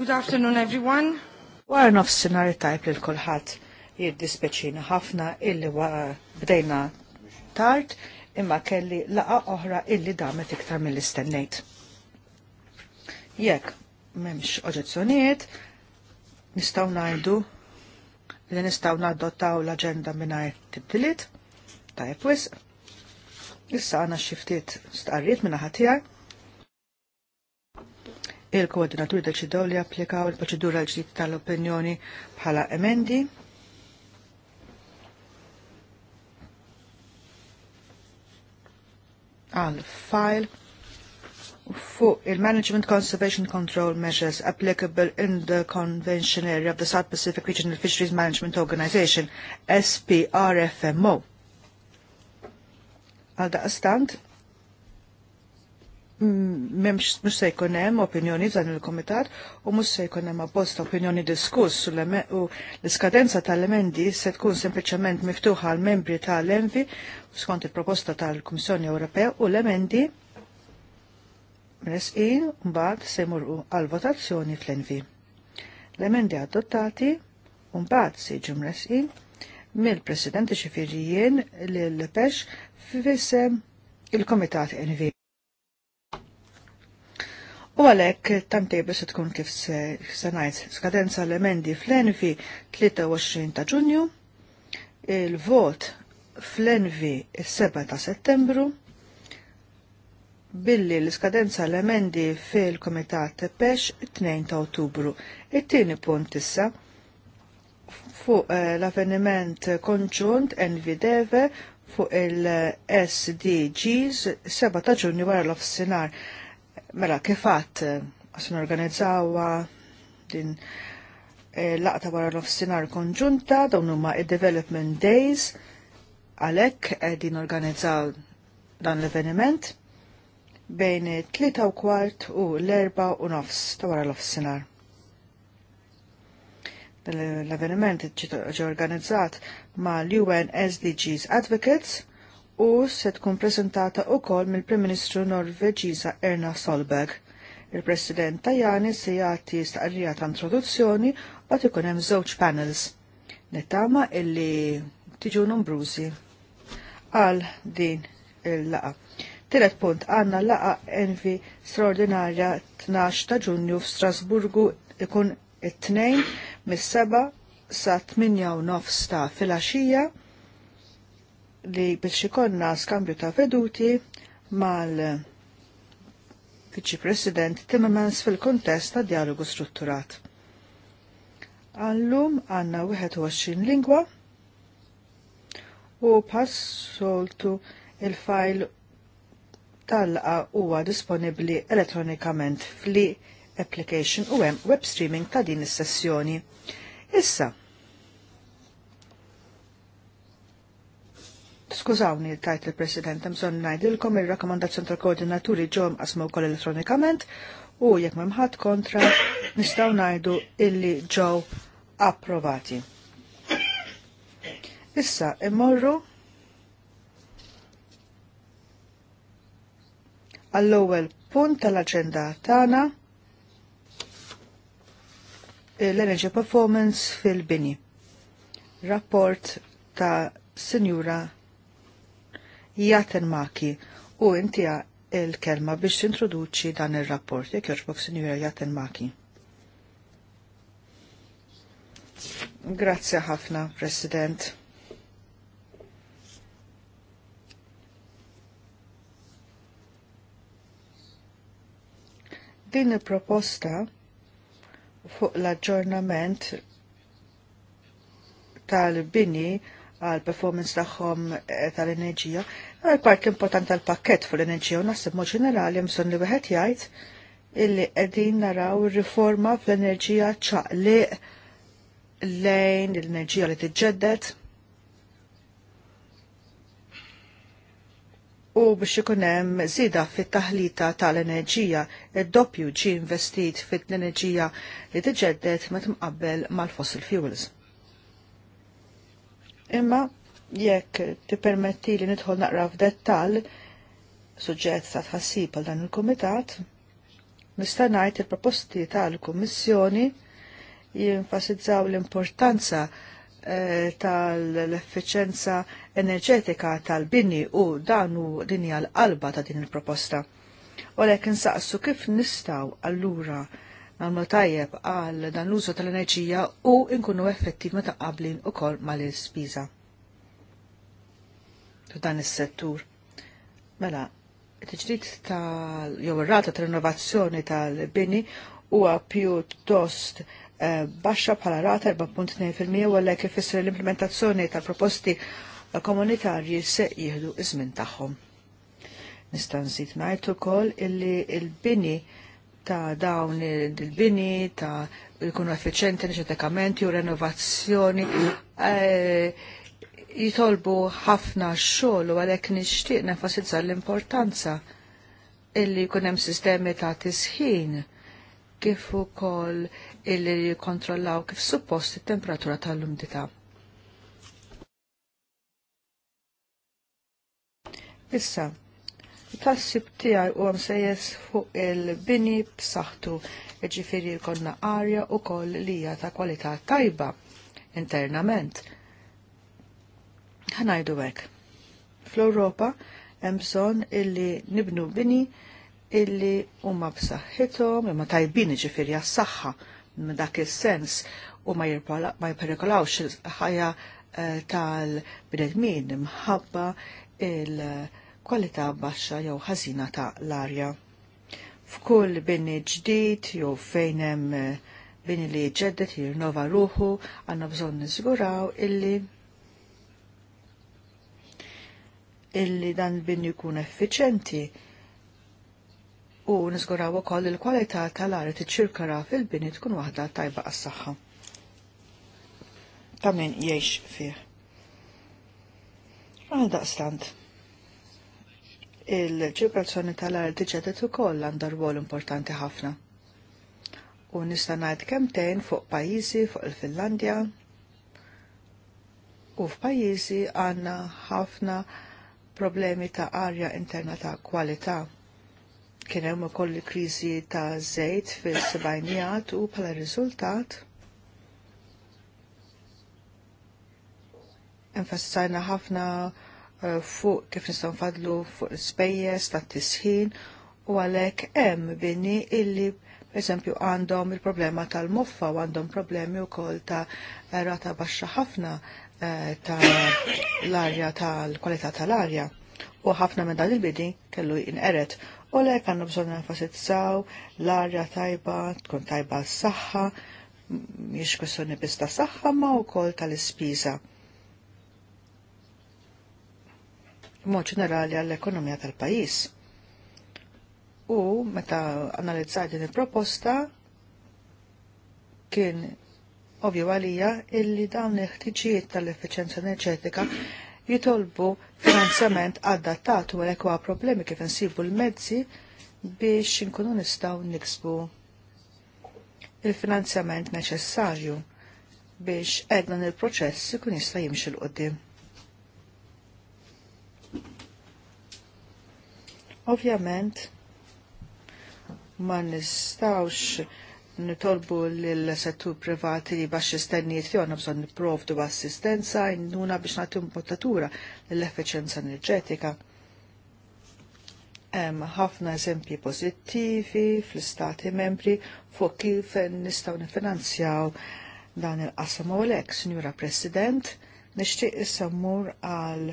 Good afternoon everyone. Wara nofsinhar tajb l kulħadd jiddispeċina ħafna illi bdejna tard imma kelli laqa oħra illi damet iktar mill-istennejt. Jekk m'hemmx oġezzjonijiet, nistgħu ngħidu li nistgħu naddottaw l-aġenda mingħajr tibdiliet tajb wisq. Issa għana xiftit stqarriet minna ħatijaj il-koordinaturi deċidew li applikaw il-proċedura l-ġdid tal-opinjoni bħala emendi. għal file fuq il-Management Conservation Control Measures applicable in the Convention Area of the South Pacific Regional Fisheries Management Organization, SPRFMO. Għal daqstant, Mm, memx mux se jkunem opinjoni dan il-komitat u mux se jkunem apposta opinjoni diskuss u l-iskadenza tal-emendi se tkun sempliciment miftuħa għal membri tal-envi skont il-proposta tal-Komissjoni Ewropea u l-emendi mresqin mbagħad se jmurqu għal votazzjoni fl-envi. L-emendi adottati mbagħad se jiġu mresqin mill-Presidenti xifirijien lil pex f'isem il-Komitat Envi. U għalek tamtejbu se tkun kif se najt skadenza l-emendi fl-envi 23 ta' ġunju, il-vot fl-envi 7 ta' settembru, billi l skadenza l-emendi fil-Komitat Pesh 2 ta' Ottubru. It-tieni punt issa fuq eh, l-avveniment konġunt Deve fuq il-SDGs 7 ta' ġunju wara l-offsinar. Mela, kifat, għasun organizzawa din eh, laqta wara l-ofsinar konġunta, dawn huma id-Development Days, għalek din organizzaw dan l-avveniment bejn 3 u kwart u l erba u nofs ta' wara l-ofsinar. L-avveniment ġi organizzat ma' l-UN SDGs Advocates u se tkun prezentata wkoll mill-Prim Ministru Norveġiza Erna Solberg. Il-President Tajani se jagħti staqrija ta' introduzzjoni u ikun hemm żewġ panels. Nittama illi tiġu numbrużi għal din il-laqa. Tilet punt għanna laqa envi straordinarja 12 ta' ġunju f'Strasburgu ikun it-tnejn mis-seba sa' 8 u nofs ta' filgħaxija li biex ikonna skambju ta' veduti mal Viċi President Timmermans fil-kontest ta' dialogu strutturat. Allum għanna 21 lingwa u passoltu il-fajl tal-qa huwa disponibli elettronikament fli application u hemm web streaming ta' din is-sessjoni. Issa, Skużawni tajt il-President, mżon najdilkom il-rakkomandazzjoni tal-koordinaturi ġom asmu kol elettronikament u jekk memħat kontra nistaw najdu illi ġew approvati. Issa immorru għall-ewwel punt tal-aġenda tagħna l-Energy Performance fil-Bini. Rapport ta' Sinjura Jaten Maki u intija il-kelma biex introduċi dan il-rapport. Jek jorġbok sinjura Jaten Maki. Grazie ħafna, President. Din il-proposta fuq l-aġġornament tal-bini għal performance tagħhom eh, tal-enerġija, għal part importanti tal-pakket fl-enerġija u nasib mod ġenerali bżonn li wieħed jgħid illi qegħdin naraw riforma fl-enerġija ċaqliq lejn l-enerġija li tiġġedded u biex ikun hemm żieda fit-taħlita tal-enerġija id-doppju ġie investit fit-enerġija li tiġġedded meta mqabbel mal-fossil fuels. Imma jekk tippermetti li nidħol naqra f'dettall suġġett ta' tħassib għal dan il-Kumitat, nista' ngħid il-proposti tal-Kummissjoni jinfasizzaw l-importanza eh, tal-effiċenza enerġetika tal-bini u dan hu dinja l-qalba ta' din il-proposta. U lekin saqsu kif nistaw allura għamlu tajjeb għal dan l-użu tal-enerġija u nkunu effettiv ta' qablin ukoll mal-ispiża. Dan is-settur. Mela, t ġdid tal jew ir-rata tal-innovazzjoni tal-bini huwa pjuttost eh, baxxa bħala rata 4.2% u għalhekk ifisser l-implementazzjoni tal-proposti komunitarji se jieħdu iż-żmien tagħhom. Nista' najtu ngħid ukoll illi l-bini il ta' dawn il-bini, ta' jkunu effiċenti neċetekamenti u renovazzjoni, eh, jitolbu ħafna xogħol u għalhekk nixtieq nefasizza l-importanza illi jkun hemm sistemi ta' tisħin kif ukoll illi jikkontrollaw kif suppost it-temperatura tal umdita Issa, tassib tijaj u għamsejes fuq il-bini b'saħħtu, ġifiri konna arja u koll li hija ta' kwalità tajba internament. Ħanajdu hekk. Fl-Ewropa hemm bżonn illi nibnu bini illi huma b'saħħithom, imma tajbini ġifiri għas-saħħa dak is-sens u ma jperkolawx il-ħajja eh, tal-bnedmin imħabba il- kwalità baxxa jew ħażina ta' l-arja. F'kull bini ġdid jew fejn hemm eh, bini li ġeddet jirnova ruħu għandna bżonn niżguraw illi illi dan il-bini jkun effiċenti u niżguraw ukoll il-kwalità tal arja tiċċirkara fil-bini tkun waħda tajba għas-saħħa. Ta' min jgħix fih. Għal daqstant il ċirkolazzjoni tal-art ġedet ukoll għandha rwol importanti ħafna. U nista' ngħid kemmtejn fuq pajjiżi fuq il-Finlandja u f'pajjiżi għandna ħafna problemi ta' arja interna ta' kwalità. Kien hemm ukoll kriżi ta' żejt fis sebajnijat u bħala riżultat enfasizzajna ħafna Eh, fuq kif nistgħu nfadlu fuq l-ispejjeż tat-tisħin u għalhekk hemm bini illi pereżempju għandhom il-problema tal-moffa u għandhom problemi wkoll ta' rata baxxa ħafna eh, ta' l-arja tal-kwalità tal-arja u ħafna minn dan il-bini kellu jinqeret u lek għandhom bżonn nfasizzaw l-arja tajba, tkun tajba s saħħa mhix kwestjoni biss ta' saħħa ma' wkoll tal-ispiża. mod ġenerali għall-ekonomija tal-pajis. U meta analizzaj din il-proposta kien ovvju għalija illi dawn il-ħtiġijiet tal-efficienza enerġetika jitolbu finanzjament adattat u għalek problemi kif nsibu l-mezzi biex nkunu nistaw niksbu il-finanzjament neċessarju biex edna il-proċess ikun jista' jimx il qoddim Ovvjament, ma nistawx nitolbu l-settur privati li bax jistennijiet li għanna bżon niprovdu assistenza jinduna biex nagħti impottatura l-efficienza enerġetika. Hemm ħafna eżempji pożittivi fl-istati membri fuq kif nistgħu nifinanzjaw dan il-qasam u l-ek, Sinjura President, nixtieq issa mmur għal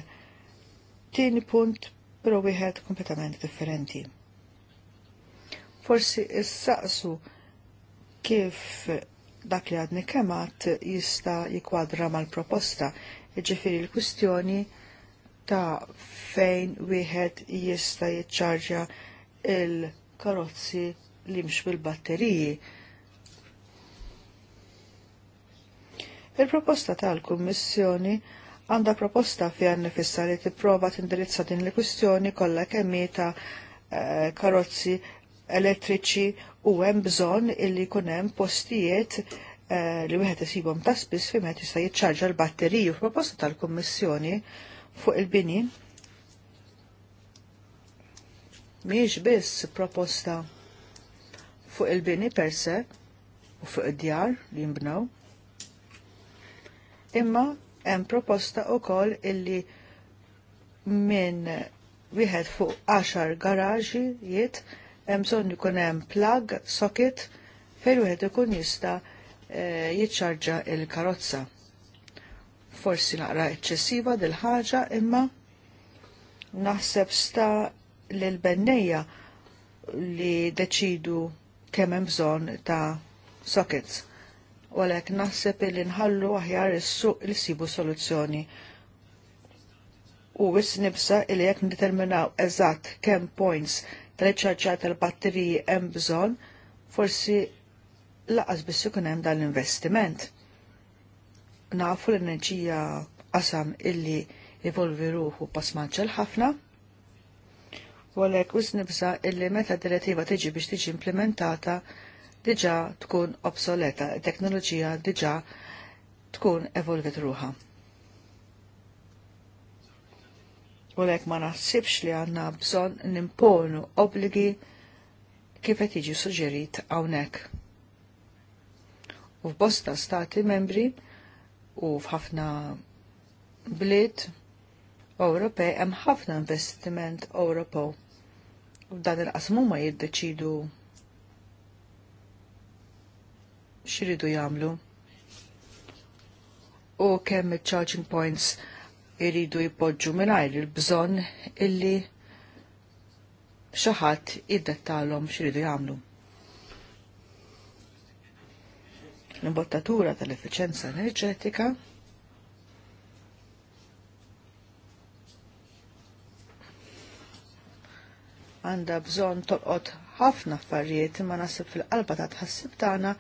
tieni punt pero wieħed kompletament differenti. Forsi issaqsu kif dak li għadni kemat jista jikwadra mal-proposta, iġifiri l-kustjoni ta' fejn wieħed jista jitċarġa il-karozzi li mx bil-batteriji. Il-proposta tal-Kummissjoni għandha proposta fija nifissa li tipprova tindirizza din li kwistjoni kollha kemm ta' eh, karozzi elettriċi u hemm bżonn illi jkun hemm postijiet eh, li wieħed isibhom ta' spiss fi meta jista' jiċċarġa l-batteriju f'proposta tal-Kummissjoni fuq il-bini. Mhijiex biss proposta fuq il-bini per se u fuq id-djar li jimbnaw, imma hemm proposta wkoll illi minn wieħed fuq 10 garaġi jiet hemm bżonn ikun hemm plug socket fejn wieħed ikun jista' eh, jiċċarġa il-karozza. Forsi naqra eċċessiva dil ħaġa imma naħseb sta lil bennejja li deċidu kemm hemm bżonn ta' sockets u għalhekk naħseb li nħallu aħjar is-suq li sibu soluzzjoni. U wis nibsa li jekk ndeterminaw eżatt kemm points tal-ċarġar tal-batteriji hemm bżonn, forsi laqas biss ikun hemm dan l-investiment. Nafu l-enerġija qasam illi evolvi ruħu pasmanċel ħafna, u għalhekk wis nibsa illi meta direttiva tiġi biex tiġi implementata diġa tkun obsoleta, teknoloġija diġa tkun evolvet ruħa. U lek ma naħsibx li għanna bżon nimponu obligi kif qed jiġi suġġerit hawnhekk. U f'bosta stati membri u f'ħafna bliet Ewropej hemm ħafna investiment Ewropew. U dan il-qasmu ma jiddeċidu xiridu jamlu u kemm il-charging points iridu jipoġġu mingħajr il-bżonn illi xaħat id-dettalom xiridu jagħmlu. L-imbottatura tal-effiċenza enerġetika għandha bżonn toqot ħafna affarijiet ma nasib fil-qalba ta' tħassib tagħna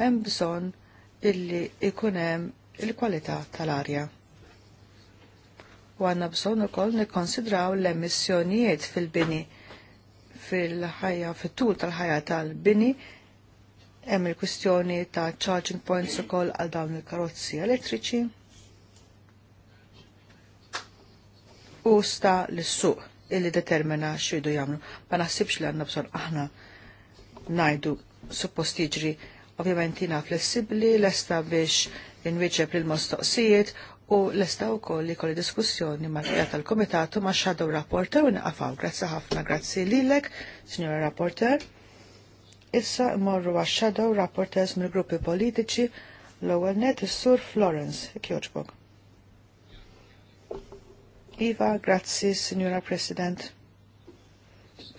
hemm bżonn illi ikun hemm il-kwalità tal-arja. U għandna bżonn ukoll nikkonsidraw l-emissjonijiet fil-bini fil-ħajja fit-tul tal-ħajja tal-bini hemm il-kwistjoni ta' charging points ukoll għal dawn il-karozzi elettriċi u sta l-suq illi determina xridu jagħmlu. Ma naħsibx li għandna bżonn aħna ngħidu suppost jiġri Ovvjament jina flessibli, lesta biex inwieġeb il-mostoqsijiet u lesta u koll li kolli diskussjoni ma' kja tal-komitatu ma' xadow rapporter u naqafaw. Grazzi ħafna, grazzi lilek, signora rapporter. Issa morru għax shadow rapporters mill-gruppi politiċi l-ewwel net is-Sur Florence Kjoġbog. Iva, grazzi, Signora President.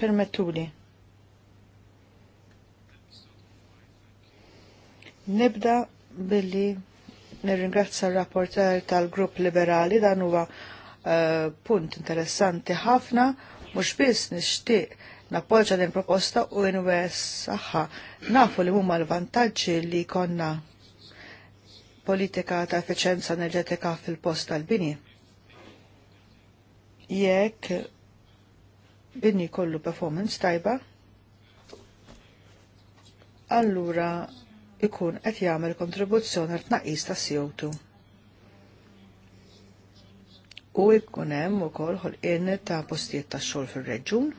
Permettuli. Nibda billi nirringrazza r-rapporter tal-Grupp Liberali dan huwa uh, punt interessanti ħafna mhux biss nixtieq nappoġġa din proposta u inwes saħħa nafu li huma l-vantaġġi li konna politika ta' efficienza enerġetika fil-post tal-bini. Jekk bini kollu performance tajba, allura ikun qed jagħmel kontribuzzjoni għal tnaqqis ta' CO2. U jkun hemm ukoll ħolqien ta' postijiet ta' xogħol fir-reġun.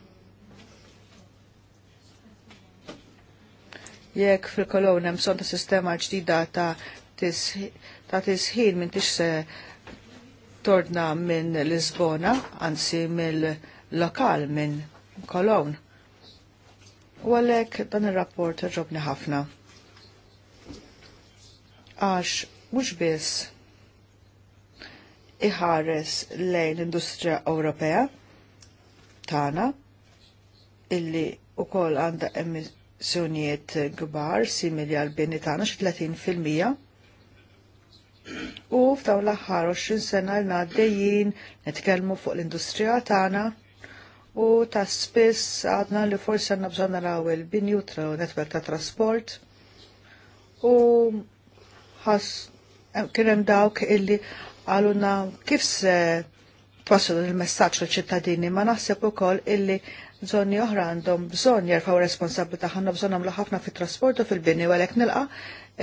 Jekk fil-kolon hemm ta' sistema ġdida ta' ta' tisħin minn tix se torna minn Lisbona, anzi mill-lokal minn Kolon. U għalek dan ir rapport ġobni ħafna għax mhux biss iħares lejn l-industrija Ewropea tagħna illi wkoll għandha emissjonijiet kbar simili għal bini tagħna xi 30 fil-mija. U f'dawn l-aħħar 20 sena l għaddejjin nitkellmu fuq l-industrija tagħna u ta' spiss għadna li forsi għandna bżonna naraw il-binju netwerk ta' trasport u Eh, kienem dawk illi għaluna kif se twaslu il messagġ l-ċittadini, ma naħseb ukoll illi bżonni oħra għandhom bżonn jerfaw responsabilità ħanna bżonn għamlu ħafna fit trasportu fil-bini u għalhekk nilqa'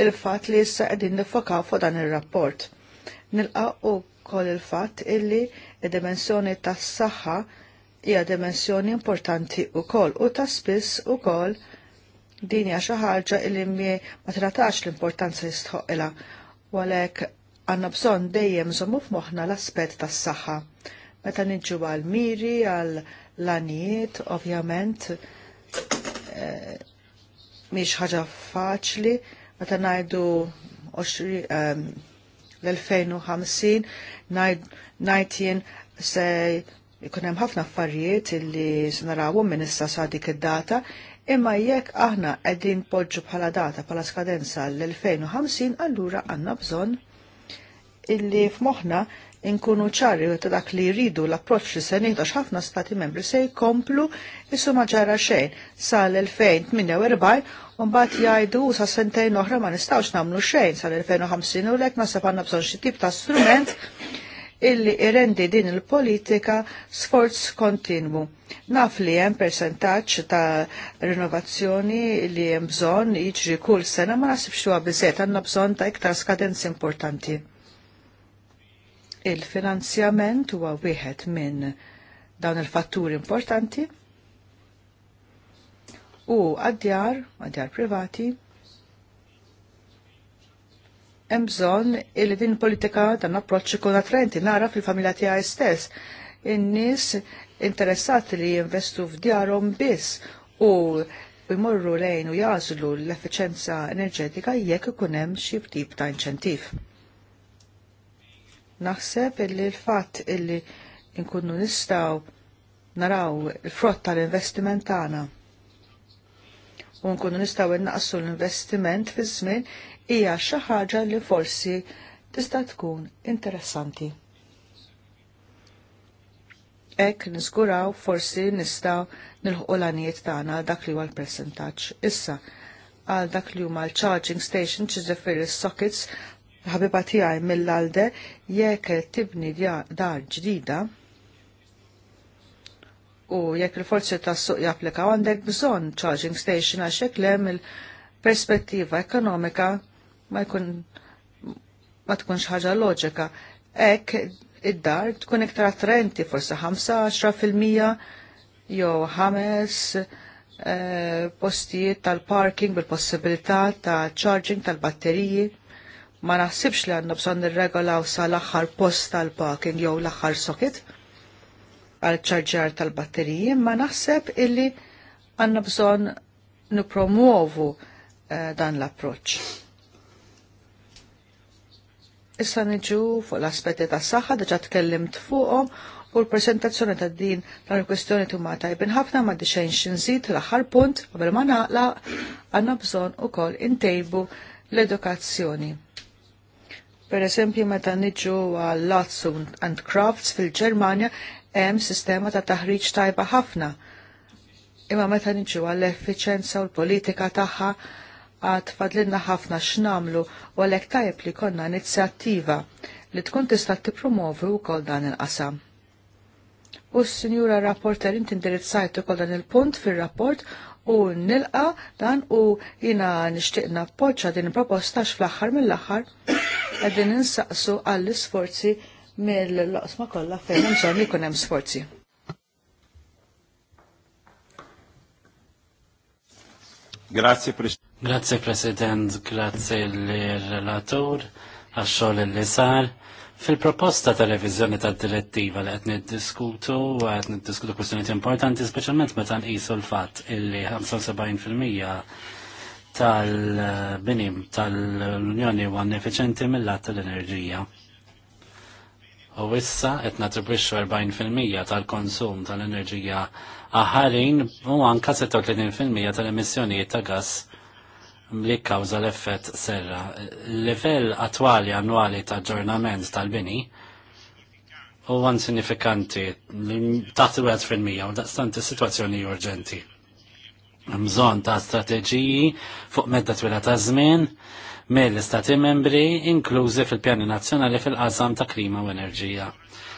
il-fatt li issa qegħdin nifokaw fuq dan ir-rapport. Nilqa' koll il-fatt illi id-dimensjoni tas-saħħa hija dimensjoni importanti wkoll u ta' spiss ukoll din hija xi ħaġa li ma tratax l-importanza li walek u għalhekk għandna bżonn dejjem żommu f'moħħna l-aspett tas-saħħa. Meta niġu għal miri, għal lanijiet, ovvjament, eh, miex ħaġa faċli, meta ngħidu ehm, l-2050 najt jien se jkun hemm ħafna affarijiet illi se narawhom minn issa sa dik id-data Imma jekk aħna qegħdin poġġu bħala data bħala skadenza l-2050, allura għandna bżonn illi f'moħħna inkunu ċari ta' dak li jridu l-approċċ li se nieħdu ħafna stati membri se jkomplu issu ma ġara xejn l 2048 u mbagħad jgħidu sa sentejn oħra ma nistgħux nagħmlu xejn sal-2050 u lek naħseb għandna bżonn xi tip ta' strument illi irendi din il-politika sforz kontinwu. Naf li hemm percentaċ ta' rinnovazzjoni li hemm bżonn jiġri kull sena ma nasib huwa għabizet għandna bżonn ta' iktar skadenzi importanti. Il-finanzjament huwa wieħed minn dawn il-fatturi importanti u għaddjar, għaddjar privati, hemm bżonn li din politika dan approċċ ikun attrenti nara fil-familja tiegħi stess. In-nies interessati li jinvestu f'djarhom biss u jmorru lejn u jażlu l-effiċenza enerġetika jekk ikun hemm xi tip ta' inċentiv. Naħseb illi l-fatt illi nkunu nistgħu naraw il-frott tal-investiment tagħna u nkunu nistgħu innaqsu l-investiment fi żmien hija xi ħaġa li forsi tista' tkun interessanti. Ek niżguraw forsi nistgħu nilħu l-għanijiet tagħna dak li huwa l-percentaġġ. Issa għal dak li huma l-charging station ġifieri s-sockets ħabiba tiegħi mill-alde jekk tibni dar ġdida u jekk il-forzi tas suq japplikaw għandek bżonn charging station għax hekk hemm il-perspettiva ekonomika ma jkun ma tkunx ħaġa loġika. Ek id-dar tkun iktar attrenti forse 5-10% jew ħames eh, postijiet tal-parking bil-possibilità ta' charging tal-batteriji. Ma naħsibx li għandna bżonn nirregolaw sa l-aħħar post tal-parking jew l-aħħar socket għal ċarġar tal-batteriji, ma naħseb illi għandna bżonn nipromuovu eh, dan l-approċċ Issa niġu fuq l-aspetti ta' saħħa diġa tkellimt fuqhom u l-presentazzjoni ta' din ta' l kwestjoni ma' tajbin ħafna ma' dixejn xinżid l-aħħar punt qabel ma naqla għandna bżonn ukoll intejbu l-edukazzjoni. Per eżempju, meta niġu għal Lots and Crafts fil-Ġermanja hemm sistema ta' taħriġ tajba ħafna. Imma meta niġu għall effiċjenza u l-politika tagħha għad fadlinna ħafna x'namlu u għalhekk tajjeb li konna inizjattiva li tkun tista' tippromovi wkoll dan il-qasam. U s-Sinjura Rapporter inti indirizzajt ukoll dan il-punt fir-rapport u nilqa dan u jina nixtieq nappoċċa din proposta fl-aħħar mill-aħħar qegħdin insaqsu għall isforzi mill-loqsma kollha fejn hemm bżonn jkun hemm sforzi. Grazie Presidente. Grazie President, grazie l-relatur għaxol li sar. Fil-proposta ta' revizjoni ta' direttiva li qed niddiskutu u qed niddiskutu kwistjonijiet importanti, speċjalment meta nqisu l-fatt illi 75% tal-binim tal-Unjoni għan efficienti mill lat tal-enerġija. U issa qed natribwixxu 40% tal-konsum tal-enerġija aħarin u anka 36% tal-emissjonijiet ta' gass li kkawża l-effett serra. Livell attwali annwali ta' ġornament tal-bini huwa sinifikanti taħt il 1 u daqstant is-sitwazzjoni urġenti. Mżon ta' strateġiji fuq medda twila ta' żmien mill-Istati membri inklużi fil-Pjani Nazzjonali fil-qasam ta' klima u enerġija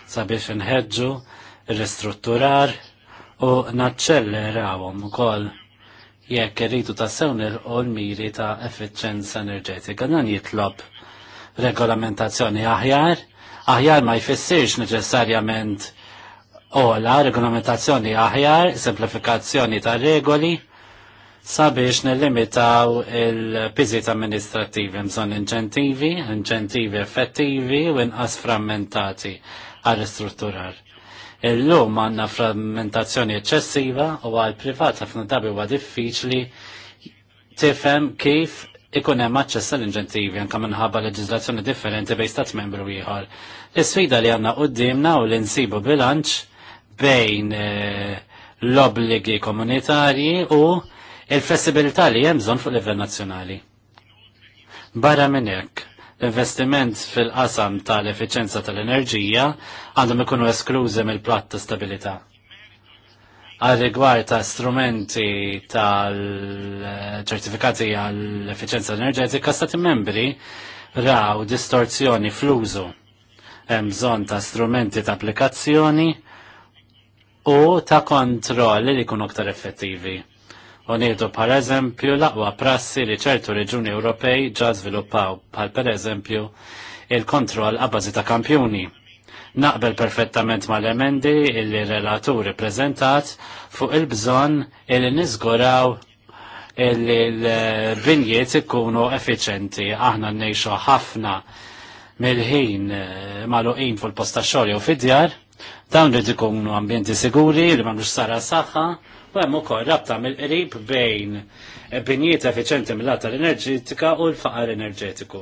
sabiex inħeġġu, ristrutturar u naċċellerawhom ukoll jekk irridu tassew nirqu l-miri ta' effiċenza enerġetika. Dan jitlob regolamentazzjoni aħjar, aħjar ma jfissirx neċessarjament ola, regolamentazzjoni aħjar, semplifikazzjoni ta' regoli, sabiex nelimitaw il-pizit amministrativi, mżon inċentivi, inċentivi effettivi u inqas frammentati għal-istrutturar. Illum għandna frammentazzjoni eċċessiva u għal privat ħafna drabi huwa diffiċli tifhem kif ikun hemm aċċess tal inġentivi anke minħabba leġiżlazzjoni differenti bejn stat membru ieħor. Is-sfida li għandna qudiemna u li nsibu bilanċ bejn eh, l-obligi komunitarji u il-flessibilità li hemm bżonn fuq livell nazzjonali. Barra minn hekk, investiment fil-qasam tal-efficienza tal-enerġija għandhom ikunu esklużi mill-platt ta' stabilità. Għal rigward ta' strumenti tal-ċertifikati għall-efficienza enerġetika stati membri raw distorzjoni fl-użu. Hemm bżonn ta' strumenti ta' applikazzjoni u ta' kontroll li jkunu aktar effettivi u par eżempju laqwa prassi li ċertu reġuni Ewropej ġa żviluppaw bħal per eżempju il-kontroll għabbażi ta' kampjuni. Naqbel perfettament mal-emendi illi relaturi prezentat fuq il-bżon illi nizguraw illi l-binjiet ikunu effiċenti. Aħna nnejxu ħafna mill-ħin eh, maluqin fuq il-posta xogħol jew fid-djar, dawn li jkunu ambjenti siguri li m'għandux sara saħħa, U hemm ukoll rabta mill-qrib bejn binjiet effiċenti mill-għata l-enerġetika u l-faqar enerġetiku.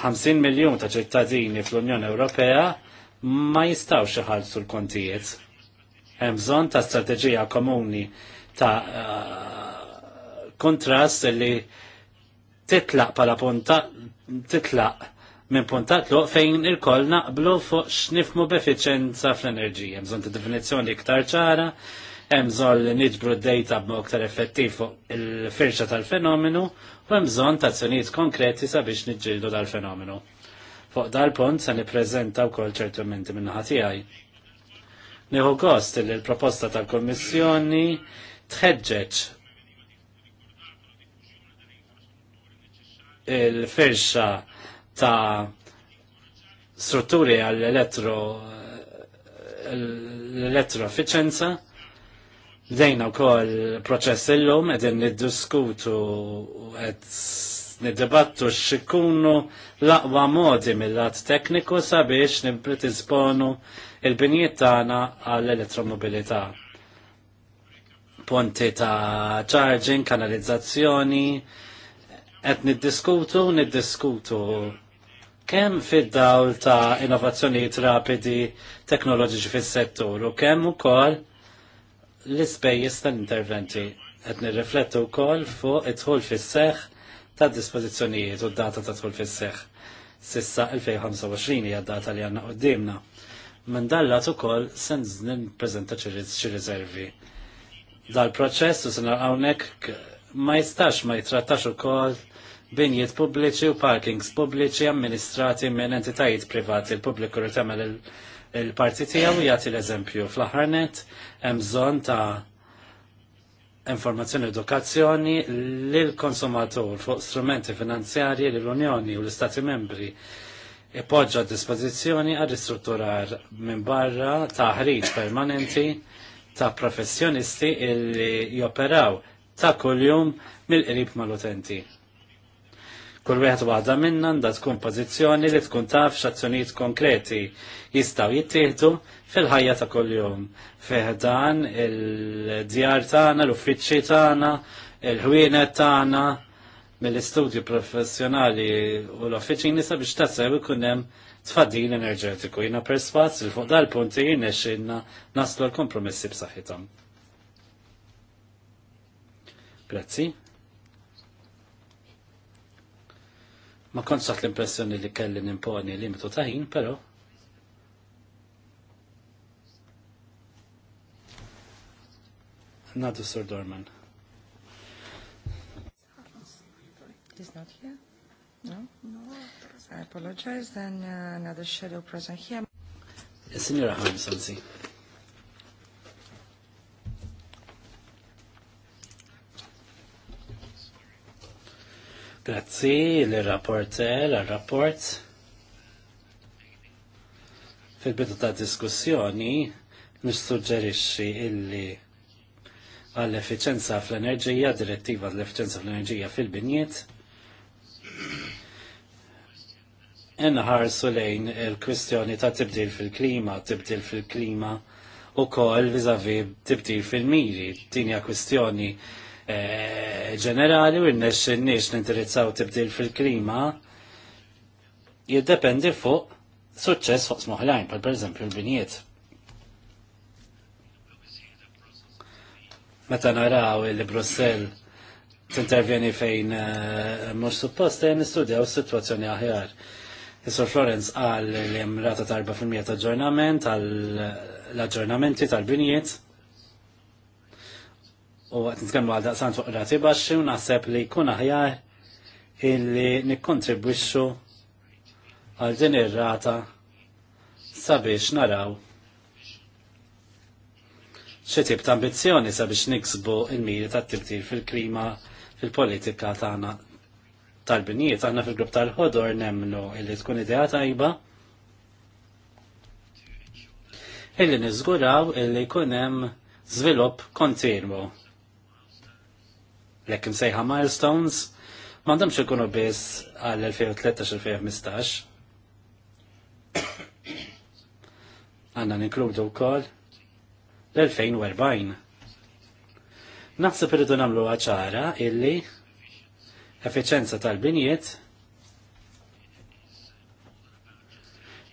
50 miljun ta' ċittadini fl-Unjoni Ewropea ma jistawx iħallsu l-kontijiet. Hemm bżonn ta' strateġija komuni ta' eh, kontrast li titlaq pala punta titlaq minn puntat luq fejn il kol naqblu fuq x'nifmu b'effiċenza fl-enerġija. Bżon ta' definizzjoni iktar ċara hemm bżonn li niġbru d-dejta b'moktar effettiv fuq il-firxa tal-fenomenu u hemm bżonn ta' azzjonijiet konkreti sabiex niġġieldu dal-fenomenu. Fuq dal-punt se nippreżenta wkoll ċertu menti minn tiegħi. Nieħu kost li l-proposta tal-Kommissjoni tħeġġeġ il-firxa ta' strutturi għall-elettro l-elettroefficienza u kol proċess illum qegħdin niddiskutu ed niddibattu x'ikunu l-aqwa modi mill-lat tekniku sabiex nimpetisponu il-binijiet tagħna għall-elettromobilità. Ponti ta' charging, kanalizzazzjoni, qed niddiskutu, niddiskutu kemm fid-dawl ta' innovazzjonijiet rapidi teknoloġiċi fis-settur u kemm ukoll l-ispejjeż tal-interventi qed nirriflettu wkoll fuq id-dħul fis-seħħ ta' dispożizzjonijiet u d-data ta' dħul fis-seħħ. Sissa 2025 hija data li għandna qudiemna. Minn dallat ukoll sen nippreżenta xi riservi. Dal-proċess u se hawnhekk ma jistax ma jitrattax ukoll binjiet pubbliċi u parkings pubbliċi amministrati minn entitajiet privati. Il-pubbliku tagħmel il-parti tiegħu jagħti l-eżempju fl ħarnet hemm bżonn ta' informazzjoni edukazzjoni lil konsumatur fuq strumenti finanzjarji li l unjoni u l-Istati membri ipoġġa dispożizzjoni għal ristrutturar minn barra ta' ħriġ permanenti ta' professjonisti li joperaw ta' kuljum mill-qrib mal-utenti. Kull wieħed waħda minna għandha tkun pożizzjoni li tkun taf x'azzjonijiet konkreti jistgħu jittieħdu fil-ħajja ta' kol jom Feħdan il-djar tagħna, l-uffiċċji tagħna, il-ħwienet tagħna, mill-istudju professjonali u l uffiċi nisa biex tassew ikun hemm tfaddil enerġetiku. Jina perswaz il fuq dal-punti xinna naslu l kompromissi b'saħħithom. Grazzi. Ma kontx l-impressjoni li kelli imponi limitu ta' ħin, però Nadu Sir Dorman. He's not here? No? No. I apologize. Then uh, another shadow present here. Signora Harms, Sansi. Grazie, le rapporter għal-rapport. Fil-bidu ta' diskussjoni, nissuġġerixxi illi għall-efficienza fl-enerġija, direttiva għall-efficienza fl-enerġija fil-binjiet. Inħarsu lejn il-kwistjoni ta' tibdil fil-klima, tibdil fil-klima u kol vizavi tibdil fil-miri. Tinja kwistjoni eh, ġenerali u n-nex n-nex tibdil fil-klima jiddependi fuq suċċess fuq smuħlajn, per eżempju l-binijiet. meta naraw li Brussell intervjeni fejn eh, mhux suppost jen nistudjaw situazzjoni aħjar. Jisur Florence qal li jemrata tarba fil-mijiet ta' aġġornament l aġġornamenti tal-binijiet. U għat nitkemmu għal daqsan fuq rati baxxi u naħseb li jkun aħjar illi nikkontribwixxu għal din ir-rata sabiex naraw xi tip ta' ambizzjoni sabiex niksbu il-miri tat-tibdil fil-klima fil-politika tagħna tal-binijiet aħna fil-grupp tal-ħodor nemnu illi tkun idea tajba illi niżguraw illi jkun hemm żvilupp kontinwu. Lekk imsejħa milestones m'għandhomx ikunu biss għal 2013-2015. Għanna ninkludu wkoll l-2040. Naħseb irridu nagħmlu ċara illi effiċenza tal-binjiet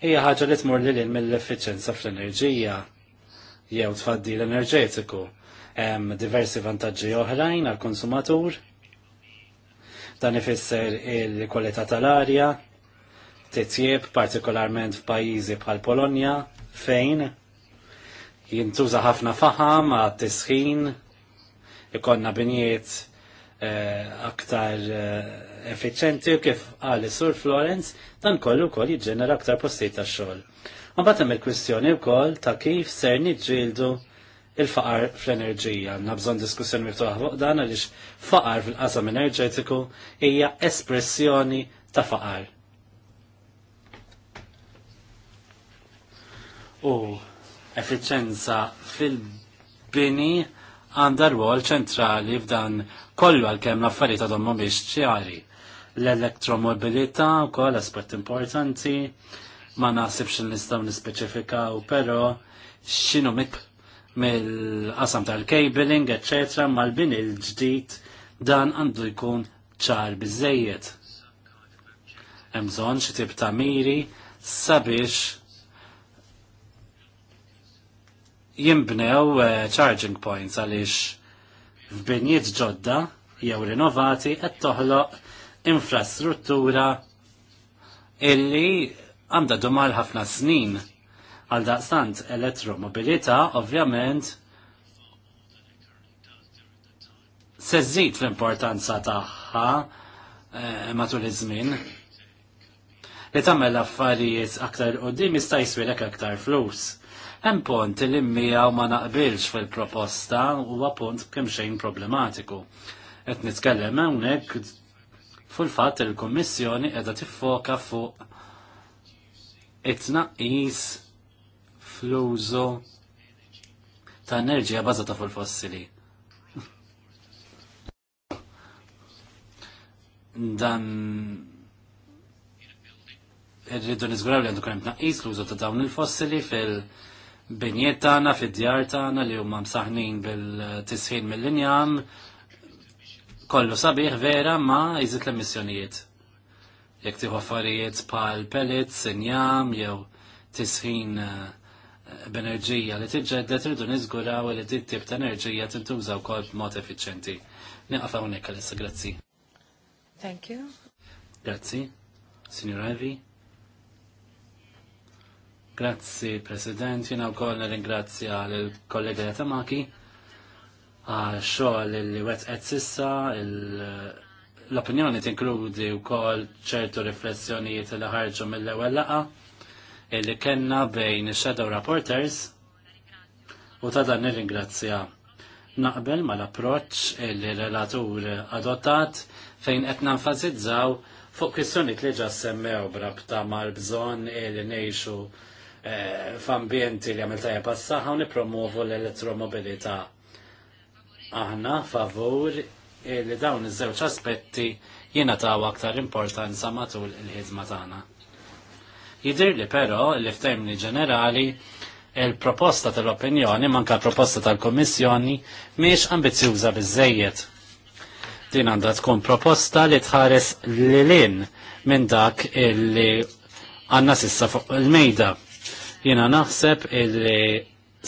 hija ħaġa li tmur lil mill-effiċenza fl-enerġija jew tfaddi l-enerġetiku. Hemm diversi vantaġġi oħrajn għall konsumatur dan ifisser il-kwalità tal-arja, titjieb partikolarment f'pajjiżi bħal Polonja fejn jintuża ħafna faħam għat tisħin ikonna binijiet eh, aktar eh, effiċenti u kif għali sur Florence dan kollu kol jġenera aktar postijiet ta' xogħol. Mbagħad hemm il-kwistjoni wkoll ta' kif ser niġġieldu il-faqar fl-enerġija. Nabżon diskussjoni miftuħa fuq dan għaliex faqar fil-qasam enerġetiku hija espressjoni ta' faqar. U effiċenza fil-bini għandha rwol ċentrali f'dan kollu għalkemm l-affarijiet għadhom mhumiex ċjari. l u wkoll aspett importanti, ma naħsibx nistaw nistgħu u però xinu mik mill-qasam tal-cabling, eċċetra, mal bini il-ġdid dan għandu jkun ċar bizzejiet. Hemm bżonn xi ta' miri sabiex jimbnew eh, charging points għaliex f'binjiet ġodda jew rinnovati qed toħloq infrastruttura illi għandha dumar ħafna snin għal daqstant elettromobilità ovvjament se żid l-importanza tagħha eh, matul iż-żmien li tagħmel affarijiet aktar qudiem jista' jiswilek aktar flus. Hemm punt li u ma naqbilx fil-proposta huwa punt kemm xejn problematiku. Qed nitkellem hawnhekk fil-fatt il-Kummissjoni qiegħda tiffoka fuq it-tnaqqis fl-użu ta' enerġija bażata fuq fossili Dan irridu nizguraw li għandu kunem tnaqqis l-użu ta' dawn il-fossili fil- binjiet tagħna fid-djar tagħna li huma msaħnin bil-tisħin mill-injam kollu sabiħ vera ma jżid l-emissjonijiet. Jekk tieħu affarijiet bħal pellets, sinjam jew tisħin eh, b'enerġija li tiġġedded irdu niżguraw li dik tip ta' enerġija tintuża wkoll b'mod effiċjenti. Nieqaf hawnhekk għalissa, grazzi. Thank you. Grazzi. Signor Ivy. Grazzi, President, jina u koll ringrazzja l-kollega Jatamaki għal xoll li wet qed sissa l-opinjoni tinkludi u koll ċertu riflessjonijiet li ħarġu mill-ewwel laqa li kenna bejn shadow reporters u ta' dan nirringrazzja. Naqbel mal-approċċ li relatur adottat fejn qed nanfasizzaw fuq kwistjonijiet li ġa semmew brabta mal-bżonn li ngħixu Eh, f'ambjenti li għamil tajja passaħa u nipromovu l-elettromobilità. Aħna favur li dawn iż-żewġ aspetti jiena taw aktar importanza matul il-ħidma tagħna. Jidir li però li f'termini ġenerali il-proposta tal-opinjoni manka proposta tal-Kommissjoni miex ambizzjuża biżejjed. Din għandha tkun proposta li tħares lilin minn dak illi għanna sissa fuq il-mejda. Jena naħseb illi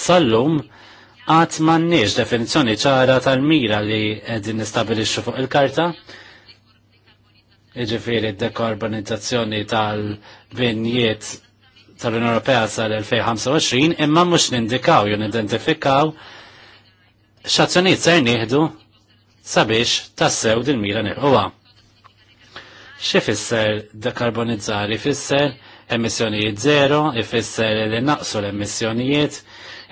sallum għat mannix definizjoni ċara tal-mira li għedin nistabilixu fuq il-karta. Iġifiri dekarbonizzazzjoni tal-binjiet tal-Unjoni Ewropea sal-2025 imma mhux nindikaw jew nidentifikaw x'azzjonijiet ser jnieħdu sabiex tassew din mira nilquha. Xi fisser dekarbonizzar ifisser emissjonijiet zero, ifisser li naqsu l-emissjonijiet,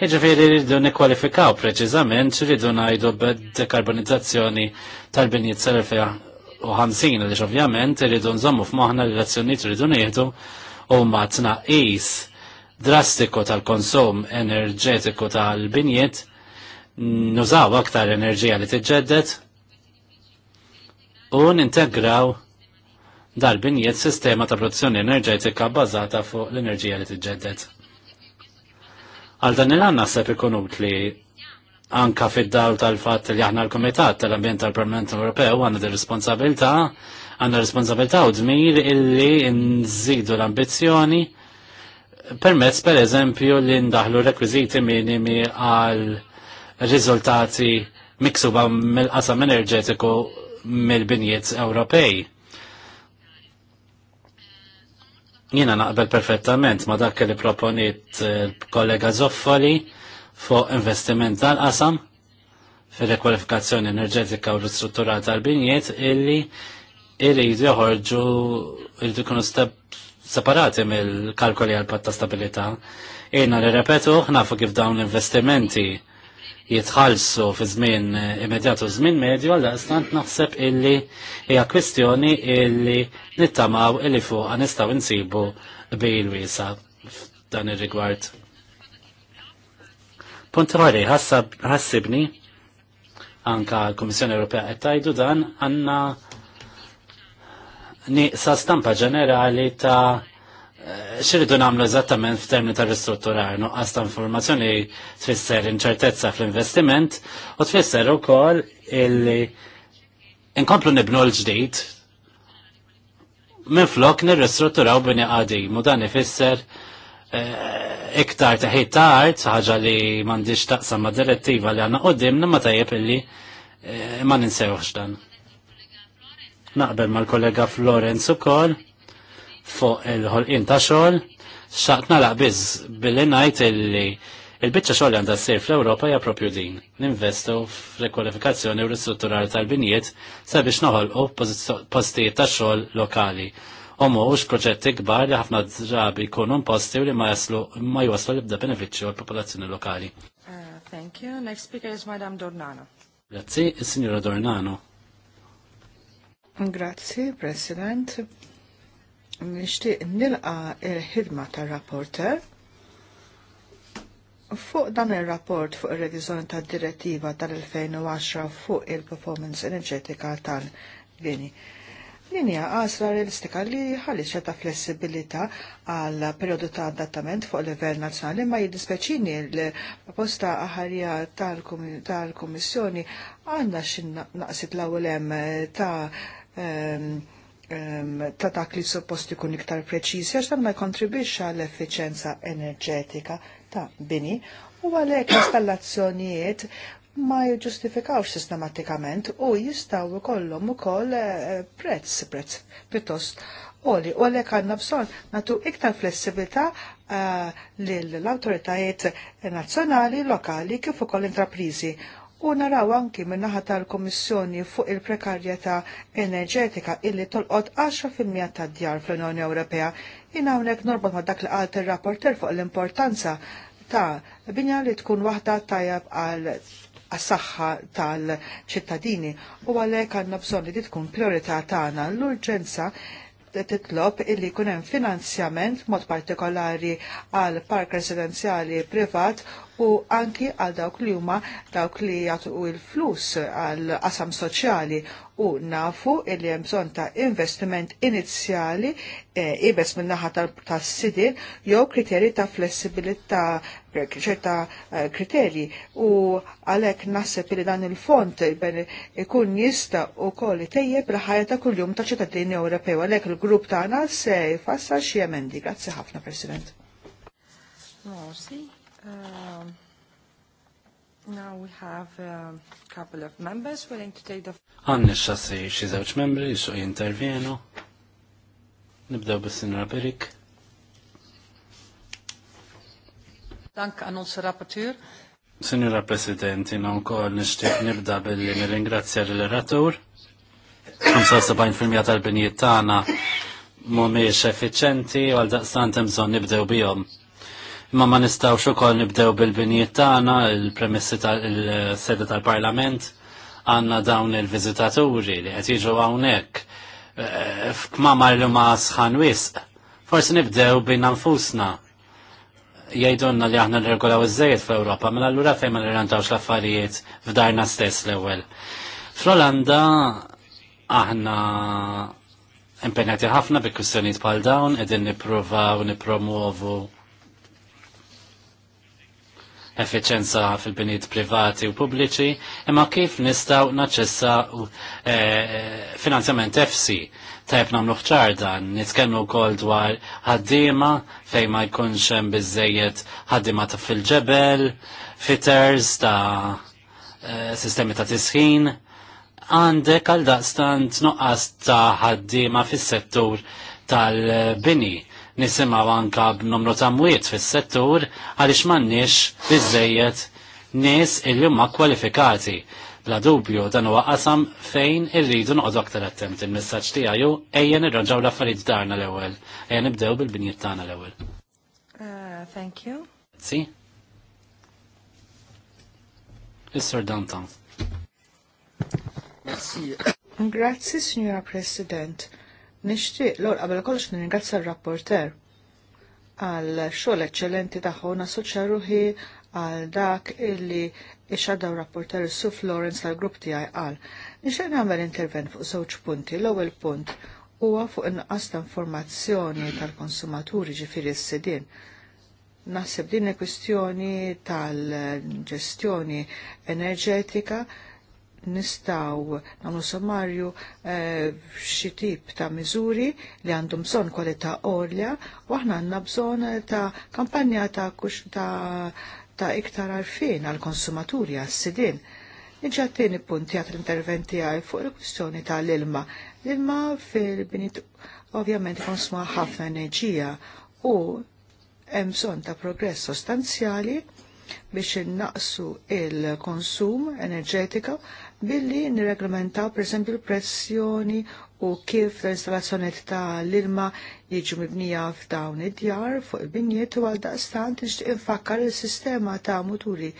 iġifiri rridu nekwalifikaw preċizament rridu najdu b'dekarbonizzazzjoni tal-binjiet u ħansin li ovvjament rridu nżommu f'moħna relazzjonijiet rridu nieħdu u matna is drastiku tal-konsum enerġetiku tal-binjiet nużaw aktar enerġija li t u nintegraw darbinjiet sistema ta' produzzjoni enerġetika bbażata fuq l-enerġija li tiġġedded. Għal dan il naħseb ikun utli anka fid-dawl tal-fatt li aħna l-Komitat tal-Ambjent tal-Parlament Ewropew għandna dir-responsabilità għanna responsabilta u dmir illi nżidu l-ambizzjoni permezz per eżempju li ndaħlu rekwiziti minimi għal riżultati miksuba mill-qasam enerġetiku mill-binjiet Ewropej. Jina naqbel perfettament ma dak li proponit eh, kollega Zoffoli fuq investiment tal-qasam fil-rekwalifikazzjoni enerġetika u ristrutturata tal-binjiet illi irridu joħorġu irridu kunu separati mill-kalkoli għal patta stabilita. Jina li repetu, nafu kif dawn investimenti jitħallsu fi żmien eh, immedjatu żmien medju għal istant naħseb illi hija kwestjoni illi nittamaw illi fuq nistgħu insibu bil wiesa f'dan ir-rigward. Punt ħari, ħassibni anka l-Kummissjoni Ewropea qed tgħidu dan għandna nieqsa stampa ġenerali ta' Eh, xirridu namlu eżattament f'termini ta' ristrutturar nuqqas ta' informazzjoni tfisser inċertezza fl-investiment u tfisser ukoll illi inkomplu nibnu l-ġdid minn flok nirristrutturaw bini għadi. u dan ifisser eh, iktar taħit ta' art ħaġa li m'għandix taqsam ma' direttiva li għandna qudiem imma tajjeb illi eh, ma ninsewx dan. Naqbel mal-kollega Florence ukoll fuq il-ħolqin ta' xogħol, xaqt nagħlaq biss. billi ngħid illi il-biċċa xogħol għandha ssir fl-Ewropa hija propju din. Ninvestu f'rekwalifikazzjoni u ristrutturali tal-binijiet sabiex noħolqu postijiet ta' xogħol lokali. U mhux proġetti kbar li ħafna drabi jkunu imposti u li ma jaslu ma jwaslu l-ibda benefiċċju għall-popolazzjoni lokali. Uh, thank you. Next speaker is Madame Dornano. Grazie, signora Dornano. Grazie, President nixtieq nilqa il-ħidma tar-rapporter fuq dan ir-rapport fuq ir revizjoni tad-direttiva tal-2010 fuq il-performance enerġetika tal-bini. Linja għasra realistika li ħalli ċerta flessibilità għal periodu ta' adattament fuq livell nazjonali ma jiddispeċini l-proposta aħarja tal-Komissjoni għandna xin naqsit l-awlem ta' ehm, ta' dak li suppost ikun iktar preċiżi għax dan ma jkontribwix għall efficienza enerġetika ta' bini u għalhekk installazzjonijiet ma jiġġustifikawx sistematikament u jistaw ikollhom ukoll eh, prezz prezz pjuttost oli u għalhekk għandna bżonn natu iktar flessibilità eh, lill-awtoritajiet nazzjonali, lokali kif ukoll intraprizi u naraw anki minnaħa tal-Komissjoni fuq il-prekarjetà enerġetika illi tolqot 10% tad-djar fl-Unjoni Ewropea. Jina hawnhekk norbot ma' dak li għalt ir-rapporter fuq l-importanza ta' binja li tkun waħda tajab għal saħħa tal-ċittadini u għalhekk għandna bżonn li tkun priorità tagħna l-urġenza titlob illi kunem finanzjament mod partikolari għal park residenzjali privat u anki għal dawk li huma dawk li jagħtu il-flus għal qasam soċjali u nafu illi hemm bżonn ta' investiment inizjali eh, ibes minn naħa tas-sidin jew kriterji ta' flessibilità ċerta eh, kriterji u għalhekk naħseb li dan il-fond ikun jista' wkoll itejjeb il-ħajja ta' kuljum ta' ċittadini Ewropew għalhekk il-grupp tagħna se jfassal xi emendi. Grazzi ħafna President. Um, now we have a couple of members willing to take the... Għanni xassi xi żewġ membri jisu jintervjenu. Nibdew bis-sinra Berik. Dank għan unsa rapportur. Sinjura President, jina wkoll nishtiq nibda billi nir-ingrazzja l-relatur. ratur 75% tal-binijiet tagħna mhumiex effiċenti u għal daqstan temżon bżonn nibdew bihom ma ma nistawx ukoll nibdew bil-binijiet tagħna, il-premessi tal-sede tal-Parlament għandna dawn il-viżitaturi li qed jiġu hawnhekk e, f'kmamar li ma sħan wisq. Forsi nibdew bin nfusna jgħidulna li aħna nirregolaw iż-żejjed fl mela allura fejn ma nirrantawx l-affarijiet f'darna stess l-ewwel. Fl-Olanda aħna impenjati ħafna bi kwistjonijiet bħal dawn qegħdin nippruvaw nippromuovu effiċenza fil biniet privati u pubbliċi, imma kif nistaw naċessa e, eh, eh, finanzjament EFSI. Tajb namlu ċarda, nitkellmu wkoll dwar ħaddiema fejn ma jkunx hemm biżejjed ħaddiema ta' fil-ġebel, fitters ta' e, sistemi ta' tisħin. Għandek għal daqstant nuqqas ta' ħaddiema fis-settur tal-bini nisimaw anka b'numru ta' mwiet fis-settur għaliex m'għandniex biżejjed nies il-jumma kwalifikati. Bla dubju dan huwa qasam fejn irridu noqogħdu aktar attent il-messaġġ tiegħu ejja nirranġaw l-affarijiet darna l-ewwel. Ejja nibdew bil-binjiet tagħna l-ewwel. Uh, thank you. Si? Mr. Danton. Grazie, Grazzi, Signora President. Nixtieq l qabel kollox nirringrazzja l rapporter għal xogħol eċċellenti tagħhom nassoċja ruħi għal dak illi ixaddaw rapporter su Florence tal grupp tiegħi qal. Nixtieq nagħmel intervent fuq żewġ punti. L-ewwel punt huwa fuq inqas ta' informazzjoni tal-konsumaturi ġifieri s-sidien. Naħseb din il-kwistjoni tal-ġestjoni enerġetika nistaw namlu sommarju e, eh, xi tip ta' miżuri li għandhom bżonn kwalità orja u aħna għandna bżonn ta' kampanja ta' kux ta', ta iktar għarfien għal konsumaturi għas-sidin. Iġa t-tieni punti għat l-interventi għaj fuq il-kwistjoni ta' l-ilma. L-ilma fil-binit ovvjament konsuma ħafna enerġija u hemm bżonn ta' progress sostanzjali biex innaqsu il-konsum enerġetika billi nirreglamentaw pereżempju l-pressjoni u kif l-installazzjoniet ta' l-ilma jiġu mibnija f'dawn id-djar fuq il-binjiet u għal daqstant iġt infakkar il-sistema ta' muturi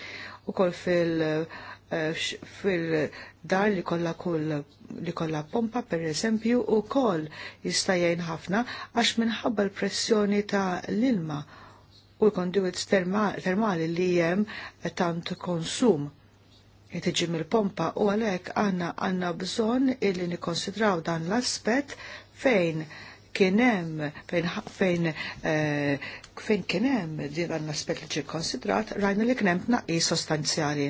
u kol fil- eh, fil-dar li kolla kol li kolla pompa per eżempju u kol jistajajn ħafna għax minħabba l-pressjoni ta' l-ilma u l-konduit termali li jem tant konsum li il pompa u għalhekk għanna għandna bżonn illi nikkonsidraw dan l-aspett fejn kien hemm fejn fejn eh, fejn kienem din l-aspett li ġie konsidrat rajna li kien hemm tnaqqis sostanzjali.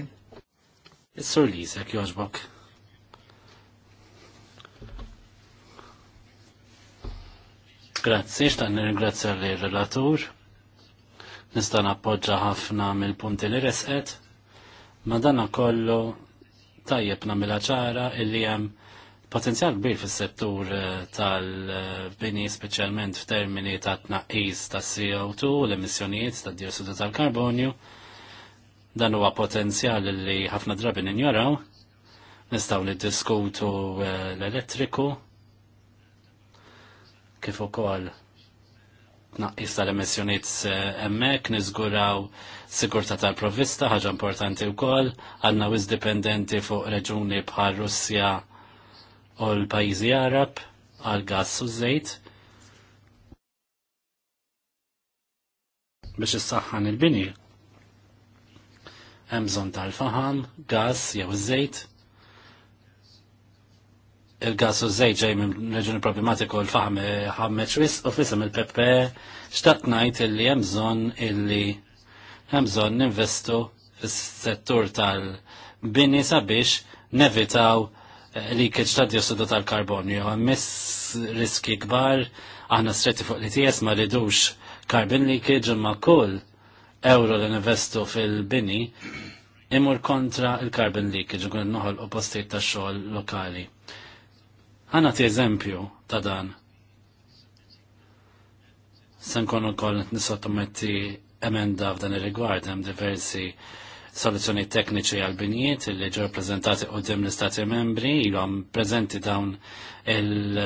is Lisa jogħġbok. Grazzi, xtan nirringrazzja l-relatur. Nista' nappoġġa ħafna mill-punti li resqet Madana kollu tajjeb namila ċara illi hemm potenzjal kbir fis-settur eh, tal-bini speċjalment f'termini ta' tnaqqis ta' CO2 l-emissjonijiet ta' diossidu tal-karbonju. Dan huwa potenzjal li ħafna drabi ninjoraw. Nistgħu niddiskutu eh, l-elettriku kif ukoll tnaqqis tal-emissjoniet emmek, eh, nizguraw sigurta tal-provista, ħaġa importanti u koll, għanna wiz dipendenti fuq reġuni bħal Russja u l-pajizi Arab, għal gas u zejt. Biex s-saxħan il-bini. Hemm bżonn tal faham gas jew żejt il-gas u zejt ġej minn reġuni problematiku l faħam eh, ħammeċ wis u fissam il pepe xtaqt najt illi jemżon illi jemżon ninvestu fis-settur tal-bini sabiex nevitaw eh, li kħeċ ta' diossidu tal-karbonju. Miss riski kbar, aħna stretti fuq li tijes ma ridux karbin li kħeċ ma kull euro li investu fil-bini imur kontra il karbin li kħeċ għun noħol u postiet ta' xogħol lokali. Għana ti eżempju ta' dan. Sen konu kol nisottometti emenda f'dan il rigward hemm diversi soluzzjoni tekniċi għal binijiet li ġew prezentati dim l-Istati membri ilhom prezenti dawn il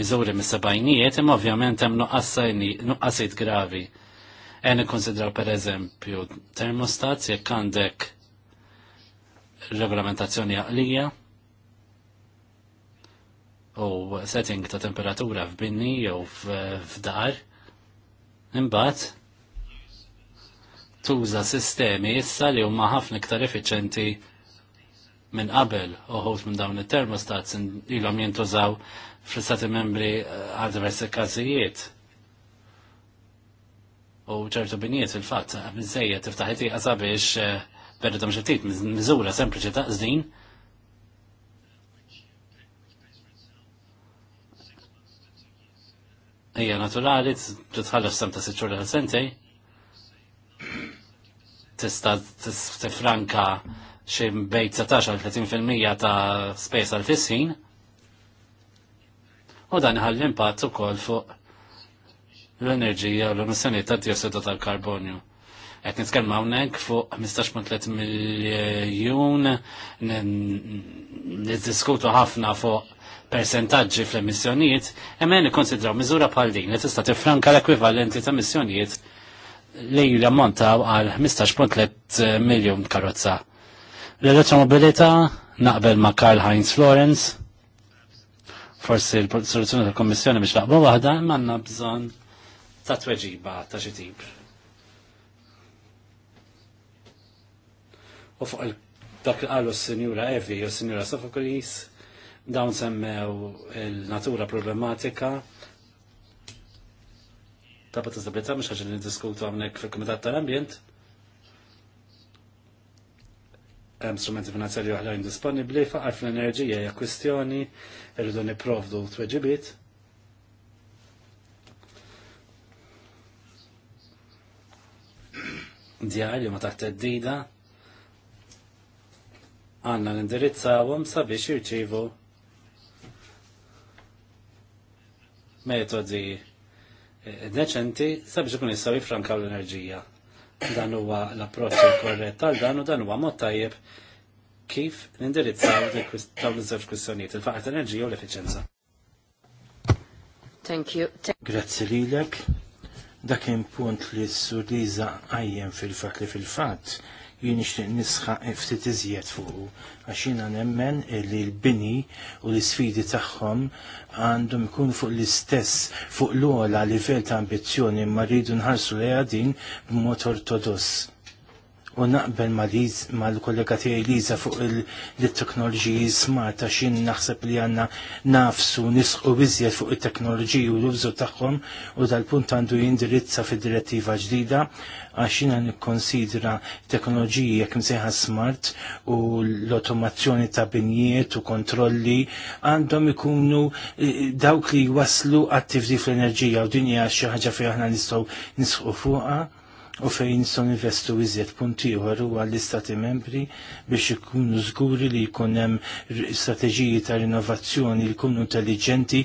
mizuri mis-sebajnijiet imma ovvjament hemm nuqqasajt gravi. konsidraw e nikkonsidraw pereżempju termostat jekk għandek regolamentazzjoni għalija, u setting ta' temperatura f'binni jew f'dar. Imbagħad tuża sistemi issa li huma ħafna iktar effiċenti minn qabel uħut minn dawn it-termostats ilhom jintużaw fl-istati membri eh, għal diversi każijiet. U ċertu binijiet il-fatt, bizzejja tiftaħi itiqa sabiex berdu eh, ta' mxiftit, miżura sempliċi ta' zdin, hija naturali, titħallas sam ta' sitxur għal sentej, tista' tifranka xi bejn 19 għal 30% ta' spesa l-fissin. U dan iħall impatt ukoll fuq l-enerġija u l-emissjoni ta' dioxidu tal-karbonju. Qed nitkellem hawnhekk fuq 15.3 miljun niddiskutu ħafna fuq percentaġġi fl-emissjonijiet, emmen ikonsidraw miżura bħal din li tista' tifranka l-ekwivalenti ta' emissjonijiet li jammontaw għal 15.3 miljon karozza. L-elettromobilità naqbel ma' Karl Heinz Florence, forsi l-soluzzjoni tal-Kommissjoni biex laqbu waħda, manna bżon ta' tweġiba ta' xi tip. U fuq dak li qalu s-Sinjura Evi u s-Sinjura Sofokulis, dawn semmew il-natura problematika ta' pat stabilità mhux għaxin niddiskutu diskutu hawnhekk fil-Kumitat tal-Ambjent. Hemm strumenti finanzjarji oħrajn disponibbli faqar fl-enerġija hija kwistjoni irridu nipprovdu tweġibiet. Djar li ma taħt id-dida għanna l-indirizzawhom sabiex jirċievu metodi eh, deċenti sabiex ikun jistgħu jifrankaw l-enerġija. Dan huwa l-approċċ korrett għal dan u dan huwa mod tajjeb kif nindirizzaw dawn iż-żewġ kwistjonijiet, il-faqat enerġija u l-efficienza. Thank you. Grazzi lilek. Dak kien punt li s-Sudiza għajjem fil-fat li fil-fat jien nixtieq nisħaq ftit iżjed fuq għax jiena nemmen li l-bini u l-isfidi tagħhom għandhom ikunu fuq l-istess fuq l-ogħla livell ta' ambizzjoni imma rridu nħarsu li għadin b'mod ortodoss u naqbel mal-kollega tiegħi Liza fuq il-teknoloġiji smart għax jien naħseb li għandna nafsu nisqu biżjed fuq it-teknoloġiji u l-użu tagħhom u dal-punt għandu jindirizza fid-direttiva ġdida għax jiena nikkonsidra teknoloġiji jekk msejħa smart u l-automazzjoni ta' binjiet u kontrolli għandhom ikunu e, dawk li waslu attivi fl-enerġija u dinja xi ħaġa fejn aħna nistgħu nisqu fuqha u fejn son investu iżjed punti uħar u għall-istati membri biex ikunu zguri li jkunem strategiji ta' innovazzjoni li jkunu intelligenti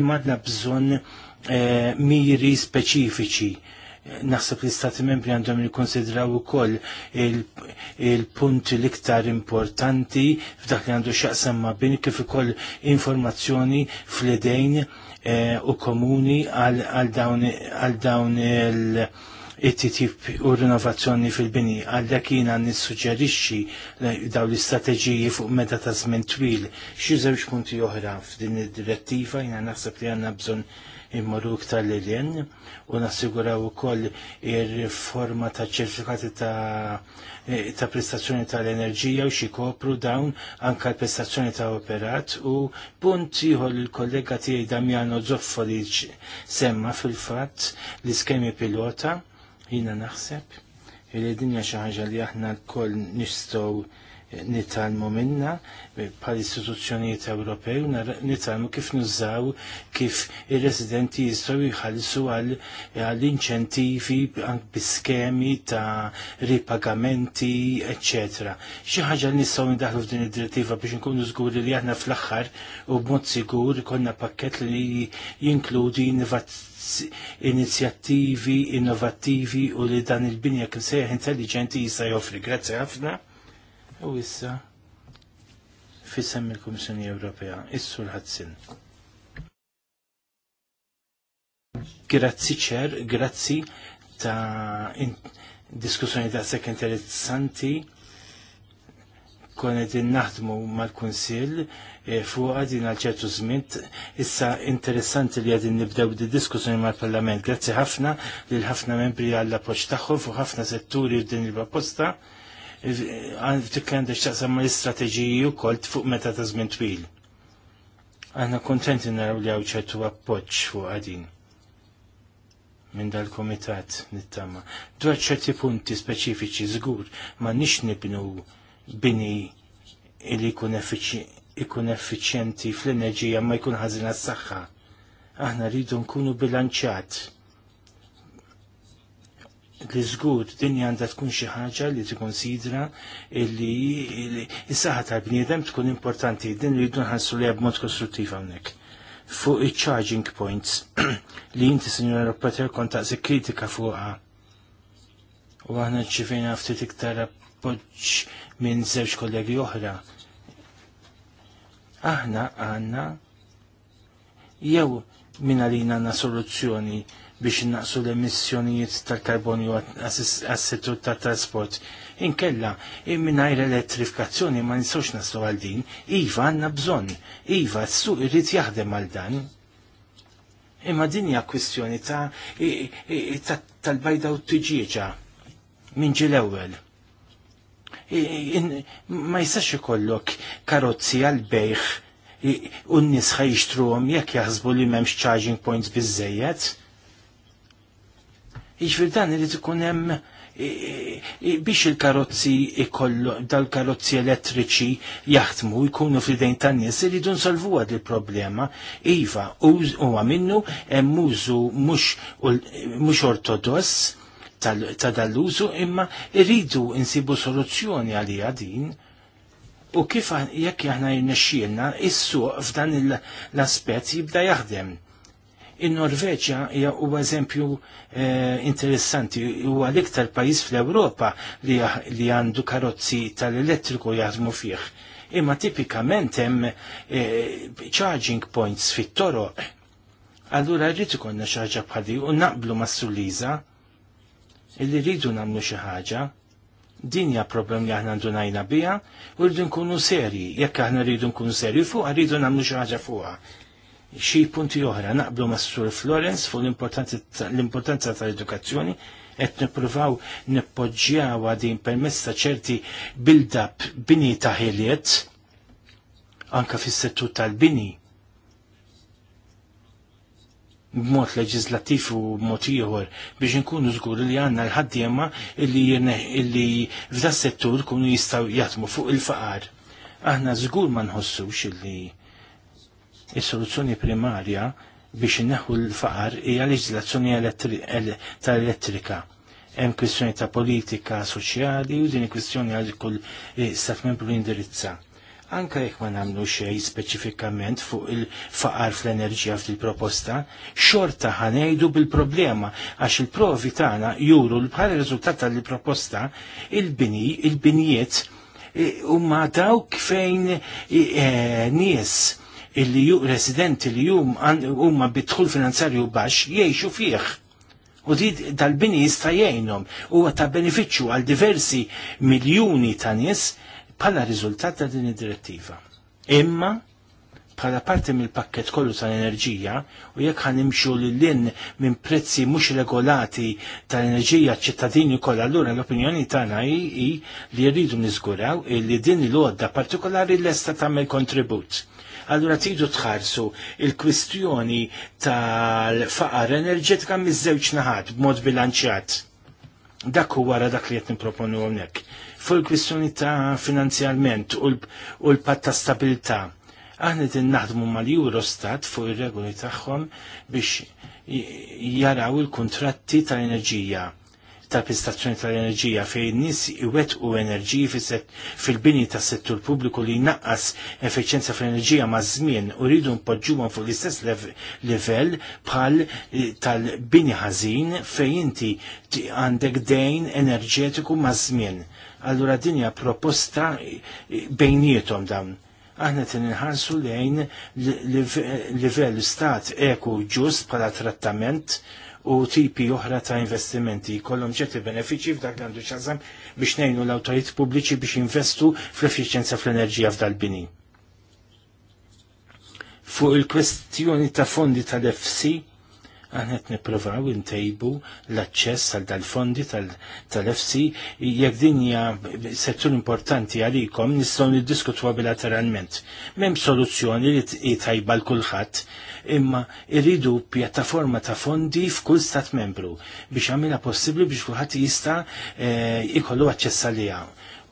imma għadna bżon eh, miri speċifiċi naħseb l-istati membri għandhom jikkonsidraw ukoll il-punt il l-iktar importanti f'dak li għandu xaqsam ma' bini kif ukoll informazzjoni fl-idejn eh, u komuni għal dawn il- it-titib u rinnovazzjoni fil-bini għallek jina nissuġġerixxi daw l-istrateġiji fuq meta ta' żmien twil xi żewġ punti oħra f'din id-direttiva jina naħseb li għandna bżonn immorru iktar l-ilien u nassiguraw ukoll ir-riforma ta' ċertifikati ta' prestazzjoni tal-enerġija u xikopru dawn anka l-prestazzjoni ta' operat u punt ieħor il-kollega tiegħi Damiano Zoffoli semma fil-fatt l-iskemi pilota Jina naħseb li dinja xi ħaġa li aħna lkoll nistgħu nitalmu minna bħal istituzzjonijiet Ewropew nitalmu kif nużaw kif ir-residenti jistgħu jħallsu għall inċentivi biskemi ta' ripagamenti, etc. Xi ħaġa li nistgħu ndaħlu f'din id-direttiva biex nkunu żguri li aħna fl-aħħar u b'mod sigur konna pakkett li jinkludi innovazzjoni inizjattivi innovattivi u li dan il-binja kif sejħ intelligenti jista' joffri. Grazzi ħafna. U issa fissem il-Kummissjoni Ewropea, issu l-ħadsin. Grazzi ċer, grazzi ta' diskussjoni ta' sekk interessanti konet naħdmu mal-Kunsill eh, fuq għadin għal-ċertu żmien. Issa interessanti li għadin nibdew di diskussjoni mal-Parlament. Grazzi ħafna li l ħafna membri għall appoġġ tagħhom fuq ħafna setturi f'din il-proposta. Ftik x'taqsam mal-istrateġiji wkoll fuq meta ta' żmien twil. Aħna kontenti naraw li hawn ċertu appoġġ fuq għadin minn dal-komitat nittama. Dwar ċerti punti speċifiċi żgur ma nix nibnu bini li jkun effiċjenti fl-enerġija ma jkun ħażin għas-saħħa. Aħna rridu nkunu bilanċat. Li żgur din għandha tkun xi ħaġa li tikkonsidra li s-saħħa tal-bniedem tkun importanti, din rridu nħassu liha b'mod kostruttiv hawnhekk fuq il-charging points li inti sinjora kon taqsik kritika fuqha. U aħna ċifejna ftit iktar poċ minn żewġ kollegi oħra. Aħna għanna jew minna li għanna soluzzjoni biex naqsu l-emissjonijiet tal-karbonju għas-settur tal-trasport. Inkella, l elettrifikazzjoni ma nistgħux naslu għal din, iva għandna bżonn, iva s-suq irrit jaħdem għal dan. Imma din hija kwistjoni ta' tal-bajda u t-tiġieġa minn ġil ewwel ma jistax ikollok karozzi għal bejħ u n-nies għom jekk jaħsbu li m'hemmx charging points biżejjed. Jiġifier dan irid ikun hemm biex il-karozzi ikollu dal-karozzi elettriċi jaħdmu jkunu fl-idejn tan-nies iridu nsolvu għad il-problema. Iva, huwa minnu hemm użu mhux ortodoss ta' dall użu imma irridu insibu soluzzjoni għalija din u kif jekk aħna jirnexxielna is-suq f'dan l-aspett jibda jaħdem. In-Norveġja u huwa eżempju eh, interessanti huwa l-iktar pajjiż fl-Ewropa li għandu karozzi tal-elettriku jaħdmu fih. Imma tipikament hemm eh, charging points fit-toroq. Allura rrid ikollna xi ħaġa u naqblu mas-Suliża illi rridu nagħmlu xi ħaġa, din hija problem li aħna ndunajna biha u rridu nkunu serji, jekk aħna rridu nkunu serji fuq rridu nagħmlu xi ħaġa fuqha. Xi punti oħra naqblu ma' Sur Florence fuq l-importanza tal-edukazzjoni qed nippruvaw nippoġġjaw din permezz ta' ċerti build-up bini ta' ħiliet anka fis-settur tal-bini b'mod leġislattiv u b'mod ieħor biex inkunu żgur li għandna l-ħaddiema illi f'da settur kunu jistgħu jaħdmu fuq il-faqar. Aħna żgur ma nħossux illi is-soluzzjoni primarja biex inneħu l-faqar hija leġislazzjoni tal-elettrika. Hemm kwistjoni ta' politika soċjali u din kwistjoni għal kull eh, staff membru indirizza anka jekk ma nagħmlu xejn speċifikament fuq il-faqar fl-enerġija fil-proposta, xorta ħanejdu bil-problema għax il-provi tagħna juru l bħala riżultat tal-proposta il-bini, il-binijiet e, huma dawk fejn e, e, nies illi ju residenti li jum huma bidħul finanzarju baxx jgħixu fih. U di dal-bini jista' jgħinhom huwa ta' benefiċċju għal diversi miljuni ta' nies bħala riżultat ta' din id-direttiva. Imma bħala parti mill-pakket kollu tal-enerġija u jekk ħanimxu lil-lin minn prezzi mhux regolati tal-enerġija ċittadini kollha allura l-opinjoni tagħna hi li rridu niżguraw li din l-għodda partikolari lesta tagħmel kontribut. Allura tidu tħarsu il-kwistjoni tal-faqar enerġetika miż-żewġ naħat b'mod bilanċjat. Dak huwa wara dak li qed nipproponu hawnhekk fuq l kwistjoni ta' finanzjalment u l-pat ta' stabilità. Aħna din naħdmu mal-Eurostat fuq ir-regoli tagħhom biex jaraw il-kontratti tal enerġija tal-prestazzjoni tal-enerġija fejn nis iwet u enerġiji fil-bini tas settur pubbliku li naqqas efficienza fil enerġija ma' żmien u ridu npoġġuhom fuq l-istess livell bħal eh, tal-bini ħażin fejn inti għandek dejn enerġetiku ma' żmien. Allura din hija proposta eh, bejnietom dawn aħna tin inħarsu lejn livell stat eku ġust bħala trattament u tipi oħra ta' investimenti kollhom ċerti benefiċi f'dak għandu ċazam biex nejnu l-awtorit pubbliċi biex investu fl effiċjenza fl-enerġija f'dal-bini. Fuq il-kwestjoni ta' fondi tal-FC, aħna qed nippruvaw intejbu l-aċċess għal dal-fondi tal fsi jekk din hija settur importanti għalikom nistgħu niddiskutwa bilateralment. M'hemm soluzzjoni li tajba l kulħadd imma irridu pjattaforma ta' fondi f'kull stat membru biex għamilha possibbli biex kulħadd jista' eh, ikollu aċċess għaliha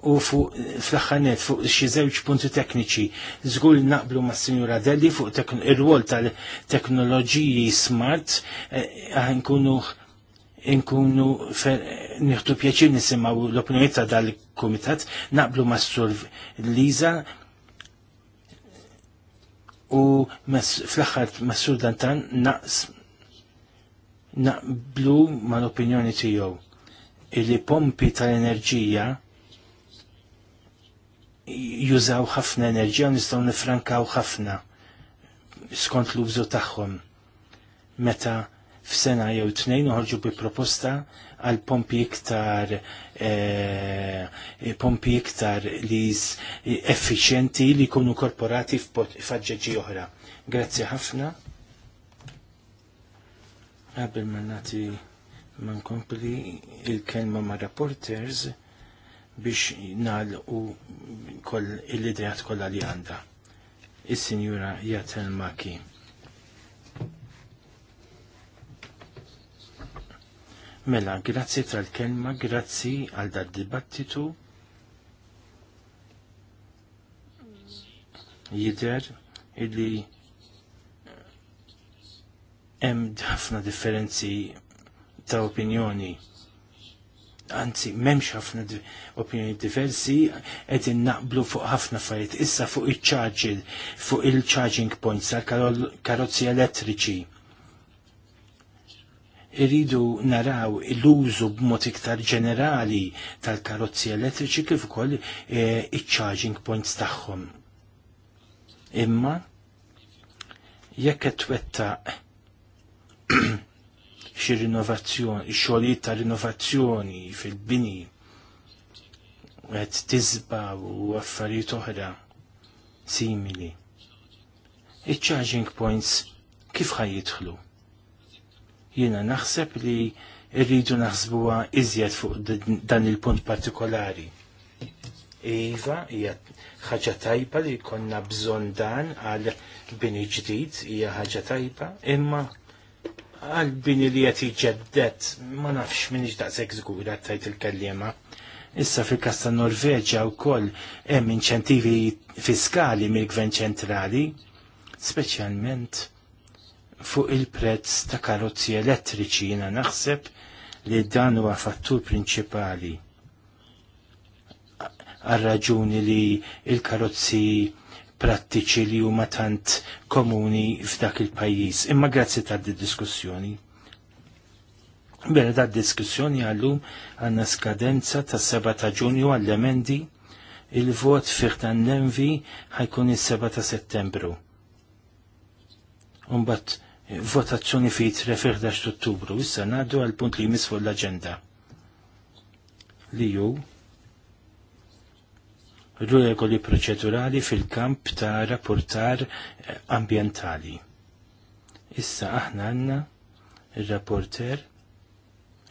u fuq fl-axħanet fuq xi żewġ punti tekniċi. Żgur naqblu ma' Sinjura Delli fuq il rwol tal-teknoloġiji smart eh, nkunu nkunu nieħdu pjaċir nisimgħu l-opinjoni ta' dal-kumitat naqblu ma' sur Liza u fl-aħħar ma' sur Dantan naqs naqblu ma' l-opinjoni tiegħu il pompi tal-enerġija jużaw ħafna enerġija u nistgħu nifrankaw ħafna skont l-użu tagħhom. Meta f'sena jew tnejn uħorġu bi proposta għal pompi iktar e, pompi iktar li effiċjenti li jkunu korporati f'aġġeġi oħra. Grazzi ħafna. Għabel ma nati ma nkompli il-kelma ma' reporters biex nal u koll il-idejat kollha li għandha. Is-Sinjura Jatel Maki. Mela, grazzi tal-kelma, grazzi għal dal dibattitu Jider illi hemm ħafna differenzi ta' opinjoni anzi memx ħafna opinjoni diversi, edin naqblu fuq ħafna fajt, issa fuq il-charging, fuq il-charging points, karozzi elettriċi. Iridu naraw l-użu b'mod iktar ġenerali tal-karozzi elettriċi kif ukoll e, il-charging points tagħhom. Imma jekk qed xi rinnovazzjoni, xogħlijiet ta' rinnovazzjoni fil-bini qed tizba u affarijiet oħra simili. Iċ-charging points kif jitħlu? Jiena naħseb li rridu naħsbuha iżjed fuq dan il-punt partikolari. Iva, hija ħaġa tajba li konna bżonn dan għal bini ġdid hija ħaġa tajba, imma għalbini li jati ġeddet, ma nafx minix daqseg zgura għattajt il kellima Issa fil kasta ta' Norveġa u koll hemm inċentivi fiskali mill-gvern ċentrali, speċjalment fuq il-prezz ta' karozzi elettriċi jina naħseb li dan huwa fattur prinċipali għal raġuni li il-karozzi prattiċi li huma tant komuni f'dak il-pajjiż. Imma grazzi tad diskussjoni. Bene, tad diskussjoni għallum għanna skadenza ta' 7 ta' ġunju għall-emendi il-vot fiħ ta' l ħajkun il-7 ta' settembru. Umbat votazzjoni fi tre fiħ ta' ottubru, issa naddu għal-punt li jmiss fuq l-agenda. Li ju, regoli proċedurali fil-kamp ta' rapportar eh, ambientali. Issa aħna għanna il-rapporter,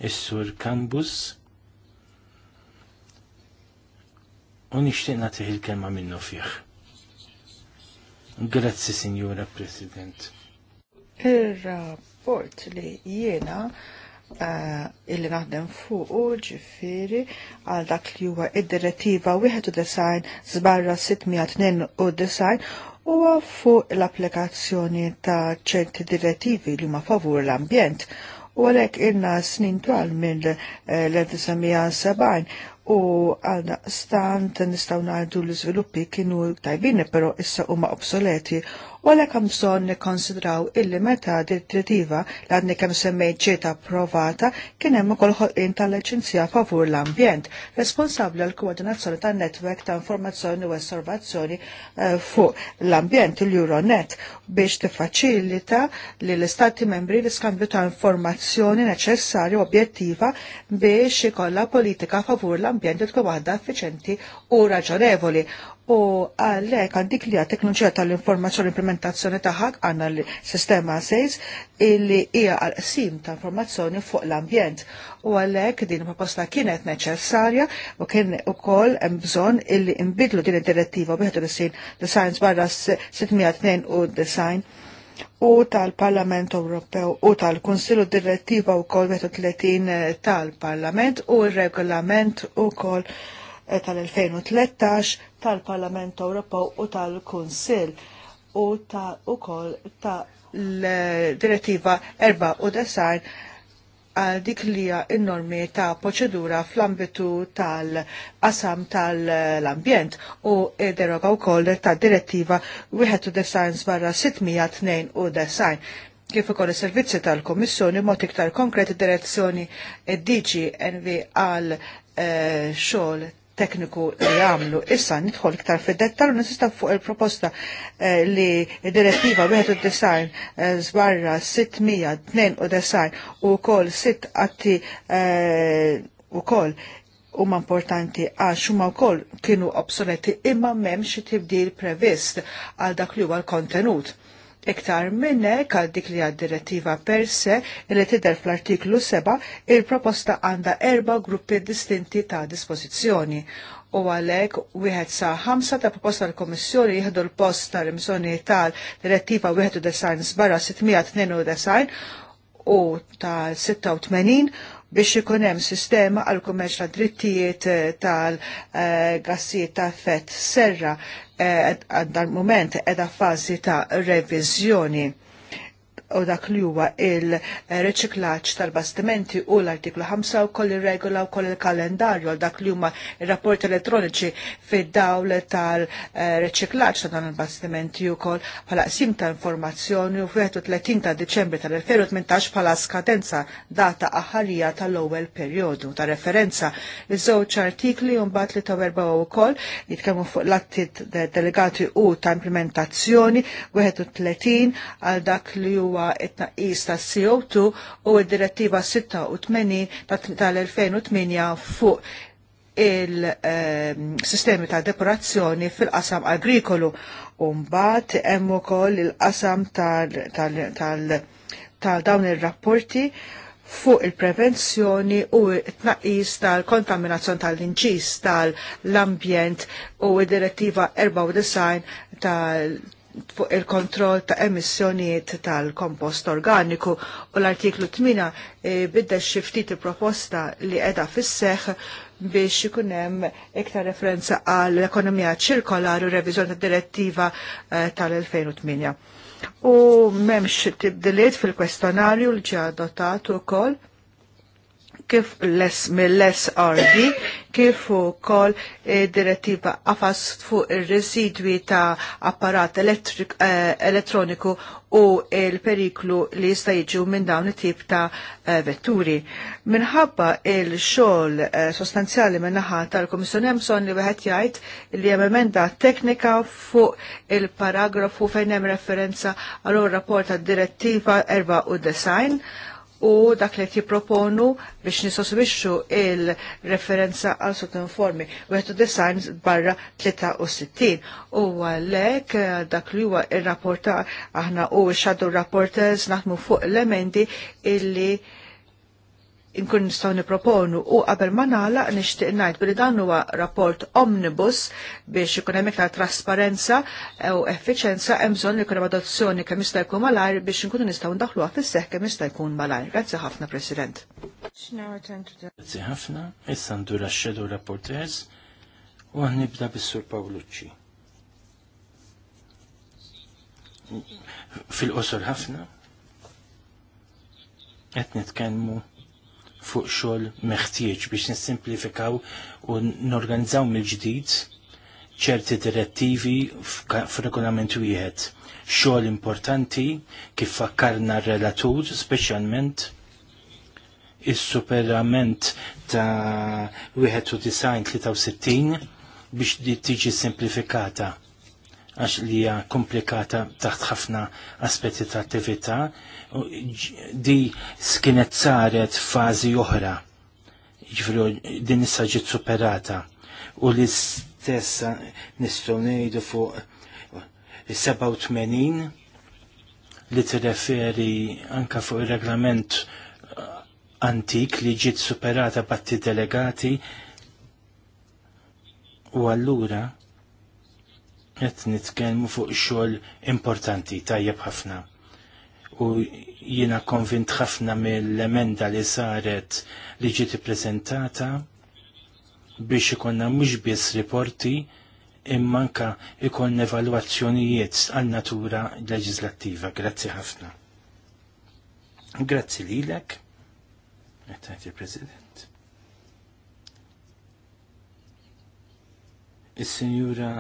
il-sur Kambus, u nishtiqna tiħi il-kelma minnu fiħ. Grazzi, Signora President. Il-rapport li jiena Eh, illi naħdem fuq u ġifiri għal dak li huwa id-direttiva 1.9 zbarra 692 huwa fuq l-applikazzjoni ta' ċerti direttivi li huma favur l-ambjent u għalhekk inna snin twal minn eh, l-1970 u għalda stant nistaw ngħidu l-iżviluppi kienu tajbini però issa huma obsoleti Wala kam son bżonn nikkonsidraw illi meta direttiva l għadni kemm semmejt ġiet approvata kien hemm ukoll ħolqien tal-Aġenzija favur l-Ambjent, responsabbli l koordinazzjoni tan-netwerk ta' informazzjoni u osservazzjoni eh, fuq l-ambjent il-Euronet biex tiffaċilita li l-Istati membri l-iskambju ta' informazzjoni neċessarja u objettiva biex ikollha politika favur l-ambjent tkun waħda effiċenti u raġonevoli u għalek għandik li għatek nunċija tal-informazzjoni implementazzjoni taħħak għanna l-sistema sejs illi hija għal sim ta' informazzjoni fuq l-ambjent u għalek din proposta kienet neċessarja u kien u kol bżon illi imbidlu din id-direttiva u biħdu designs barra 602 u design u tal-Parlament Ewropew u tal-Konsilu Direttiva u kol 30 eh, tal-Parlament u regolament u kol eh, tal-2013 tal-Parlament Ewropew u tal-Kunsill u ta' ukoll ta' l-direttiva 94 għal dik li hija normi ta' proċedura fl-ambitu tal-qasam tal-ambjent u deroga wkoll ta' direttiva 91 barra 692 kif ukoll is-servizzi tal-Kommissjoni mod iktar konkret direzzjoni id-DG NV għal eh, xogħol tekniku li għamlu. Issa nidħol iktar fid-dettal u nisista fuq il-proposta eh, li direttiva 91 design eh, zbarra 692 u kol 6 atti eh, u kol huma importanti għax huma wkoll kienu obsoleti imma m'hemm xi tibdil previst għal dak li huwa l-kontenut Iktar minne għal dik li għad-direttiva per se li tidher fl-artiklu 7 il-proposta għandha erba gruppi distinti ta' dispożizzjoni u għalek wieħed sa ħamsa ta' proposta l-Komissjoni jieħdu l-post tal-imsoni tal-direttiva design barra 692 u tal-86 biex ikun hemm sistema għal kummerċ ta' drittijiet eh, tal-gassijiet eh, ta' fett serra Eh, għad dal moment edha fazi ta' revizjoni u dak li huwa il-reċiklaġġ tal-bastimenti u l-artiklu 5 u koll regola u koll il-kalendarju għal dak li huma il rapport elettroniċi fid-dawl tal-reċiklaġġ ta' dan il-bastimenti u koll pala sim ta' informazzjoni u 30 ta' Deċembri tal-2018 bħala skadenza data aħarija tal-ewwel perjodu ta' referenza. Iż-żewġ artikli u mbagħad li ta' erba' wkoll jitkellmu fuq l-atti delegati u ta' implementazzjoni 31 għal dak li huwa huwa it-tnaqqis ta' CO2 u d-direttiva 86 tal-2008 fuq il-sistemi ehm, ta' depurazzjoni fil-qasam agrikolu. Umbat hemm ukoll il-qasam tal dawn ir-rapporti fuq il-prevenzjoni u t-naqis tal-kontaminazzjoni tal-inċis tal-ambjent u id-direttiva 94 fuq il-kontroll ta' emissjonijiet tal-kompost organiku u l-artiklu 8 e, bidda xiftit il-proposta li edha fisseħ biex ikunem iktar referenza għall-ekonomija ċirkolari u revizjoni ta' direttiva e, tal-2008. U memx tibdiliet fil kwestjonarju l-ġa u koll kif les mill-SRD kif ukoll eh, direttiva għafas fuq ir-residwi ta' apparat eh, elettroniku u l-periklu li jista' jiġu minn dawn it-tip ta' eh, vetturi. Minħabba il-xogħol sostanzjali min-naħa tal komissjoni hemm li wieħed jgħid li hemm emenda teknika fuq il-paragrafu fejn hemm referenza għal rapport tad-direttiva erba' u design u dak li jipproponu biex nisosbixxu il-referenza għal sottinformi għetu designs barra 63 u għalek eh, dak li huwa il rapporta aħna u xaddu shadow rapporters naħmu fuq elementi illi inkun nistgħu niproponu u qabel ma nala nixtieq ngħid billi dan huwa rapport omnibus biex ikun hemm iktar trasparenza u effiċenza hemm bżonn li jkun adozzjoni kemm jista' jkun malajr biex inkunu nistgħu ndaħluha fis-seħħ kemm jista' jkun malajr. Grazzi ħafna President. Grazzi ħafna, issa ndura x-xedu rapporters u għannibda bis-Sur Pawlucci fil-qosor ħafna qed kenmu fuq xogħol meħtieġ biex nissimplifikaw u norganizzaw mill-ġdid ċerti direttivi f'regolament wieħed. Xogħol importanti kif fakkarna r-relatur speċjalment is-superament ta' 1963 biex tiġi simplifikata għax li hija komplikata taħt ħafna aspetti ta' attività, di skienet saret fażi oħra, ġifri din issa ġiet superata u l-istess nistgħu ngħidu fuq 87 li tirreferi anka fuq ir-reglament uh, antik li ġiet superata batti delegati u allura qed nitkellmu fuq xogħol importanti tajjeb ħafna. U jiena konvint ħafna mill-emenda li saret li ġiet ippreżentata biex ikonna mhux biss riporti imma anka ikon evalwazzjonijiet għal natura leġislattiva. Grazzi ħafna. Grazzi lilek. Għetajt il-President. Is-Sinjura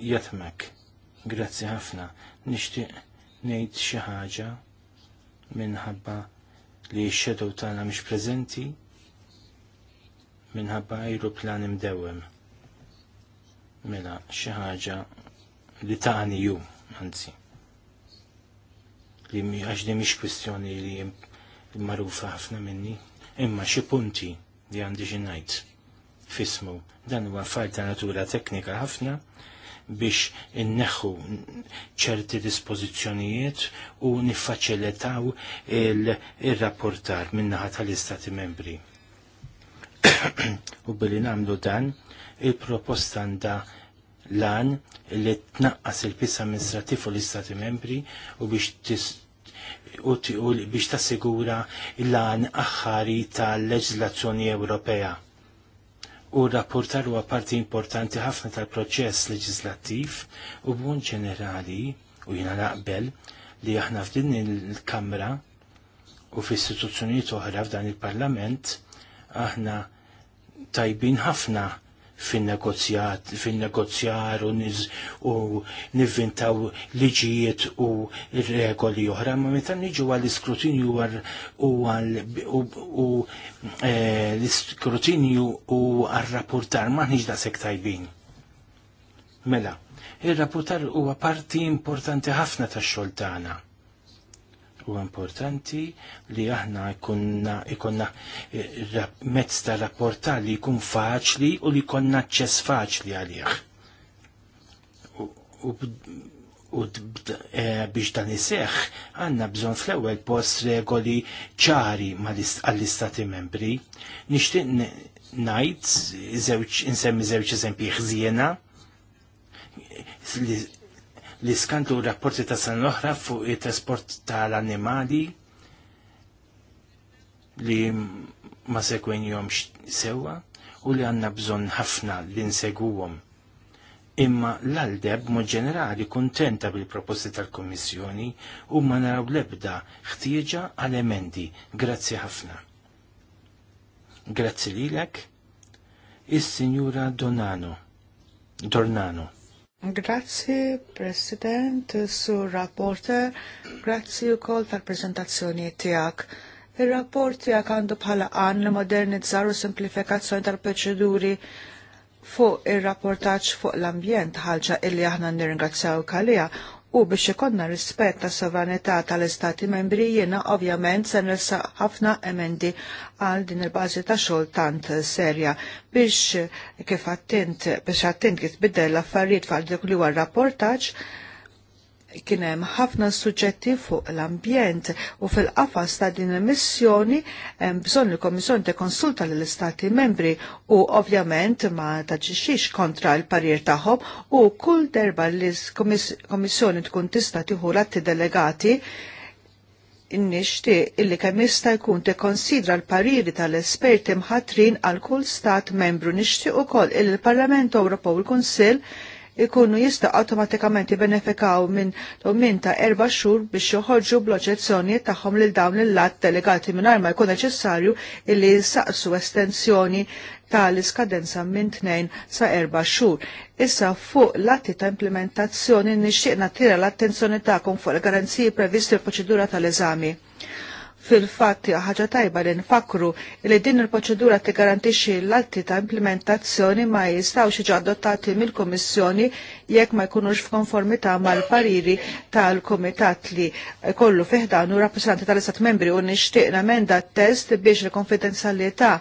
jatmek. Grazzi ħafna. Nixtieq ngħid xi ħaġa minħabba li x-xedow tagħna mhix prezenti minħabba ajruplan imdewem, Mela xi ħaġa li tagħni ju, anzi. Li għaxdi mish mhix kwistjoni li marufa ħafna minni, imma xi punti li għandi xi ngħid fismu. Dan huwa affar ta' natura teknika ħafna biex inneħħu ċerti dispożizzjonijiet u niffaċilitaw il-rapportar minnaħa tal-Istati membri. u billi namlu dan, il-proposta għanda lan li tnaqqas il-pis amministrativ u l-Istati membri u biex u biex tassigura l għan aħħari tal-leġizlazzjoni Ewropea u rapportar huwa parti importanti ħafna tal-proċess leġislattiv u bun ġenerali u jiena naqbel li aħna f'din il-Kamra u f'istituzzjonijiet oħra f'dan il-Parlament aħna tajbin ħafna fin-negozjat, fin-negozjar u nivvintaw liġijiet u regoli oħra, ma meta niġu għall iskrutinju u eh, l-iskrutinju u għal-rapportar ma da sektajbin. Mela, il-rapportar huwa parti importanti ħafna tax-xoltana u importanti li aħna ikonna, ikonna eh, mezz ta' rapporta li jkun faċli u li jkonna ċess faċli għalih. U, u, u eh, biex dan iseħ għanna bżon fl ewel post regoli ċari għall-istati membri. nishtiq najt, nsemmi zewċ eżempi ħżiena li skantu rapporti ta' san l-oħra fuq il-trasport tal-animali li ma sekwen jom sewa u li għanna bżon ħafna li nseguwom. Imma l-aldeb mod ġenerali kontenta bil-proposti tal-Komissjoni u ma naraw lebda ħtieġa għal emendi. Grazzi ħafna. Grazzi lilek, is-Sinjura Donano. Dornano. Grazzi, President, su rapporter, grazzi u kol tal-prezentazzjoni tijak. Il-rapport tijak għandu bħala għan li modernizzar u simplifikazzjoni tal-proċeduri fuq il-rapportaċ fuq l-ambjent ħalġa illi aħna nirringrazzjaw kalija u biex ikonna rispett ta' sovranità tal-Istati membri jiena ovvjament se nilsa ħafna emendi għal din il-bażi ta' xogħol tant serja biex kif attent biex attent kif biddel l-affarijiet fal dik li huwa rapportaġġ kienem ħafna suġġetti fuq l-ambjent u fil-qafas ta' din il-missjoni bżon il-Komissjoni te konsulta l-Istati membri u ovvjament ma taġiċix kontra l-parir tagħhom u kull derba li l-Komissjoni tkun tista' tieħu l-atti delegati Nishti illi kemm jista' jkun tikkonsidra l-pariri tal-esperti mħatrin għal kull stat membru nixtieq ukoll il-Parlament Ewropew u l-Kunsill il ikunu jista automatikament benefikaw minn l-ummin ta' erba xhur biex joħorġu bl taħħom tagħhom lil dawn il-lat delegati mingħajr ma jkun neċessarju illi saqsu estensjoni tal-iskadenza minn tnejn sa' erba' xhur. Issa fuq l-atti ta' implementazzjoni nixtieq nattira l-attenzjoni tagħkom fuq il-garanziji previsti l-proċedura tal-eżami Fil-fatt ħaġa tajba li nfakru li din il-proċedura tigarantixxi l alti ta' implementazzjoni ma jistgħux jiġu adottati mill-Kummissjoni jekk ma jkunux f'konformità mal-pariri tal-Kumitat li kollu fiħdanu rappresentanti tal-Istat Membri u nixtieq namenda test biex il-konfidenzjalità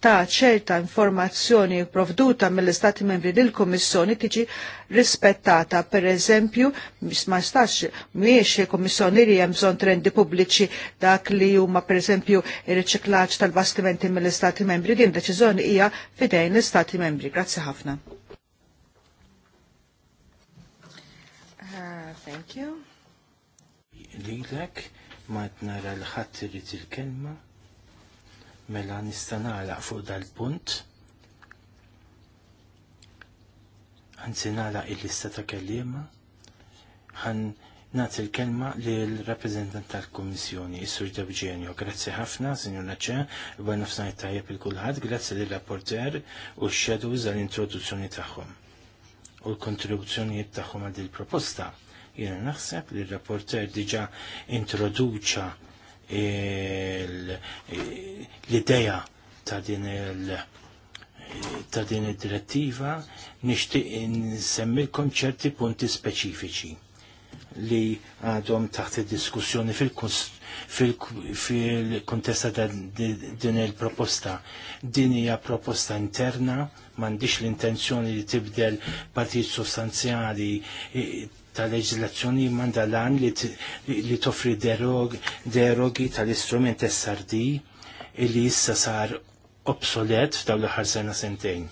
ta' ċerta informazzjoni provduta mill-Istati membri lill kommissjoni tiġi rispettata. Per eżempju, ma stax miex il-Kommissjoni li hemm bżonn trendi pubbliċi dak li huma per eżempju il riċiklaġġ tal-bastimenti mill-Istati membri, din deċiżjoni hija fidejn l-Istati membri. Grazzi ħafna. Uh, thank you. Lilek, ma nara l li t il-kelma mela nista' nagħlaq fuq dal-punt. Anzi nagħlaq il-lista ta' kelliema. għan nagħti l-kelma l rappreżentant tal-Kummissjoni, is-Sur Debġenio. Grazzi ħafna, Sinjur Naċċe, u nofsnajt tajjeb il-kulħadd, grazzi l rapporter u x-shadows għall-introduzzjoni tagħhom u l-kontribuzzjonijiet tagħhom għal il proposta Jiena naħseb li l rapporter diġa introduċa l-ideja ta' din il- ta' din id-direttiva nixtieq nsemmilkom ċerti punti speċifiċi li għadhom taħt id-diskussjoni fil-kontesta ta' din il-proposta. Din hija proposta interna, m'għandix l-intenzjoni li tibdel partit sostanzjali tal-leġislazzjoni mandalan li toffri derogi tal-istrument SRD li issa sar obsolet f'daw l-ħar sena sentejn.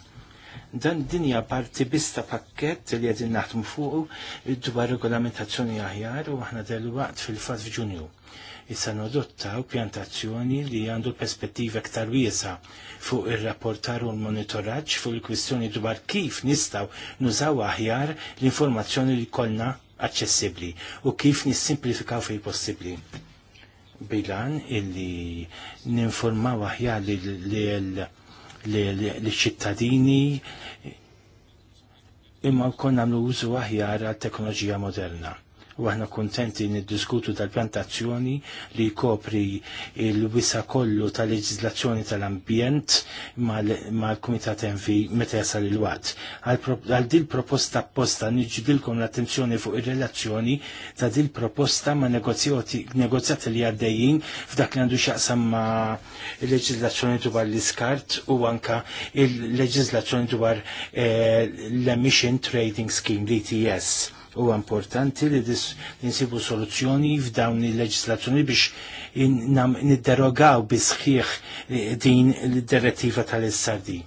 Dan dinja parti bista pakket li għedin naħdmu fuq dwar regolamentazzjoni aħjar u aħna del-waqt fil-fat f'Ġunju issa u pjantazzjoni li għandu perspettiva iktar wiesa fuq ir-rapportar u l-monitoraġġ fuq il-kwistjoni dwar kif nistaw nużaw aħjar l-informazzjoni li kollna aċċessibbli u kif nissimplifikaw fej possibbli bilan illi ninformaw aħjar li ċittadini imma kon nagħmlu użu aħjar għal teknoloġija moderna u għahna kontenti niddiskutu tal-pjantazzjoni li jkopri il-wisa kollu tal-leġizlazzjoni tal-ambjent mal-Kumitat Envi meta jasal il-wad. Għal dil proposta apposta niġbidilkom l-attenzjoni fuq ir-relazzjoni ta' dil proposta ma' negozjati li għaddejjin f'dak li għandu xaqsam ma' il-leġizlazzjoni dwar l-iskart u anka il-leġizlazzjoni dwar eh, l-Emission Trading Scheme, l-ETS U importanti li nsibu soluzzjoni f'dawn il-leġislazzjoni biex nidderogaw bisħiħ din l direttiva tal-SRD.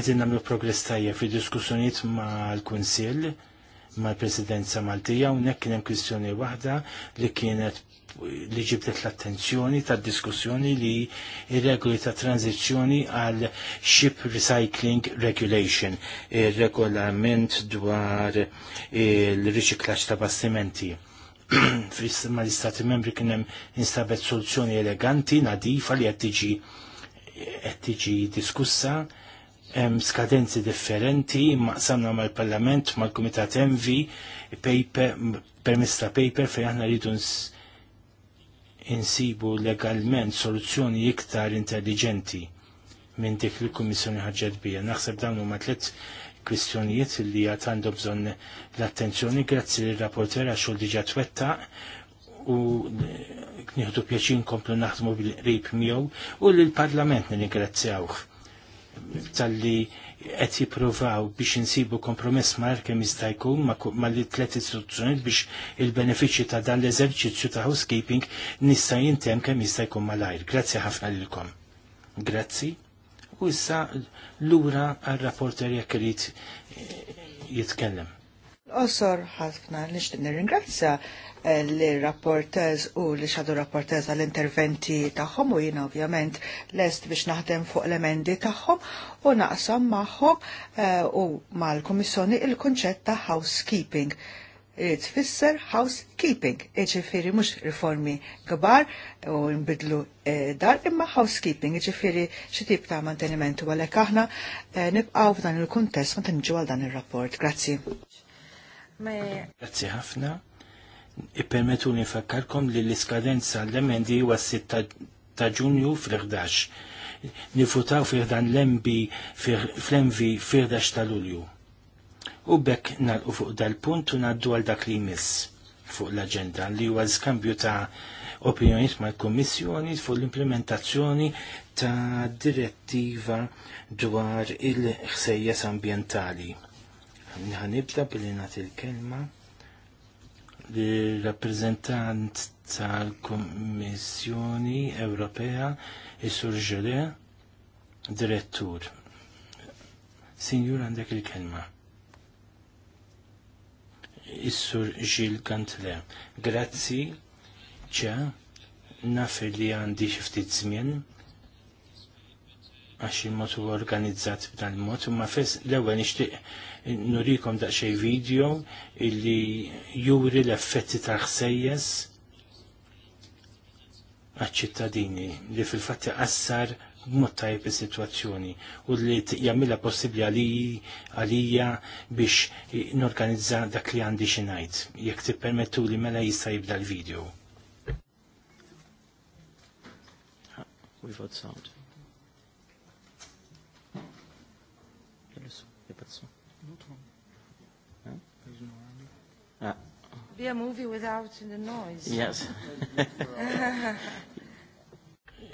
Edin namlu progress tajja fi diskussjoniet ma' l-Kunsill, ma' l-Presidenza Maltija, unnek kienem kwistjoni wahda li kienet li ġibtet l-attenzjoni ta' diskussjoni li ir-regoli ta' tranzizjoni għal Ship Recycling Regulation, ir-regolament dwar il-riċiklaġġ ta' bastimenti fl-istima l-istati membri kienem instabet soluzzjoni eleganti, nadifa li għattiġi għattiġi diskussa, skadenzi differenti, maqsamna mal-parlament, mal-komitat envi, paper, permista paper fej aħna rridu insibu legalment soluzzjoni iktar intelligenti minn dik li kummissjoni ħarġet bija. Naħseb dawn huma tliet kwistjonijiet li għad għandhom bżonn l-attenzjoni grazzi l rapporter għax xogħol diġà twettaq u kniħdu pjaċin komplu naħdmu bil-qrib miegħu u lill-Parlament nirringrazzjawh tal-li qed jippruvaw biex insibu kompromess mal kemm jista' jkun mal tliet istituzzjonijiet biex il-benefiċċji ta' dan l-eżerċizzju ta' housekeeping nista' jintem kemm jista' jkun malajr. Grazzi ħafna lilkom. Grazzi. U issa lura għal rapporter jekk jitkellem. Osor ħafna nixtieq nirringrazzja eh, li rapportez u li xadu rapportez għal-interventi tagħhom u jiena ovvjament lest biex naħdem fuq l-emendi tagħhom u naqsam magħhom eh, u mal-Kummissjoni il-kunċett ta' housekeeping. Irid fisser housekeeping, iġifieri mhux riformi kbar u nbidlu eh, dar imma housekeeping, iġifieri xi tip ta' manteniment u għalhekk aħna nibqaw nibqgħu f'dan il-kuntest ma tenġu għal dan ir-rapport. Grazzi. Grazzi ħafna. Ippermetu li li l-iskadenza l-emendi huwa 6 ta' ġunju fl-11. Nifutaw firdan l-embi fl-envi fl-11 ta' lulju. U bekk nalqu fuq dal-punt u naddu għal dak li jmiss fuq l-agenda li huwa skambju ta' opinjoniet mal kommissjoni fuq l-implementazzjoni ta' direttiva dwar il-ħsejjes ambientali. Nħanibda billi nagħti l-kelma li rappresentant tal-Kommissjoni Ewropea, Isur direttur. Signor għandek il-kelma. Issur Gil Gantle. Grazzi, ġa, naf li għandi xiftit żmien għax il-mod organizzat b'dan il-mod, ma fess l-ewwel nixtieq nurikom daqxej video illi juri l-effetti ta' ħsejjes għal-ċittadini li fil-fatti qassar b'mod tajb is-sitwazzjoni u li jagħmilha possibbli għalija biex norganizza dak li għandi xi ngħid. Jekk tippermettu li mela jista' jibda l-video. We've got sound. be a movie without the noise. Yes.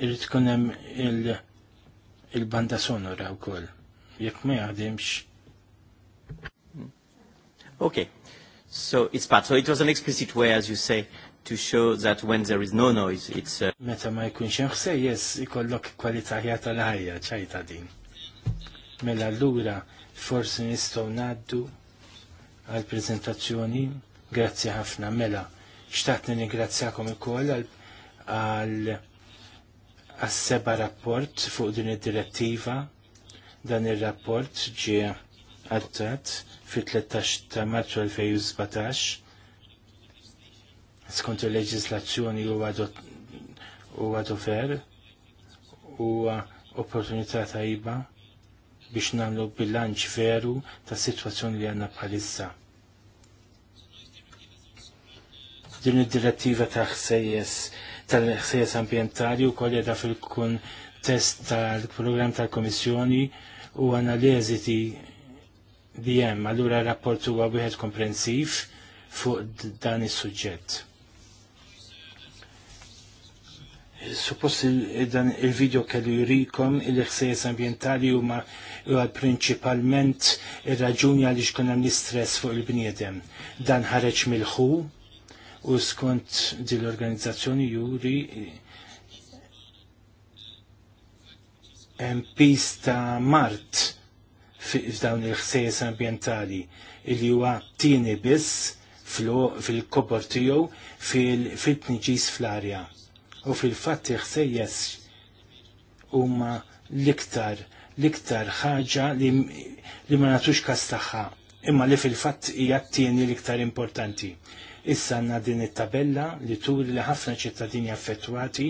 Irrid tkun hemm il-banda sonora wkoll. Jekk ma jaħdimx. Okay. So it's part. So it was an explicit way, as you say, to show that when there is no noise, it's... Uh, Meta ma jkun jkunx hemm ħsejjes ikollok kwalità ħja tal-ħajja ċajta din. Mela l-lura, forse nistgħu naddu għal prezentazzjoni Grazzi ħafna, mela. Xtaqt ningrazzjakom ukoll għal għas-seba rapport fuq din id-direttiva. Dan ir-rapport ġie għattat fi 13 ta' marċu 2017 skont il-leġislazzjoni u għadu fer u opportunità tajba biex namlu bilanċ veru ta' situazzjoni li għanna bħalissa. din id-direttiva ta' ħsejjes tal-ħsejjes ambientali u kolleda fil-kun test tal-program tal-Komissjoni u analiżiti li hemm allura rapport huwa wieħed komprensiv fuq dan is-suġġett. Suppost dan il-video kellu jurikom il-ħsejjes ambientali huma huwa prinċipalment ir-raġuni għaliex konna l-istress fuq il-bniedem. Dan ħareġ mill-ħu u skont din l-organizzazzjoni juri hemm pista Mart f'dawn il-ħsejjes ambientali li huwa tieni biss fil-kobor tiegħu fil-tniġis fl-arja. U fil-fatt ħsejjes huma l-iktar l-iktar ħaġa li, li ma nagħtux kas tagħha imma li fil-fatt hija t-tieni l-iktar importanti. Issa għandna din it-tabella li turi li ħafna ċittadini affettwati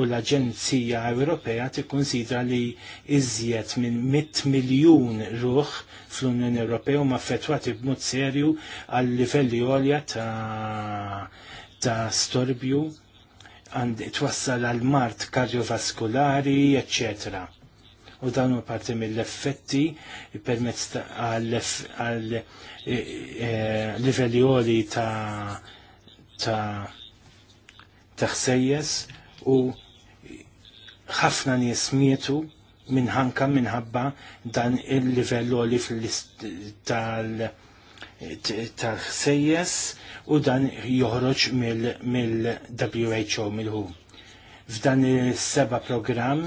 u l-Aġenzija Ewropea tikkonsidra li iżjed minn 100 miljun ruħ fl-Unjoni Ewropea u affettwati b'mod serju għal livelli għolja ta', ta storbju għand twassal għal mart kardiovaskulari, eccetera u dan u parti mill-effetti permezz għal eh, eh, livelli oli ta' ta' taħsejjes u ħafna nies mietu minħanka minħabba dan il-livell oli tal- tal u dan joħroġ mill-WHO mill ħu F'dan il-seba program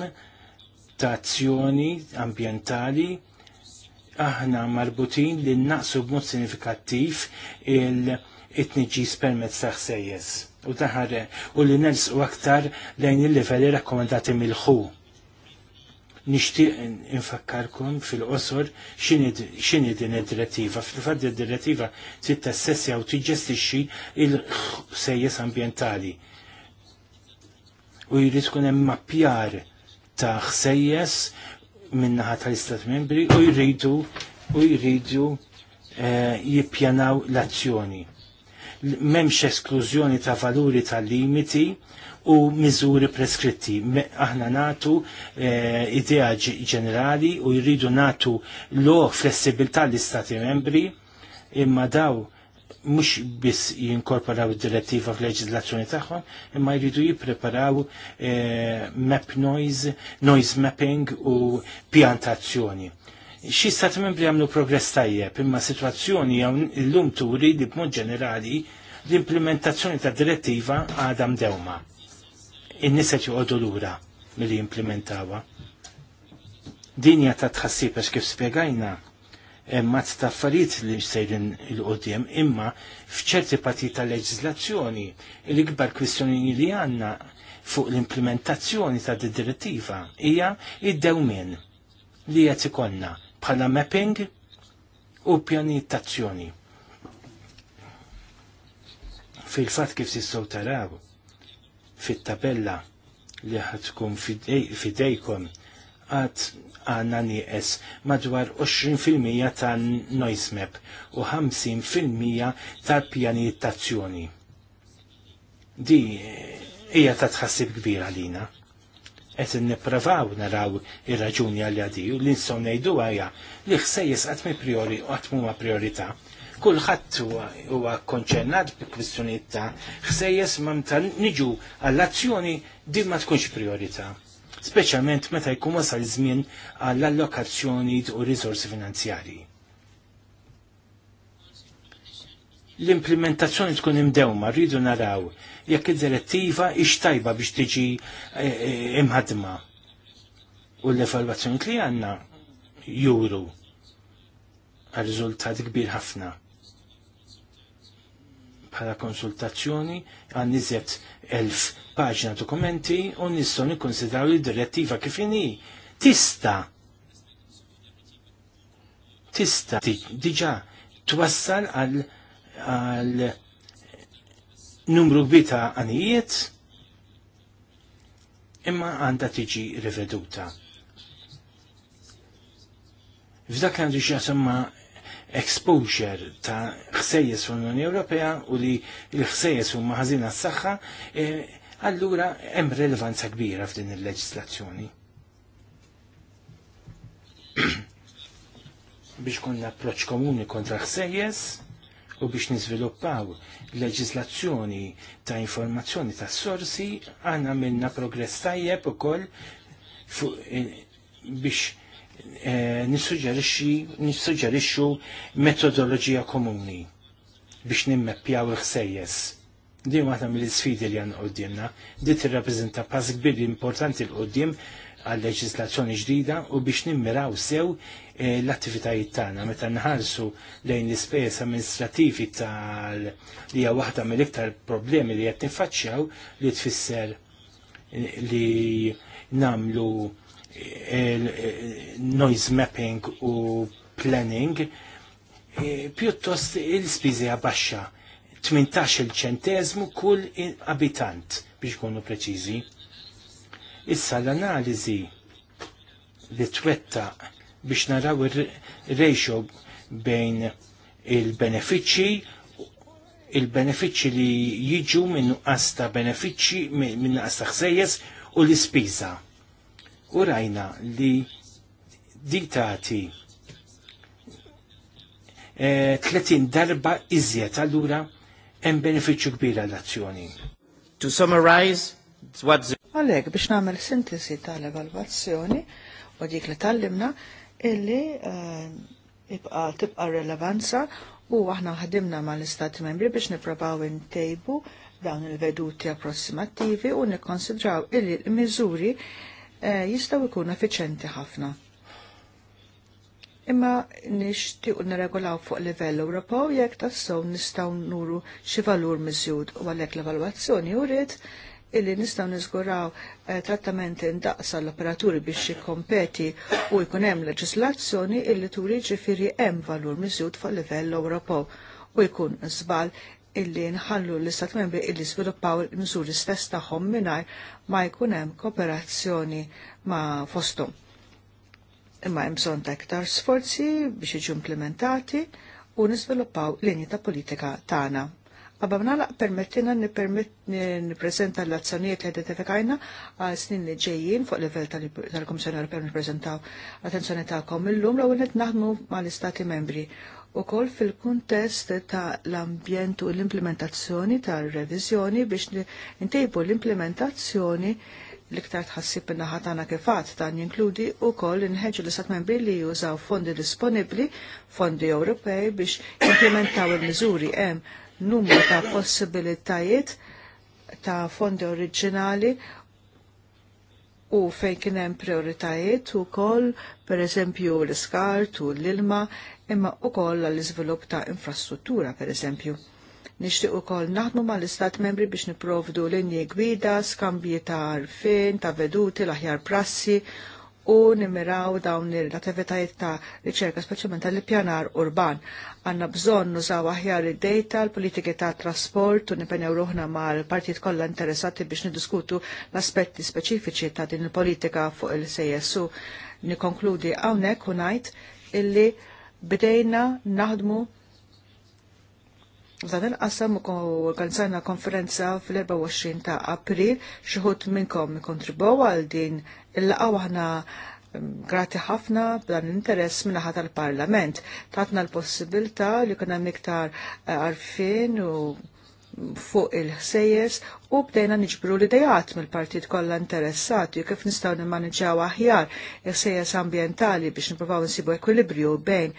ta' azzjoni ambientali aħna marbutin li naqsu b'mod sinifikattiv il-tniġis permezz ta' u taħare u li nelsqu aktar lejn il-livelli rakkomandati mill-ħu. Nishtiq infakkarkom fil-qosor xini din id-direttiva. fil fatt id-direttiva titta sessja u tiġestixxi il-sejjes ambientali. U jrid tkun hemm mappjar ta' ħsejjes minnaħa tal-Istat Membri u jridu u jridu eh, jippjanaw l-azzjoni. Memx esklużjoni ta' valuri tal-limiti u miżuri preskritti. Aħna natu eh, idea ġenerali u jridu natu lo flessibilità l-Istati Membri imma daw mhux biss jinkorporaw id-direttiva f-leġizlazzjoni tagħhom, imma jridu jippreparaw eh, map noise, noise mapping u pjantazzjoni. Xi stat membri għamlu progress tajjeb, imma situazzjoni hawn illum turi li b'mod ġenerali l-implementazzjoni ta' direttiva għadha mdewma. In-nisa joqogħdu lura milli implementawa. Dinja ta' tħassib għax kif spjegajna imma ta' affarijiet li sejrin il-qoddim, imma fċerti pati ta' leġizlazzjoni l-ikbar kwistjoni li għanna fuq l-implementazzjoni ta' direttiva hija id-dewmin li qed ikollna bħala mapping u pjanitazzjoni. Fil-fatt kif tistgħu taraw fit-tabella li ħad tkun fidejkom għad għanna nieqes madwar 20% ta' noise map u 50% tal-pjanijiet Di eh, hija ta' tħassib kbir għalina. Qed nippravaw naraw ir-raġuni għal għadi u li nistgħu ngħidu għaja li xsejjes qatt mi priori u qatt huma priorità. Kulħadd huwa konċernat bi kwistjonijiet ta' xsejjes ma mta niġu għall-azzjoni din ma tkunx priorità speċjalment meta jkun wasal żmien għall allokazzjoni u risorsi finanzjarji. L-implementazzjoni tkun imdewma, rridu naraw jekk id-direttiva ixtajba biex tiġi eh, eh, imħadma. U l-evalwazzjoni li għanna juru għal rizultat kbir ħafna bħala konsultazzjoni għan nizet elf paġna dokumenti u nistgħu nikkonsidraw li direttiva kif inhi. Tista. Tista. Diġà twassal għal għal numru bita għanijiet imma għandha tiġi riveduta. F'dak għandu xjasemma exposure ta' ħsejjes fl-Unjoni Ewropea u li l-ħsejjes u maħazina s-saxħa, e, allura hemm relevanza kbira f'din il-leġislazzjoni. biex konna approċ komuni kontra ħsejjes u biex nizviluppaw leġislazzjoni ta' informazzjoni ta' sorsi għanna minna progress tajjeb u koll e, biex Eh, nissuġġerixxu metodoloġija komuni biex nimmeppjaw il-ħsejjes. Din waħda mill-isfidi li għandna qoddimna, di tirrappreżenta pass kbir importanti l qoddim għal leġislazzjoni ġdida u biex nimmiraw sew eh, l-attivitajiet tagħna meta nħarsu lejn l-ispejjeż amministrativi tal li hija waħda mill-iktar problemi li qed nifaċċjaw li tfisser li namlu Eh, noise mapping u planning, eh, pjuttost il spizi baxxa 18 il ċentezmu kull abitant biex konu preċiżi. Issa l-analiżi li twetta biex naraw il-ratio bejn il-benefiċċji il-benefiċċji li jiġu minn asta ta' benefiċċji minn nuqqas ta' ħsejjes u l-ispiża u rajna li ditati 30 eh, darba iżjed allura hemm benefiċċju kbira l-azzjoni. To summarize, what's Għalek, biex nagħmel sintesi tal-evalwazzjoni u dik li tallimna illi eh, ibqa' tibqa rilevanza u aħna ħadimna mal-Istati Membri biex nipprobaw intejbu dawn il-veduti approssimativi u nikkonsidraw illi l-miżuri Eh, jistaw ikun effiċenti ħafna. Imma nixtiequ nirregolaw fuq livell Ewropew jekk tassew nistgħu nuru xi valur miżjud u għalhekk l-evalwazzjoni uriet illi nistgħu niżguraw eh, trattamenti ndaqsa l-operaturi biex jikkompeti u jkun hemm leġislazzjoni illi turi ġifieri hemm valur miżjud fuq livell Ewropew u jkun żbal illi nħallu l-istat membri illi sviluppaw il misuri stess tagħhom mingħajr ma jkun hemm kooperazzjoni ma' fostum. Imma hemm bżonn ta' iktar sforzi biex iġu implementati u niżviluppaw linji ta' politika tagħna. Qabba mnala permettina nippreżenta l-azzjonijiet li identifikajna għal snin li ġejjin fuq level tal-Kummissjoni Ewropea l attenzjoni ta' illum l l-għunet naħdmu mal-Istati membri u kol fil-kuntest ta' l-ambjent u l-implementazzjoni ta' revizjoni biex ntejbu l-implementazzjoni l-iktar tħassib naħat għana kifat dan jinkludi u koll inħeġu l istat membri li jużaw fondi disponibli, fondi Ewropej biex implementaw il-mizuri hemm numru ta' possibilitajiet ta' fondi oriġinali u fejn kien hemm prioritajiet ukoll pereżempju l-iskart u l-ilma, imma koll għall-iżvilupp ta' infrastruttura pereżempju. Nixtieq ukoll naħdmu mal-Istat membri biex niprovdu linji gwida, skambji ta' arfin, ta' veduti, l-aħjar prassi u nimiraw dawn l-attivitajiet ta' riċerka speċjalment tal-ippjanar urban. Għanna bżonn nużaw aħjar id-data, l-politiki ta' trasport u nipenjaw ruħna mal-partijiet kollha interessati biex niddiskutu l-aspetti speċifiċi ta' din il-politika fuq il-CSU. Nikonkludi hawnhekk u ngħid illi bdejna naħdmu Dan il-qasam u kanzana konferenza fl-24 ta' april xieħut minnkom kontribow għal din il laqaw waħna mm, grati ħafna b'dan l-interess minnaħat tal-Parlament. Tatna l-possibilta li kuna miktar eh, għarfin u fuq il-ħsejjes u bdejna niġbru li dejat mill-partit kollha interessati kif nistgħu nimmaniġġaw aħjar il-ħsejjes ambjentali biex nippruvaw nsibu ekwilibrju bejn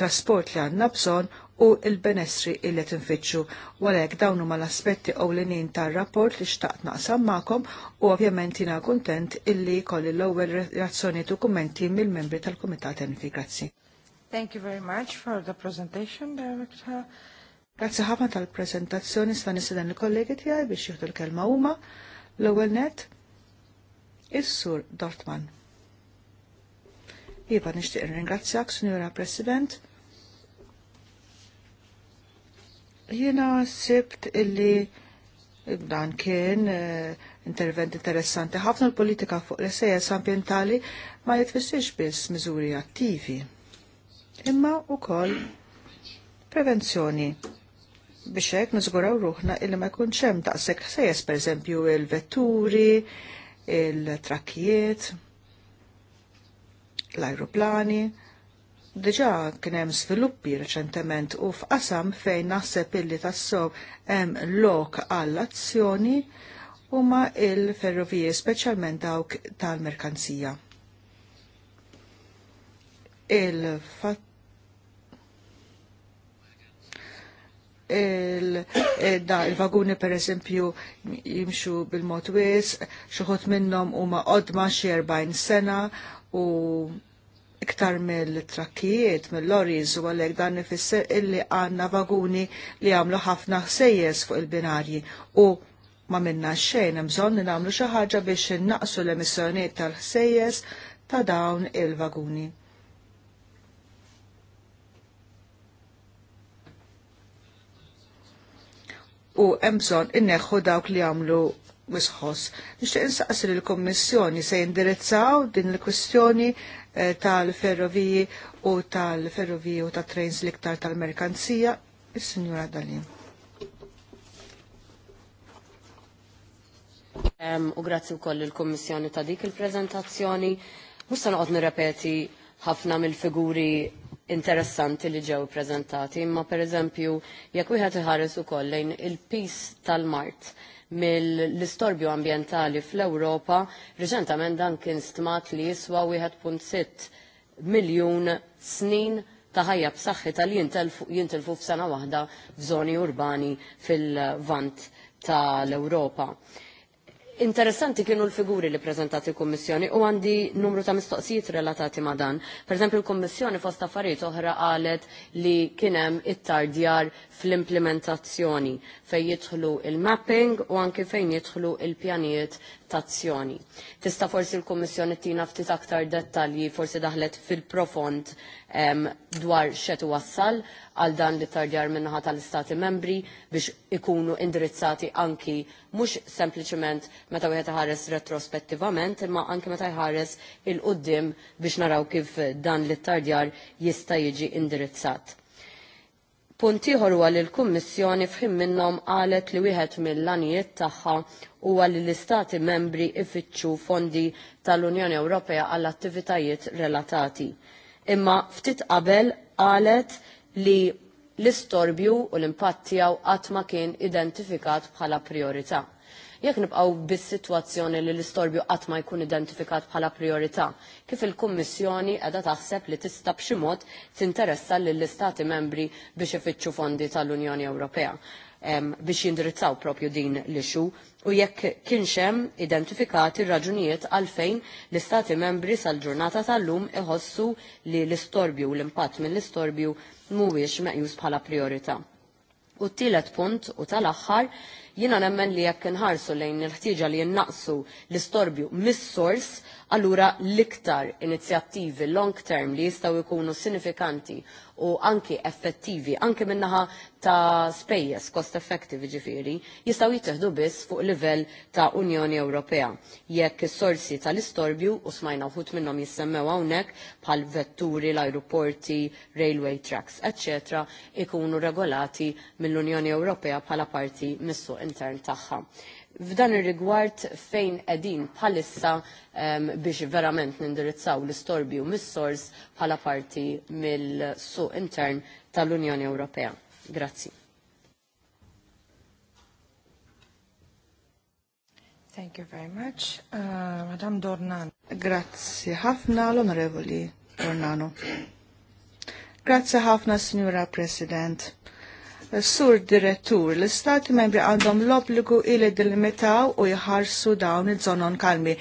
trasport li għandna bżonn u il-benessri illi tinfittxu. Walek dawn huma l-aspetti ewlenin tar-rapport li xtaqt naqsam magħkom u ovvjament jiena kuntent illi kolli l-ewwel reazzjonijiet u kummenti mill-membri tal-Kumitat Envi. Grazzi. Thank you very much for the presentation, Director. Grazzi ħafna tal-prezentazzjoni sta' nisidan il-kollegi tiegħi biex jieħdu l-kelma huma. L-ewwel net is-sur Dortman. Iva nixtieq nirringrazzjak Sinjura President. Jiena sibt illi dan kien eh, intervent interessanti. ħafna l-politika fuq l-SES ambientali ma jitfissirx biss miżuri attivi, imma wkoll prevenzjoni biex hekk niżguraw ruħna illi ma jkunx hemm daqshekk per pereżempju il-vetturi, il-trakkijiet, l-ajruplani. Diġà kien hemm sviluppi reċentement u f'qasam fejn naħseb illi tassow hemm lok għall-azzjoni huma il-ferrovije speċjalment dawk tal-merkanzija. il fat Eh, il-vaguni per eżempju jimxu bil-mod wis, xoħot minnom u ma' odma 40 sena u iktar mill-trakkijiet, mill-lorries u għalek dan nifisser illi għanna vaguni li għamlu ħafna sejjes fuq il-binarji u ma minna xejn hemm bżonn li nagħmlu xi ħaġa biex naqsu l-emissjonijiet tal-ħsejjes ta' dawn il-vaguni u hemm bżonn inneħħu dawk li għamlu Nishtiq Nixtieq insaqsi l kommissjoni se jindirizzaw din il-kwestjoni eh, tal-ferroviji u tal-ferroviji u tal trains l-iktar tal-merkanzija, is-Sinjura Dalin. Um, u grazzi u koll il-Kommissjoni ta' dik il-prezentazzjoni. Musta noqot nirrepeti ħafna mill-figuri interessanti li ġew prezentati, imma per eżempju, jekk wieħed iħares ukoll lejn il peace tal-mart mill-istorbju ambientali fl-Ewropa, reċentament dan kien stmat li jiswa 1.6 miljun snin ta' ħajja b'saħħitha li jintilfu f'sena waħda f'żoni urbani fil-vant tal-Ewropa. Interessanti kienu l-figuri li prezentati l-Kommissjoni u għandi numru ta' mistoqsijiet relatati ma' dan. Per eżempju, l-Kommissjoni fost affarijiet oħra qalet li kienem it-tardjar fl-implementazzjoni. Fej jidħlu il-mapping u anke fejn jidħlu il-pjanijiet tazzjoni. Tista forsi l-Kommissjoni tina ftit aktar dettalji forsi daħlet fil-profond dwar xetu wassal għal dan li tardjar minnaħat tal-Istati membri biex ikunu indirizzati anki mux sempliciment meta wieħed ħares retrospettivament imma anki meta jħares il-qoddim biex naraw kif dan li tardjar jista' jiġi indirizzat. Punti huwa li l-Kummissjoni fħim minnhom qalet li wieħed mill-lanijiet tagħha huwa li l-Istati membri ifittxu fondi tal-Unjoni Ewropea għall attivitajiet relatati. Imma ftit qabel qalet li l-istorbju u l-impatt tiegħu qatt ma kien identifikat bħala priorità jekk nibqgħu bis-sitwazzjoni li l-istorbju qatt ma jkun identifikat bħala priorità, kif il-Kummissjoni qiegħda taħseb li tista' b'xi mod tinteressa lill-Istati membri biex ifittxu fondi tal-Unjoni Ewropea biex jindirizzaw propju din l-ixu u jekk kienxem identifikati raġunijiet għalfejn l-istati membri sal-ġurnata tal-lum iħossu li l-istorbju u l-impatt minn l-istorbju mhuwiex meqjus bħala priorità. U t-tielet punt u tal-aħħar Jina nemmen li jekk inħarsu lejn il-ħtieġa li jinnaqsu l-istorbju mis-sors, allura l-iktar inizjattivi long term li jistaw ikunu sinifikanti u anki effettivi, anki minnaħa ta' spejjes cost effective ġifiri, jistaw jittihdu biss fuq livell ta' Unjoni Ewropea. Jekk is-sorsi tal-istorbju, u smajna uħut minnom jissemmew hawnhekk bħal vetturi, l-aeroporti, railway tracks, etc., ikunu regolati mill-Unjoni Ewropea bħala parti mis-suq intern tagħha. F'dan ir-rigward fejn qegħdin bħalissa um, biex verament nindirizzaw l-istorbju mis-sors bħala parti mill-suq intern tal-Unjoni Ewropea. Grazzi. Thank you very much. Uh, Madam Dornan. Grazie ħafna l-Onorevoli Dornano. Grazie ħafna, Signora President. Sur direttur, l-istati membri għandhom l-obbligu ili delimitaw u jħarsu dawn iż-żonon kalmi.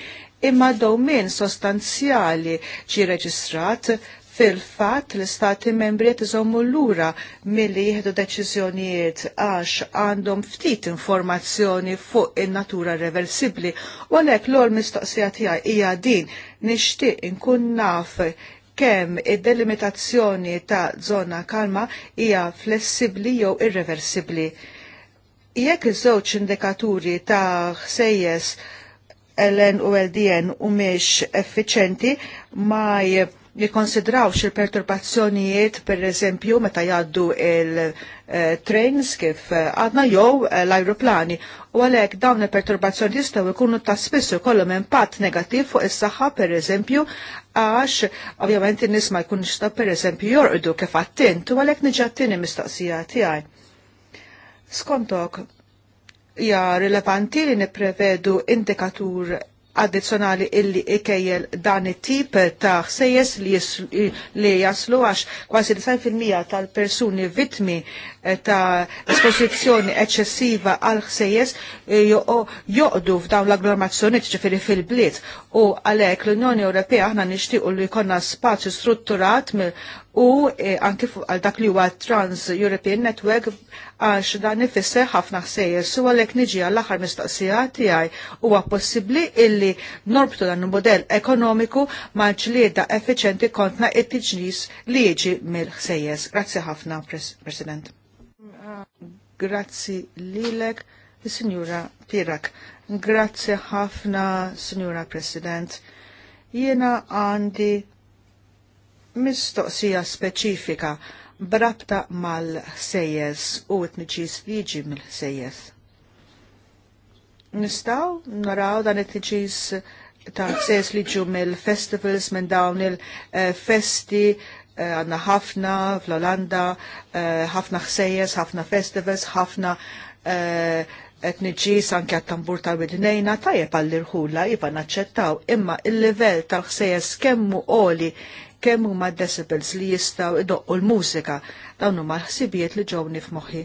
Imma domin sostanzjali ġi reġistrat Fil-fat, l-istati membri jtizommu l-lura mill-li jihdu deċizjonijiet għax għandhom ftit informazzjoni fuq in-natura reversibli u għalek l-għol mistoqsija tijaj ija din nishtiq nkun naf kemm id-delimitazzjoni ta' zona kalma hija flessibbli jew irreversibbli. Jekk iż-żewġ indikaturi ta' ħsejjes LN u LDN u miex effiċenti ma nikonsidrawx il-perturbazzjonijiet per eżempju meta jgħaddu il-trains kif eh, għadna jew eh, l-ajruplani u għalhekk dawn il-perturbazzjoni jistgħu jkunu ta' spiss ikollhom impatt negattiv fuq is-saħħa per eżempju għax ovvjament nisma jkun ma per eżempju jorqdu kif attint u għalhekk niġi mistaqsija mistoqsija tiegħi. Skontok, hija rilevanti li nipprevedu indikatur addizzjonali illi ikejjel dan it-tip ta' ħsejjes li jaslu għax kważi 90% tal-persuni vittmi eh, ta' esposizjoni eċċessiva għal ħsejjes eh, joqdu f'dawn l-agglomerazzjoni ġifieri fil-bliet u għalhekk l-Unjoni Ewropea aħna nixtiequ li jkollna spazju strutturat u eh, anki għal dak li huwa Trans European Network għax dan ifisser ħafna ħsejjer su għalhekk niġi għall aħħar mistoqsija tiegħi huwa possibbli illi norbtu dan il-modell ekonomiku ma' ġlieda effiċenti kontna it-tiġnis li jiġi mill-ħsejjes. Grazzi ħafna, President. Grazzi lilek, Signora Pirak. Grazzi ħafna, Signora President. Jiena għandi mistoqsija speċifika brabta mal-sejjes u t-nġis liġi mill-sejjes. Nistaw naraw dan it-nġis ta' sejjes liġu mill-festivals minn dawn il-festi eh, għanna ħafna fl-Olanda, eh, ħafna ħsejjes, ħafna festivals, ħafna eh, etniċis anke għat-tambur tal-bidnejna tajjeb għall-irħula jiva naċċettaw imma il-level tal-ħsejjes kemmu oli kemm huma decibels li jistgħu idoqqu l-mużika dawn huma ħsibijiet li ġewni f'moħħi.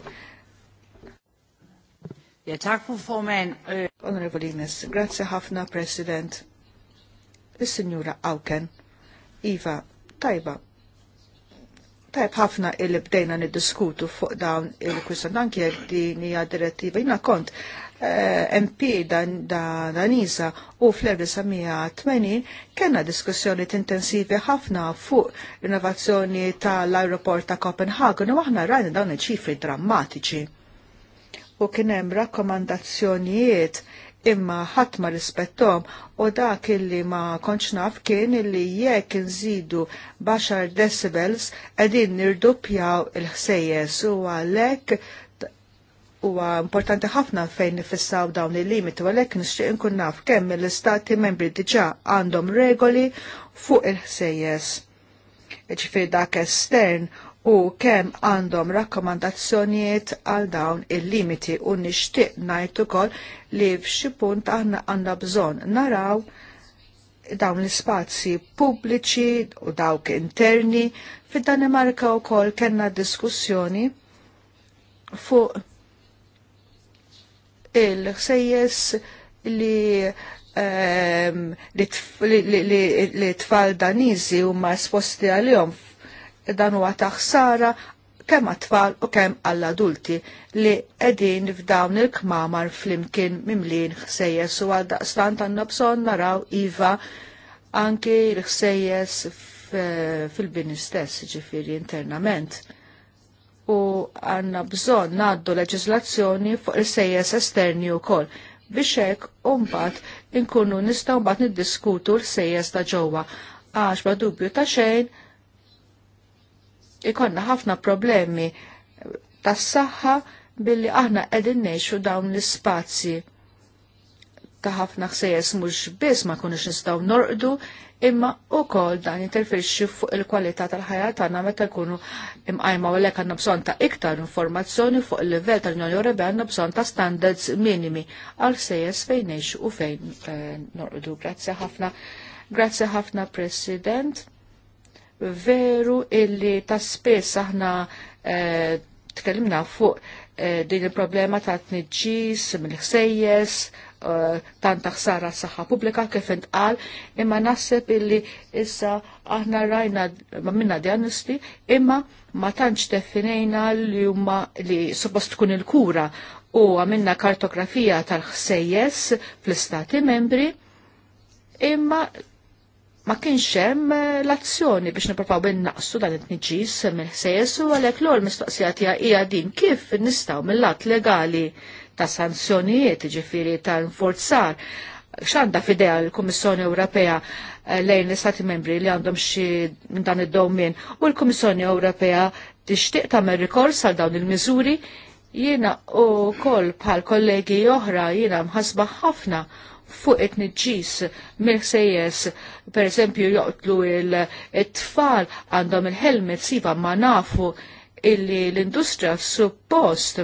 Ja, tak fu Onorevoli Ines, grazie ħafna, President. Is-Sinjura Awken, Iva, tajba, Tajb ħafna il bdejna niddiskutu fuq dawn il kwissan anke din hija direttiva. Jina kont Eh, MP dan danisa u fl-1980 kena diskussjoni intensivi ħafna fuq l innovazzjoni tal-aeroport ta' Copenhagen u aħna rajna dawn iċifri ċifri drammatiċi. U kien hemm rakkomandazzjonijiet imma ħadd ma rispettom u dak illi ma konċ naf kien illi jekk nżidu baxar decibels qegħdin nirdoppjaw il-ħsejjes u għalhekk huwa importanti ħafna fejn nifissaw dawn il-limiti u għalhekk nixtieq inkun naf kemm l-istati membri diġà għandhom regoli fuq il-ħsejjes. Ġifieri dak estern u kemm għandhom rakkomandazzjonijiet għal dawn il-limiti u nixtieq ngħid ukoll li f'xi punt aħna għandna bżonn naraw dawn l-spazji pubbliċi u dawk interni. Fid-Danimarka wkoll kellna diskussjoni fuq il-ħsejjes ehm, li li tfal danizi u ma esposti għal-jom dan huwa taħsara kemm għat-tfal u kemm għall-adulti li edin f'dawn il-kmamar flimkien mimlin ħsejjes u għal-daqstant għanna bżon naraw iva anki l-ħsejjes fil-bini stess ġifiri internament u għanna bżon naddu leġislazzjoni fuq il-sejjes esterni u kol. biex hekk umbat inkunu nistgħu mbagħad niddiskutu l-sejjes ta' ġewwa għax ma' dubju ta' xejn ikonna ħafna problemi tas-saħħa billi aħna qegħdin ngħixu dawn l-ispazji ta' ħafna ħsejjes mhux biss ma kunux nistgħu norqdu imma wkoll dan jinterfirxi fuq il-kwalità tal-ħajja tagħna meta jkunu imqajma u lek għandna bżonn ta' iktar informazzjoni fuq il-livell tal-Unjoni Ewropea għandna bżonn ta' standards minimi għal sejjes fejn ngħixu u fejn eh, norqdu. Grazzi ħafna. Grazzi ħafna President. Veru illi ta' spess aħna eh, tkellimna fuq eh, din il-problema ta' tniġġis, mill-ħsejjes, Eh, tanta ħsara s-saħħa pubblika kif intqal, imma naħseb illi issa aħna rajna ma minna diagnosti, imma ma tantx definejna li huma li suppost tkun il-kura u għamilna kartografija tal-ħsejjes fl-istati membri, imma ma kienx hemm eh, l-azzjoni biex nipprovaw naqsu dan it-tniġis mill-ħsejjes u għalhekk l-ol mistoqsija tiegħi hija din kif nistgħu mill-att legali ta' sanzjonijiet, ġifiri ta' inforzar. X'għandha fidea l-Kummissjoni Ewropea eh, lejn l-Istati Membri li għandhom xie dan id-domin u l-Kummissjoni Ewropea tixtieq tagħmel rikors għal dawn il-miżuri jiena u kol bħal kollegi oħra jiena mħasba ħafna fuq it-nġis mill-sejjes, per eżempju, joqtlu il-tfal għandhom il-helmet siba ma nafu illi l-industrija suppost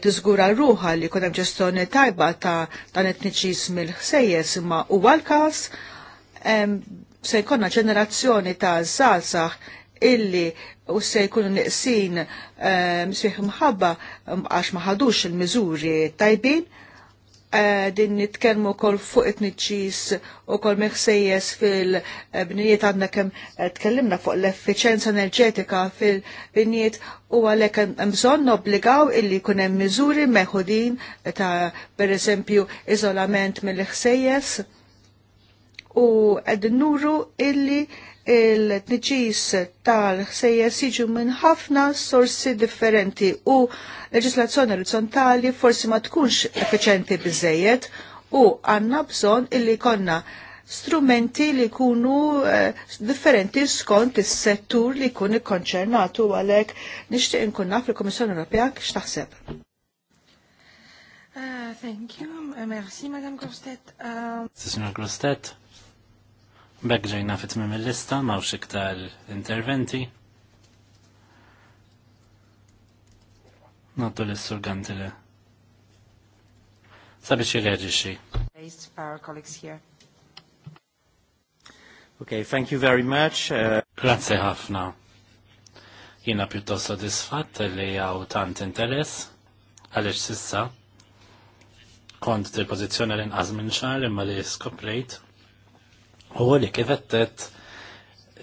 tiżgura ruħa li jkun hemm ġestjoni tajba ta' dan etniċiżm il-ħsejjes imma u l-każ se jkollna ġenerazzjoni ta' żgħażagħ illi u se jkunu niqsin msieħ mħabba għax ma ħadux il-miżuri tajbin din nitkellmu kol fuq it-nitċis u kol meħsejjes fil-bnijiet għandna kem tkellimna fuq l efficienza enerġetika fil binijiet u għalek mżon obbligaw illi kunem miżuri meħudin ta' per eżempju izolament mill-ħsejjes u għed nuru illi il-tniċis tal ħsejjer jiġu minn ħafna sorsi differenti u leġislazzjoni orizzontali forsi ma tkunx effiċenti bizzejiet u għanna bżon illi konna strumenti li kunu eh, differenti skont is-settur li kun ikkonċernatu għalek nixtieq inkun naf il-Kommissjoni Ewropea x'taħseb. Uh, thank you. Uh, merci, Madame Grostet. Uh... Signor Grostet ġejna fit mim il-lista, mawx iktar interventi. Noddu l issur Gantile. Sabiex xie. Okay, thank you very much. Uh, Grazie ħafna. Jina pjuttost sodisfatt li għaw tant interess għalix sissa kont il-pozizjoni l-inqas minn xar imma li skoprejt U kif ivettet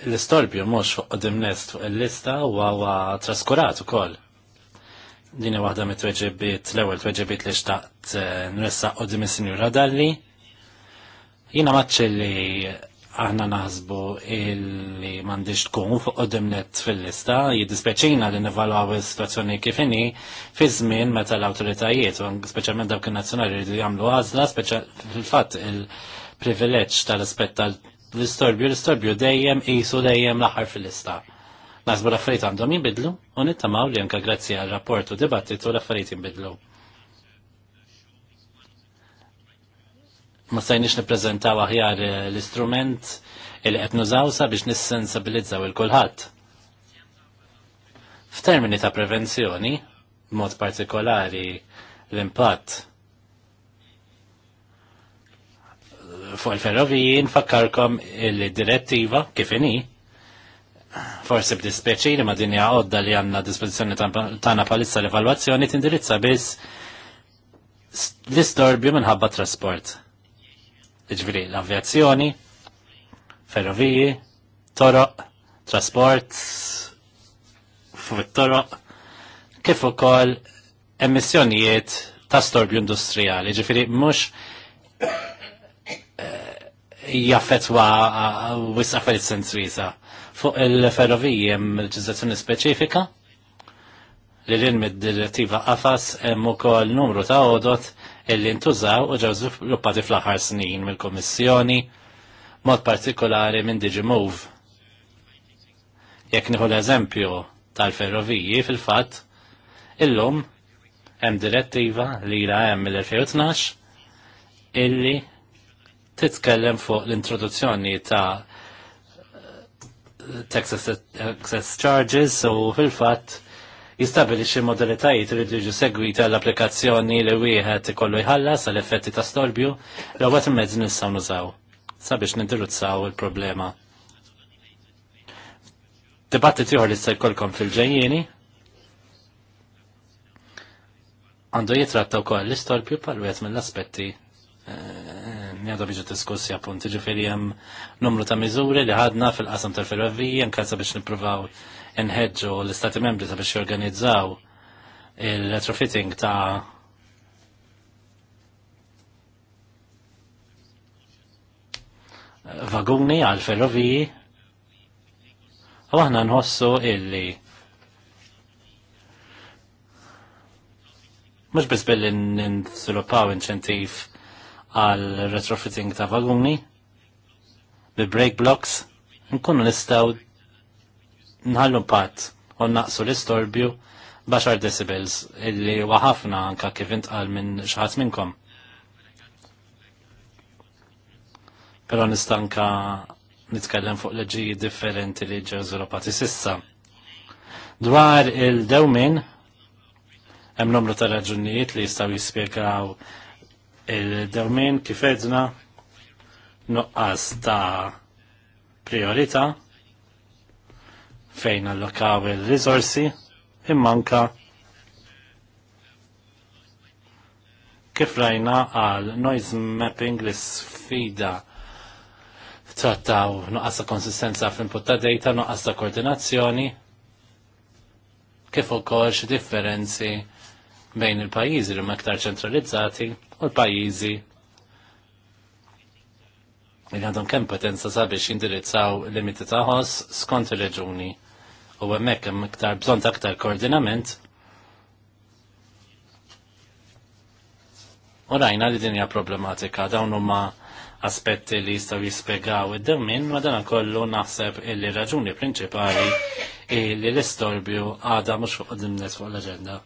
l-istorbju mux fuq qdim nest fuq il-lista u għawa traskurat u koll. Din waħda mit tweġibiet l-ewel tweġibiet li xtaqt eh, n-ressa qdim il-sinjura dalli. Jina maċċi li aħna naħsbu li mandiġ tkun fuq qdim net fil-lista, jiddispeċina li nivalwaw il-situazzjoni kifini fi żmien meta l-autoritajiet, speċjalment dawk il-nazzjonali li jagħmlu għażla, speċjal fil-fatt il- privileġġ tal aspet tal-istorbju, l-istorbju dejjem qisu dejjem l-aħħar fil-lista. Nasbu l-affarijiet għandhom jinbidlu u nittamaw li anke grazzi għal rapport u dibattitu l-affarijiet jinbidlu. Ma stajniex nippreżentaw aħjar eh, l-istrument li qed nużawsa biex nissensibilizzaw il-kulħadd. F'termini ta' prevenzjoni, mod partikolari l-impatt fuq il-ferroviji nfakkarkom il-direttiva kif inhi forse b'dispeċi li ma hija għodda li għandna dispożizzjoni tagħna palissa l evalwazzjoni tindirizza biss l-istorbju minħabba trasport. Iġviri, l-avjazzjoni, ferroviji, toroq, trasport, fuq toroq, kif ukoll emissjonijiet ta' storbju industrijali. Ġifiri, mhux jaffetwa wis affarijiet senswiża. Fuq il-ferroviji hemm leġiżlazzjoni speċifika li lin mid-direttiva qafas hemm ukoll numru ta' għodot illi ntużaw u ġew żviluppati fl-aħħar snin mill-Kummissjoni mod partikolari minn Digi Move. Jekk nieħu l-eżempju tal-ferroviji fil-fatt, illum hemm direttiva li la hemm mill-2012 illi titkellem fuq l-introduzzjoni ta' Texas Access Charges u fil-fatt jistabilixi modalitajiet li jiġu segwita l-applikazzjoni li wieħed ikollu jħallas għal effetti ta' storbju l għawet mezz nistgħu nużaw sabiex nindirizzaw il-problema. Dibattit ieħor li se jkollkom fil-ġejjieni għandu jitratta wkoll l-istorbju pal wieħed mill-aspetti njada biex diskussja punti ġifiri jem numru ta' miżuri li ħadna fil-qasam tal-ferrovija nkalza biex nipruvaw nħedġu l-istati membri ta' biex jorganizzaw il-retrofitting ta' vaguni għal ferroviji u aħna nħossu illi mux bis billi n-sviluppaw inċentif għal retrofitting ta' vaguni bi break blocks nkunu nistaw nħallu pat u naqsu l-istorbju baxar decibels illi waħafna anka kif intqal minn xaħat minnkom. Pero nistanka nitkellem fuq leġi differenti li ġew żviluppati sissa. Dwar il-dewmin, hemm numru ta' raġunijiet li jistgħu jispjegaw il dermin kifedna nuqqas ta' priorita fejn allokaw il-rizorsi immanka kif rajna għal noise mapping l sfida trattaw nuqqas ta' konsistenza fl ta' data, nuqqas ta' koordinazzjoni, kif ukoll xi differenzi bejn il-pajjiżi li huma aktar ċentralizzati u l-pajjiżi li għandhom kemm potenza sabiex jindirizzaw limiti ta' ħoss skont ir-reġuni u hemmhekk hemm iktar bżonn ta' aktar koordinament U rajna li dinja problematika, dawn huma aspetti li jistaw jispiegaw id dimmin ma dan kollu naħseb illi raġuni prinċipali illi l-istorbju għada mux fuq dimnet fuq l-agenda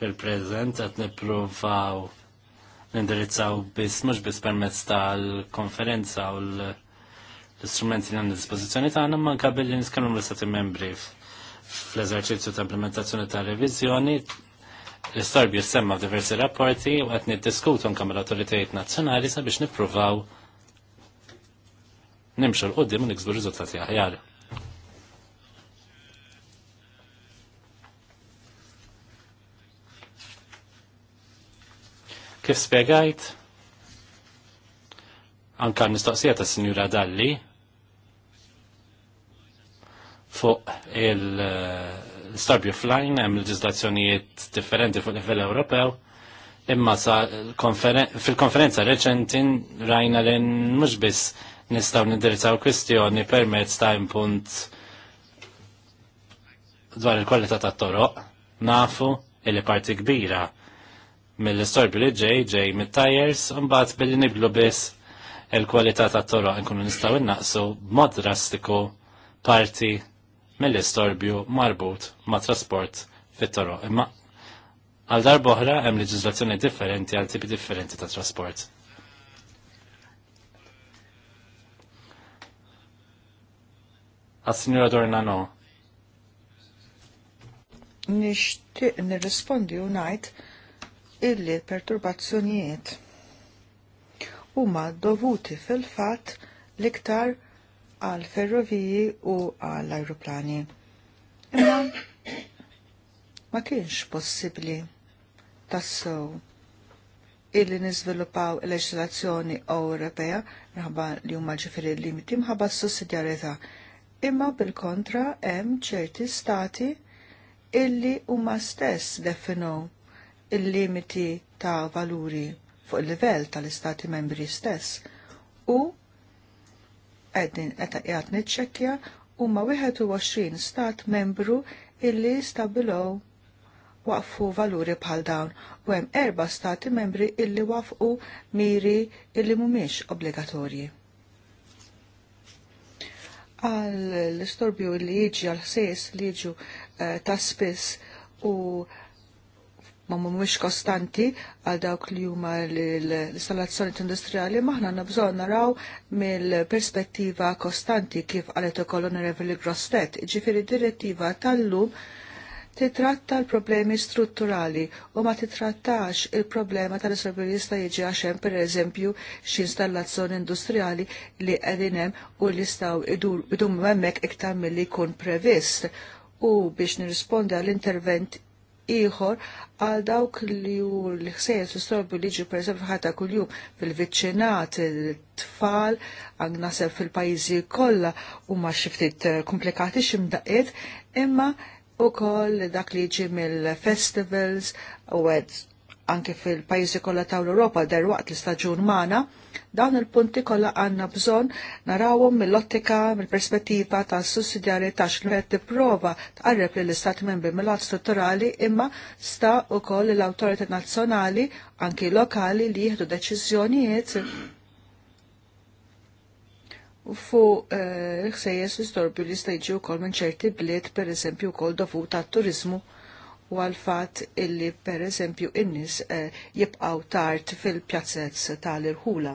fil-prezent qed nippruvaw nindirizzaw biss mhux biss permezz tal-konferenza u l-istrumenti li għandna dispożizzjoni tagħna ma anke billi niskanu l-istati membri fl-eżerċizzju ta' implementazzjoni ta' reviżjoni l istorbi semma diversi rapporti u qed niddiskutu anke mal-awtoritajiet nazzjonali sabiex nippruvaw nimxu l-qoddim u niksbu rizultati aħjar. Kif spiegajt? Anka mistoqsija ta' Sinjura Dalli fuq il-Starbju eh, Flying hemm leġislazzjonijiet differenti fuq livell Ewropew imma sa fil-konferenza reċenti rajna li mhux biss nistgħu nindirizzaw kwistjoni permezz ta' impunt dwar il-kwalità tat-toroq nafu li parti kbira mill-istorbju li ġej ġej mit-tajers mbagħad billi niblu biss il-kwalità ta' toroq nkunu nistgħu innaqsu mod drastiku parti mill-istorbju marbut ma' trasport fit-toroq. Imma għal darboħra hemm leġiżlazzjoni differenti għal tipi differenti ta' trasport. Għas-Sinjora Dornano. Nixtieq nirrispondi u ngħid illi perturbazzjonijiet huma dovuti fil-fatt l-iktar għal ferroviji u għal ajruplani. Imma ma kienx possibbli tassew illi niżviluppaw il-leġislazzjoni Ewropea naħba li huma ġifieri limiti mħabba s-sussidjarjetà. Imma bil-kontra hemm ċerti stati illi huma stess definow il-limiti ta' valuri fuq il-livell tal-istati membri stess u għedin qed qiegħed niċċekkja huma 21 stat membru illi stabilow waqfu valuri bħal dawn u hemm erba' stati membri illi waqfu miri illi mhumiex obbligatorji. Għal l-istorbju li jiġi għal ħsies li jiġu eh, ta' spiss u ma mhumiex kostanti għal dawk li huma l-installazzjoni industrijali maħna nabżon naraw mill-perspettiva kostanti kif qalet ukoll Onorevoli Grostet. Ġifieri direttiva tal-lum titratta l-problemi strutturali u ma titrattax il-problema tal-istrabilista jieġi għaxem per eżempju installazzjoni industrijali li għedinem u li staw idum memmek iktar mill-li kun previst. U biex nirrispondi għall-intervent ieħor għal dawk li u l-ħsejjer s-sorbu li ġi per esempio ħata kuljum fil-viċċinat tfal għan naseb fil-pajjiżi kollha huma xi ftit eh, komplikati x'imdaqiet imma u koll dak li ġi mill-festivals u għed anke fil-pajjiżi kollha ta' l der waqt l-istaġun magħna, dawn il-punti kollha għandna bżonn narawhom mill-ottika mill-perspettiva ta' sussidjarjetà qed tipprova tqarreb lill istat membri mill-att strutturali imma sta wkoll l-awtorità nazzjonali anki lokali li jieħdu deċiżjonijiet fuq eh, ħsejjes istorbju li stajġi wkoll minn ċerti bliet pereżempju wkoll dovut tat-turiżmu u għal-fat illi per eżempju innis eh, jibqaw tard fil pjazzet tal-irħula.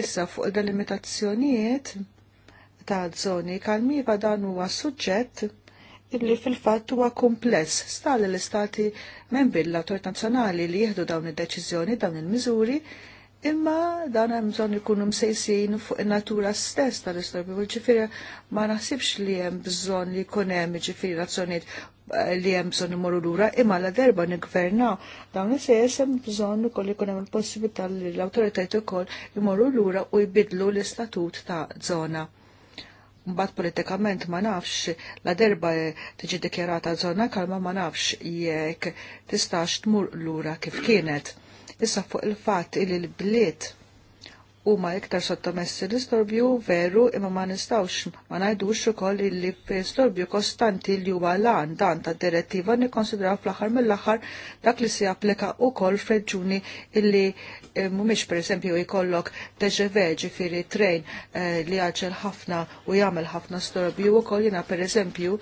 Issa fuq il-delimitazzjonijiet ta' zoni kalmiva dan huwa suġġett illi fil-fatt huwa kumpless stal l-istati membri l-autorit nazzjonali li jieħdu dawn id-deċiżjoni dawn il-miżuri il il miżuri Imma dan hemm bżonn ikunu msejsin fuq in-natura stess tal istorbi ġifieri ma naħsibx li hemm bżonn li jkun hemm ġifieri razzjonijiet eh, li hemm bżonn imorru lura, imma la derba niggvernaw dawn is-sejjes hemm bżonn ukoll jkun hemm il-possibilità li l-awtoritajiet ukoll imorru lura u jbidlu l-istatut ta' żona. Mbagħad politikament ma nafx la derba eh, tiġi dikjarata żona kalma ma nafx jekk tistax tmur lura kif kienet Issa fuq il-fatt li l-bliet huma iktar sottomessi l-istorbju veru imma ma nistawx ma ngħidux ukoll li istorbju kostanti li huwa lan dan ta' direttiva nikkonsidraw fl-aħħar mill-aħħar dak li se japplika wkoll f'reġuni illi eh, mhumiex pereżempju jkollok teġeveġi firri trejn eh, li jaġel ħafna u jagħmel ħafna storbju wkoll jiena pereżempju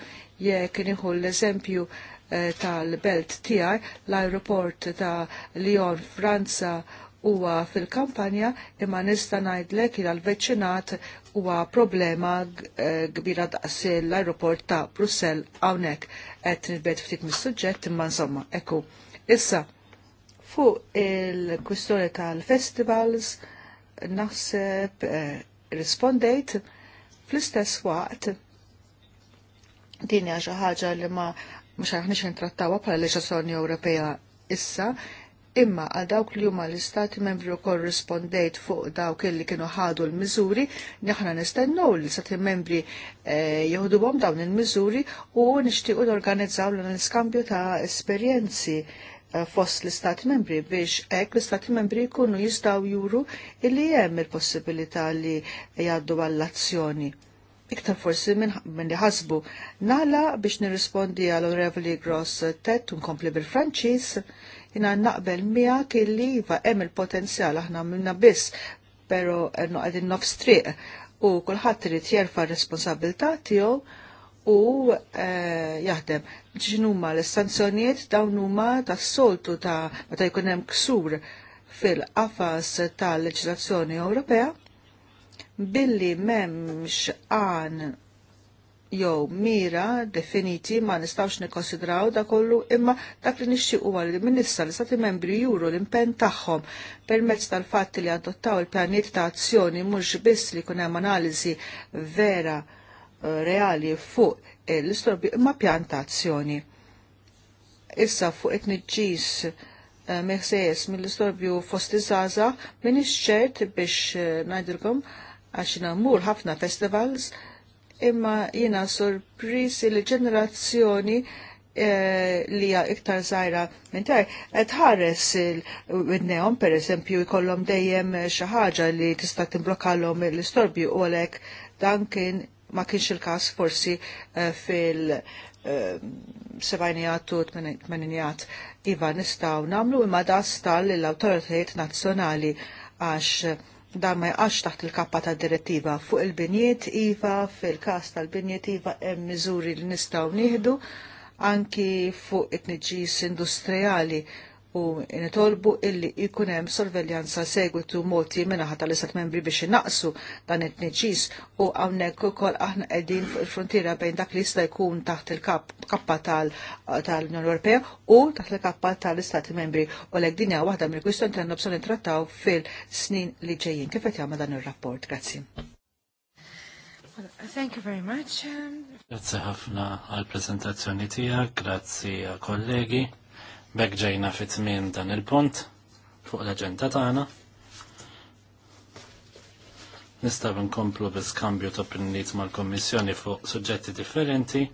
jekk nieħu l-eżempju Eh, tal-belt tijaj, l-ajruport ta' Lyon Franza huwa fil-kampanja imma nista' ngħidlek il l-veċinat huwa problema eh, kbira daqs l-ajruport ta' Brussell hawnhekk qed nibed ftit mis-suġġett imma insomma ekku. Issa fuq il-kwistjoni tal-festivals naħseb eh, rispondejt fl-istess waqt din hija xi ħaġa li ma mhux aħniex nittrattawha bħala leġislazzjoni Ewropea issa, imma għal dawk li huma l-istati membri u korrispondejt fuq dawk li kienu ħadu l-miżuri, aħna nistennew li istati membri bom eh, dawn il-miżuri u nixtiequ organizzaw l-iskambju ta' esperjenzi eh, fost l-istati membri biex hekk l-istati membri jkunu jistgħu juru illi hemm il-possibilità li jgħaddu għall-azzjoni iktar forsi minn li ħasbu. Nala biex nirrispondi għal Onorevoli Gross Tet kompli bil-Franċis, jina naqbel mija kelli va hemm il-potenzjal aħna minna biss, pero erno għadin triq u kulħadd irid jerfa' responsabilità tiegħu u eh, jaħdem. ġinuma l-sanzjoniet dawn huma tas-soltu ta' meta jkun hemm ksur fil-qafas tal-leġislazzjoni Ewropea billi memx għan jew mira definiti ma nistawx nikkonsidraw da kollu imma dak li u għal minn issa li sati membri juru l-impenn tagħhom permezz tal fat li adottaw il-pjaniet ta' azzjoni mhux biss li kun hemm analiżi vera eh, reali fuq l-istorbi imma pjan ta' azzjoni. Issa fuq it-nġis eh, meħsejjes mill-istorbju fosti iż-żaza minn ċert biex eh, ngħidilkom uh, għax namur ħafna festivals, imma jina sorprisi li ġenerazzjoni eh, li hija iktar żgħira minn tar qed ħares il-widnehom pereżempju jkollhom dejjem xi ħaġa li tista' timblokkalhom l-istorbju u għalhekk dan kien ma kienx il-każ forsi eh, fil- eh, sebajnijat u tmeninijat iva nistaw namlu imma da stal l-autoritajiet nazzjonali għax dan ma jqax taħt il-kappa ta' direttiva fuq il-binjiet iva, fil-kas tal-binjiet iva hemm miżuri li nistgħu nieħdu anki fuq it-tniġis industrijali u nitolbu illi jkun hemm sorveljanza segwitu moti minaħa tal-istat membri biex innaqsu dan it-tniġis u hawnhekk ukoll aħna qegħdin fuq il-frontiera bejn dak li jista' jkun taħt il-kappa tal-Unjoni Ewropea u taħt il-kappa tal-istati membri u l dinja waħda mill kwistjoni tal nobson intrattaw fil-snin li ġejjin. Kif qed jagħmel dan ir-rapport? Grazzi. Thank you very much. Um, grazzi ħafna għal prezentazzjoni tiegħek, grazzi kollegi. Bek ġejna fit tmien dan il-punt fuq l-aġenda tagħna. Nistgħu nkomplu biskambju ta' opinjonijiet mal-Kommissjoni fuq suġġetti differenti.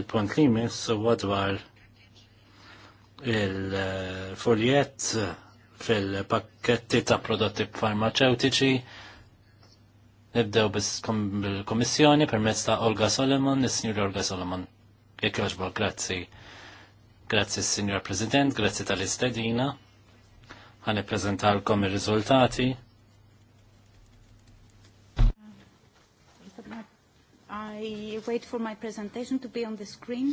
Il-punt li jmiss huwa dwar il-furjett fil-pakketti ta' prodotti farmaceutiċi Nibdew bil-Komissjoni permezz ta' Olga Solomon, is-Sinjur Olga Solomon. Jekk jogħġbok, grazzi. Grazzi Signor President, grazie tal-istedina. Għan prezentalkom il-rizultati. I wait for my presentation to be on the screen.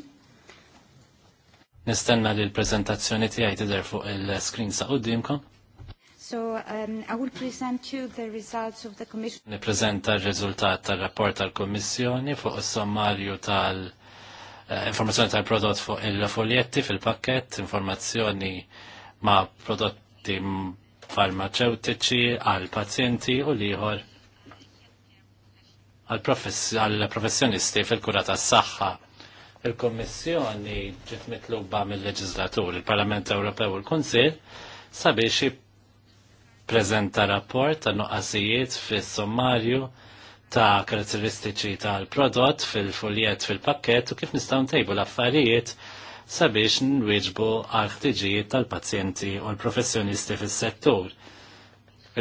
Nistenna li l-prezentazzjoni tiegħi tidher fuq il-screen sa qudiemkom. So um, I will present you the results of the commission. Nippreżenta r-riżultat tar-rapport tal-Kummissjoni fuq is-sommarju tal-, -tal Eh, informazzjoni tal-prodott fuq il folietti fil-pakket, informazzjoni ma' prodotti farmaceutiċi għal pazjenti u liħor għal professjonisti fil-kura tas saħħa Il-Kommissjoni ġiet mitluba mill-Leġislatur, il-Parlament Ewropew u l-Kunsil sabiex jippreżenta rapport ta' nuqqasijiet fis-sommarju ta' karatteristiċi tal-prodott fil-foljet fil-pakket u kif nistgħu ntejbu l-affarijiet sabiex nwieġbu għal ħtiġijiet tal-pazjenti u l-professjonisti fis-settur.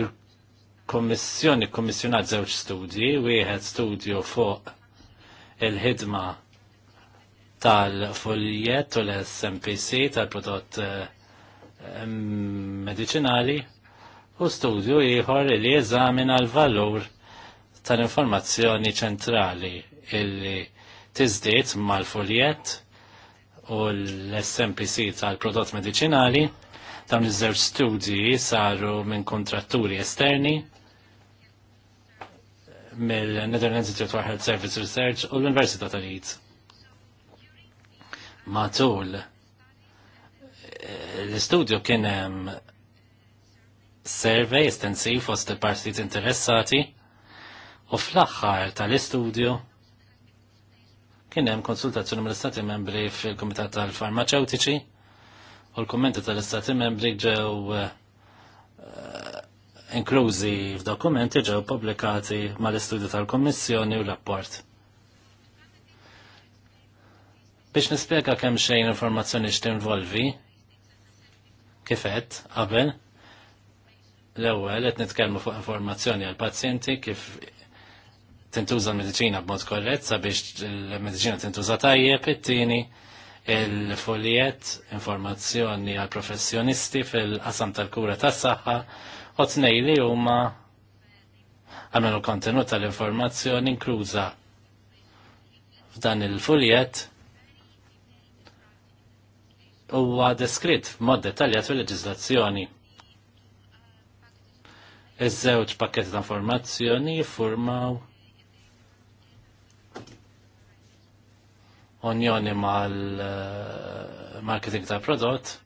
Il-Kommissjoni kommissjonat żewġ studji, wieħed studju fuq il-ħidma tal-foljet u l-SMPC tal-prodott eh, medicinali u studju ieħor li jeżamina l-valur tal-informazzjoni ċentrali illi tiżdiet mal foliet u l-SMPC tal-prodott medicinali dawn iż-żewġ studji saru minn kontratturi esterni mill-Netherlands Institute for Health Service Research u l-Università tal Leeds. Matul eh, l-istudju kien hemm survey estensiv fost il-partijiet interessati u fl-aħħar tal-istudju kien hemm konsultazzjoni mill-Istati Membri fil-Kumitat tal-Farmaceutiċi u l-kummenti tal-Istati Membri ġew eh, inklużi f'dokumenti ġew pubblikati mal-istudju tal-Kommissjoni u l rapport. Biex nispjega kemm xejn informazzjoni x'tinvolvi, kifet qabel, l-ewwel qed nitkellmu fuq informazzjoni għal pazjenti kif tintuża l-medicina b'mod korrett sabiex l-medicina tintuża tajjeb, it-tieni il-folijiet, informazzjoni għal professjonisti fil-qasam tal-kura tas-saħħa, u tnej li huma għamelu kontenut tal-informazzjoni inkluża f'dan il folijiet huwa deskritt f'mod dettaljat fil-leġiżlazzjoni. Iż-żewġ pakket ta' informazzjoni jiffurmaw unjoni mal-marketing eh, tal-prodott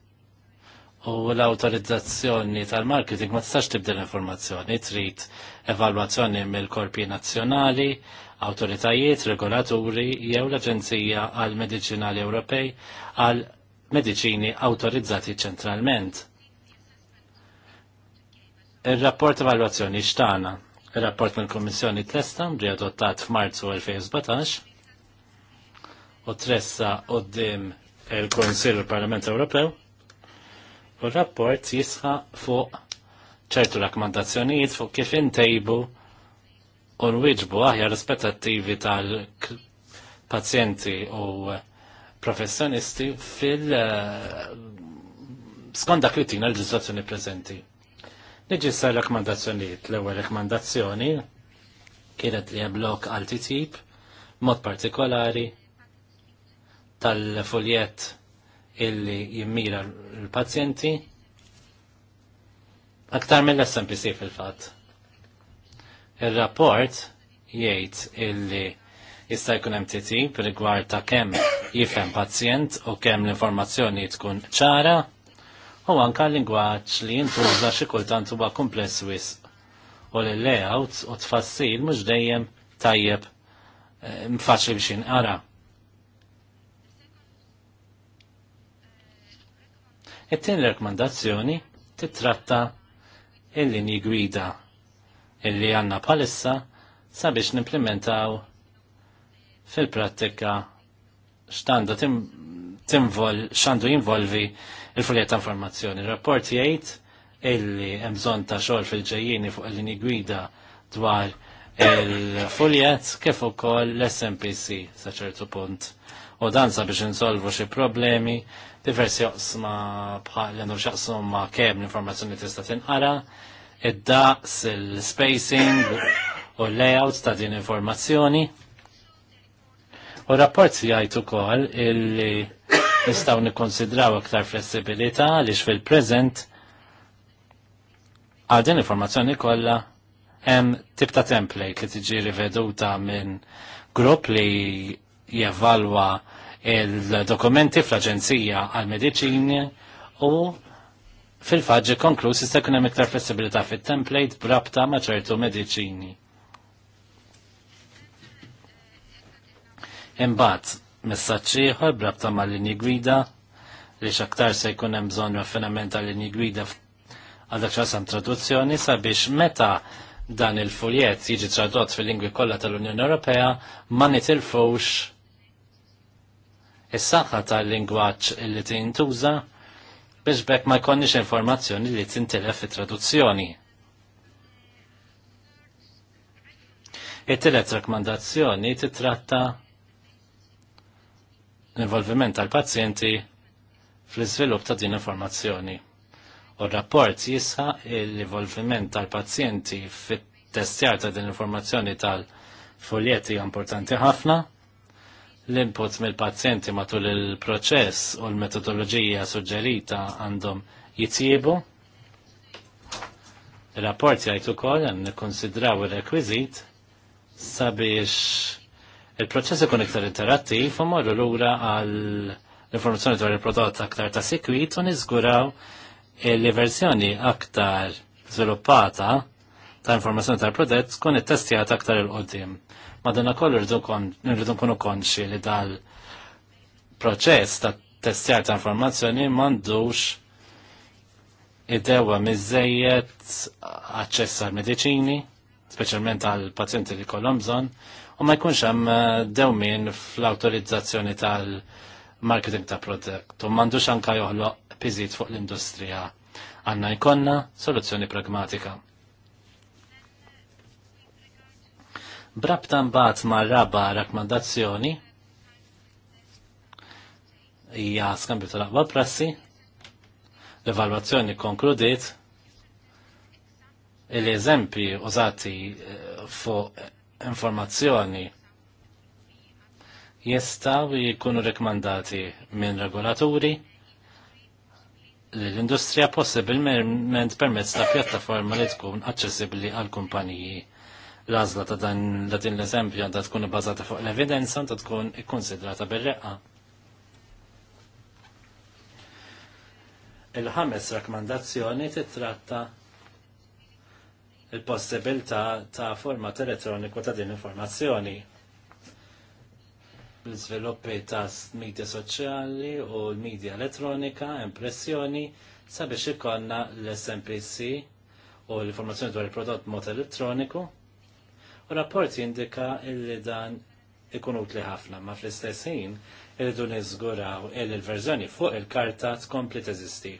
u l-autorizzazzjoni tal-marketing ma tistax tibdel informazzjoni, trid evalwazzjoni mill-korpi nazzjonali, autoritajiet, regolaturi jew l-Aġenzija għal Mediċinali Ewropej għal mediċini autorizzati ċentralment. Il-rapport evalwazzjoni xtana. Il-rapport mill-Kommissjoni Testa ġi adottat f'Marzu 2017 u tressa qoddim il-Konsil u l-Parlament Ewropew u rapport jisħa fuq ċertu rakkomandazzjonijiet fuq kif intejbu u nwieġbu aħjar rispettattivi tal-pazjenti u professjonisti fil- eh, skonda kritina l-ġizzazzjoni prezenti. Niġi sa rakkomandazzjonijiet. L-ewwel rakkomandazzjoni kienet li jablok għal titjib mod partikolari tal-foljet illi jimmira l-pazjenti aktar mill-SMPC fil-fat. Il-rapport jgħid illi jista' jkun hemm per rigward ta' kemm jifhem pazjent u kemm l-informazzjoni tkun ċara u anka l-lingwaġġ li jintuża xi kultant huwa kumpless wisq u l-layout u tfassil mhux dejjem tajjeb eh, mfaċli biex inqara. It-tieni rekomandazzjoni titratta il-linji gwida illi għanna palissa sabiex nimplementaw fil-prattika xtandu timvol, xandu jinvolvi il-fuljet ta' informazzjoni. rapport jgħid illi hemm ta' xogħol fil-ġejjieni fuq il-linji gwida dwar il-fuljet kif ukoll l-SMPC sa ċertu punt. U dan sabiex insolvu xi problemi diversi oqsma bħal għandu xaqsmu ma' kem l-informazzjoni tista' tinqara, id-daqs, il-spacing u l-layout ta' din informazzjoni. U rapport jgħid ukoll illi nistgħu nikkonsidraw aktar flessibilità għaliex fil-preżent għal din informazzjoni kollha hemm tip ta' template li tiġi riveduta minn grupp li jevalwa il-dokumenti fl-Aġenzija għal-Mediċini u fil-faġġi konklus jista' jkun hemm iktar flessibilità fit-template b'rabta ma' ċertu mediċini. Imbagħad, messaġġ ieħor b'rabta ma' linji gwida li x'aktar se jkun hemm bżonn raffinament tal linji gwida għal dak traduzzjoni sabiex meta dan il-fuljet jiġi tradott fil-lingwi kollha tal-Unjoni Ewropea ma nitilfux is-saħħa tal-lingwaġġ li tintuża biex bekk ma jkollniex informazzjoni li tintilef fit-traduzzjoni. It-tielet rakkomandazzjoni titratta l-involviment tal-pazjenti fl-iżvilupp ta' din informazzjoni. U r-rapport jisħa l-involviment tal-pazjenti fit-testjar ta' din informazzjoni tal-foljetti importanti ħafna l-inputs mill pazjenti matul il-proċess u l-metodoloġija suġġerita għandhom jitjiebu. Il-rapport jgħid ukoll għan nikkonsidraw ir-rekwiżit sabiex il-proċess ikun iktar interattiv u morru lura għal l-informazzjoni dwar il-prodott aktar ta' sikwit u niżguraw il-versjoni aktar żviluppata ta' informazzjoni tal-prodott tkun it-testijat aktar il-qoddim Madonna kollu rridu nkunu konxi li dal proċess ta' testjar ta' informazzjoni mandux id-dewa mizzejiet aċċess għal mediċini, speċjalment għal pazjenti li kollom bżonn, u ma jkunx hemm eh, dewmin fl-awtorizzazzjoni tal-marketing ta' prodott u m'għandux anke joħloq piżit fuq l-industrija. għanna jkollna soluzzjoni pragmatika. Brabta mbagħad ma' raba rakkomandazzjoni hija skambju tal-aqwa prassi, l-evalwazzjoni konkludiet l-eżempi użati eh, fuq informazzjoni jistaw jikunu rekomandati minn regolaturi l-industrija possibilment permezz ta' pjattaforma li tkun aċċessibbli għal kumpaniji l-għażla ta' dan la din l-eżempju għandha tkun bazata fuq l-evidenza għandha tkun ikkonsidrata bir-reqqa. Il-ħames rakkomandazzjoni titratta il-possibilità ta' format elettroniku ta' din informazzjoni l-izviluppi ta' media soċjali u l-media elettronika, impressjoni, sabiex ikonna l-SMPC u l-informazzjoni dwar il-prodott mod elettroniku rapport jindika illi dan ikun utli ħafna, ma fl-istess ħin irridu niżguraw il l-verżjoni fuq il-karta tkompli teżisti.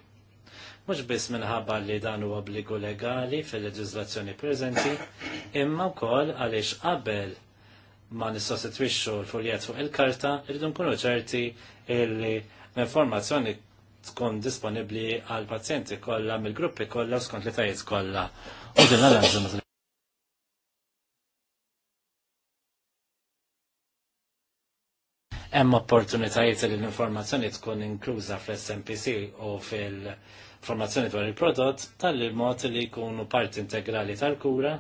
Mhux biss minħabba li dan huwa obbligu legali fil leġizlazzjoni preżenti, imma wkoll għaliex qabel ma nissostitwixxu l-furjet fuq il-karta, irridu nkunu ċerti illi l-informazzjoni tkun disponibbli għal pazjenti kollha mill-gruppi kollha u skont li tajiet kollha. U din l hemm opportunitajiet li l-informazzjoni tkun inkluża fl-SMPC u fil formazzjoni dwar il-prodott tal-mod li jkunu parti integrali tal-kura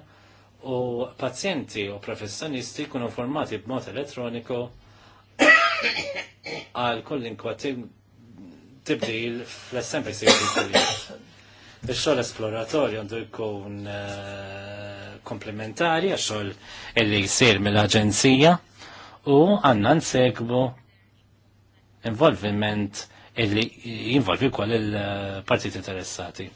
u pazjenti u professjonisti jkunu formati b'mod elettroniku għal kollinkwa tibdil fl-SMPC il-xol esploratorju għandu jkun eh, komplementari għax xol illi jsir mill-Aġenzija u għanna nsegbu involviment illi jinvolvi kol il-partit interessati.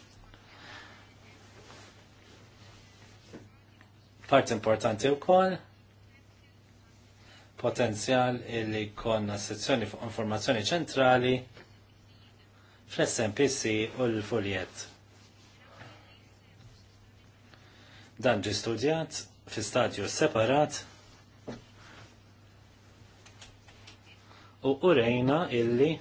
Part importanti u kol potenzjal illi konna sezzjoni fuq informazzjoni ċentrali fl-SMPC u l-fuljet. Dan ġi studjat fi stadju separat u urejna illi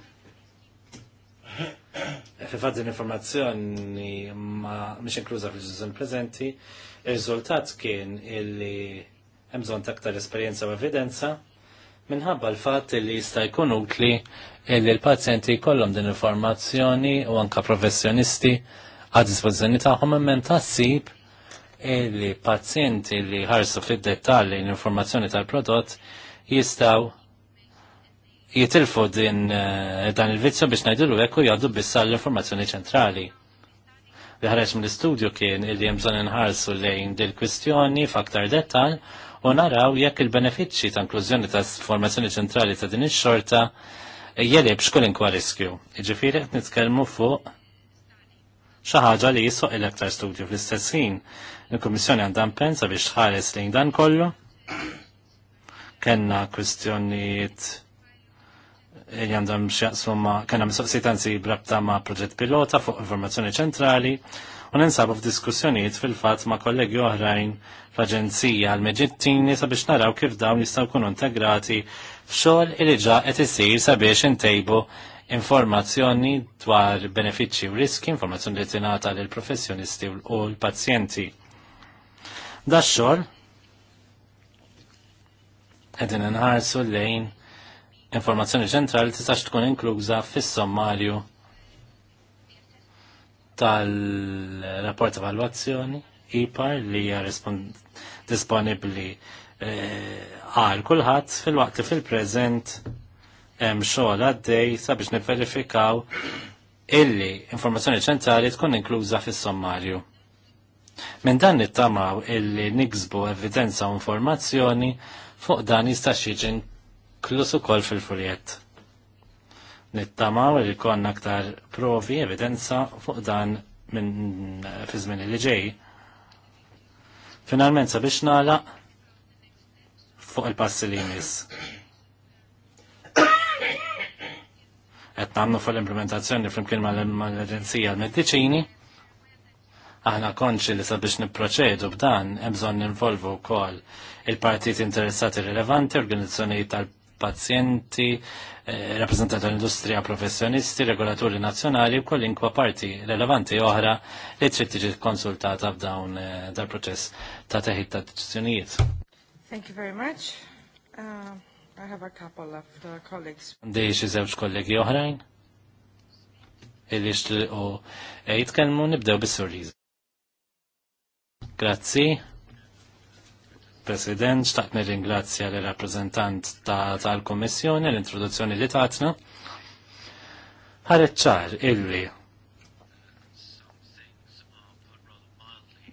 fil informazzjoni ma mish inkluża fil-ġużin prezenti ir-riżultat kien illi hemm bżonn aktar esperjenza u evidenza minħabba l-fatt li jista' jkun utli illi l-pazjenti jkollhom din informazzjoni u anka professjonisti għad dispożizzjoni tagħhom imman tassib illi pazjenti li ħarsu fid-dettalji l-informazzjoni tal-prodott jistaw jitilfu din eh, dan il-vizzju biex l ekku jaddu bissa l-informazzjoni ċentrali. Li ħareġ mill-istudju kien illi jemżon inħarsu lejn dil-kwistjoni f'aktar dettal u naraw jekk il-benefiċċji ta' inklużjoni ta' formazzjoni ċentrali ta' din ix-xorta jelib xkull inkwa riskju. Iġifieri qed nitkellmu fuq xi ħaġa li jisuq il-aktar studju fl-istess ħin. Il-Kummissjoni għandha pensa biex tħares lejn dan kollu. Kenna kwistjonijiet jandam għandhom xjaqsmu ma kena mistoqsitanzi brabta ma proġett pilota fuq informazzjoni ċentrali u ninsabu f'diskussjonijiet fil-fatt ma kollegi oħrajn fl-Aġenzija għal-Meġittini sabiex naraw kif dawn jistgħu jkunu integrati f'xogħol li ġa qed isir sabiex intejbu informazzjoni dwar benefiċċji u riski, informazzjoni li tingħata lill professjonisti u l-pazjenti. Da xogħol qegħdin inħarsu lejn informazzjoni ċentrali tistax tkun inkluża fis-sommarju tal-rapport evalwazzjoni IPAR li hija disponibbli eh, għal eh, kulħadd fil-waqt li fil-preżent hemm xogħol għaddej sabiex nivverifikaw illi informazzjoni ċentrali tkun inkluża fis-sommarju. Minn dan nittamaw illi niksbu evidenza u informazzjoni fuq dan jista' jiġi u koll fil furiet Nittamaw li konna aktar provi, evidenza fuq dan minn fi li ġej. Finalment sabiex nagħlaq fuq il-passi li jmiss. Qed nagħmlu fuq l-implementazzjoni flimkien mal-Aġenzija l-Mediċini. Aħna konċi li sabiex nipproċedu b'dan hemm bżonn ninvolvu wkoll il partijiet interessati rilevanti, organizzjonijiet tal pazjenti, eh, rappresentanti l industrija professjonisti, regolaturi nazjonali u kollinkwa parti relevanti oħra li trid tiġi konsultata f'dawn eh, dal-proċess ta' teħid ta' deċiżjonijiet. Thank you very much. Uh, I have a couple of uh, colleagues. Dej xi żewġ kollegi oħrajn? Illi xtiequ jitkellmu nibdew bis-sorriż. Grazzi. President, xtaqt nirringrazzja l rappreżentant tal-Kommissjoni l-introduzzjoni li tatna. Ħareċċar illi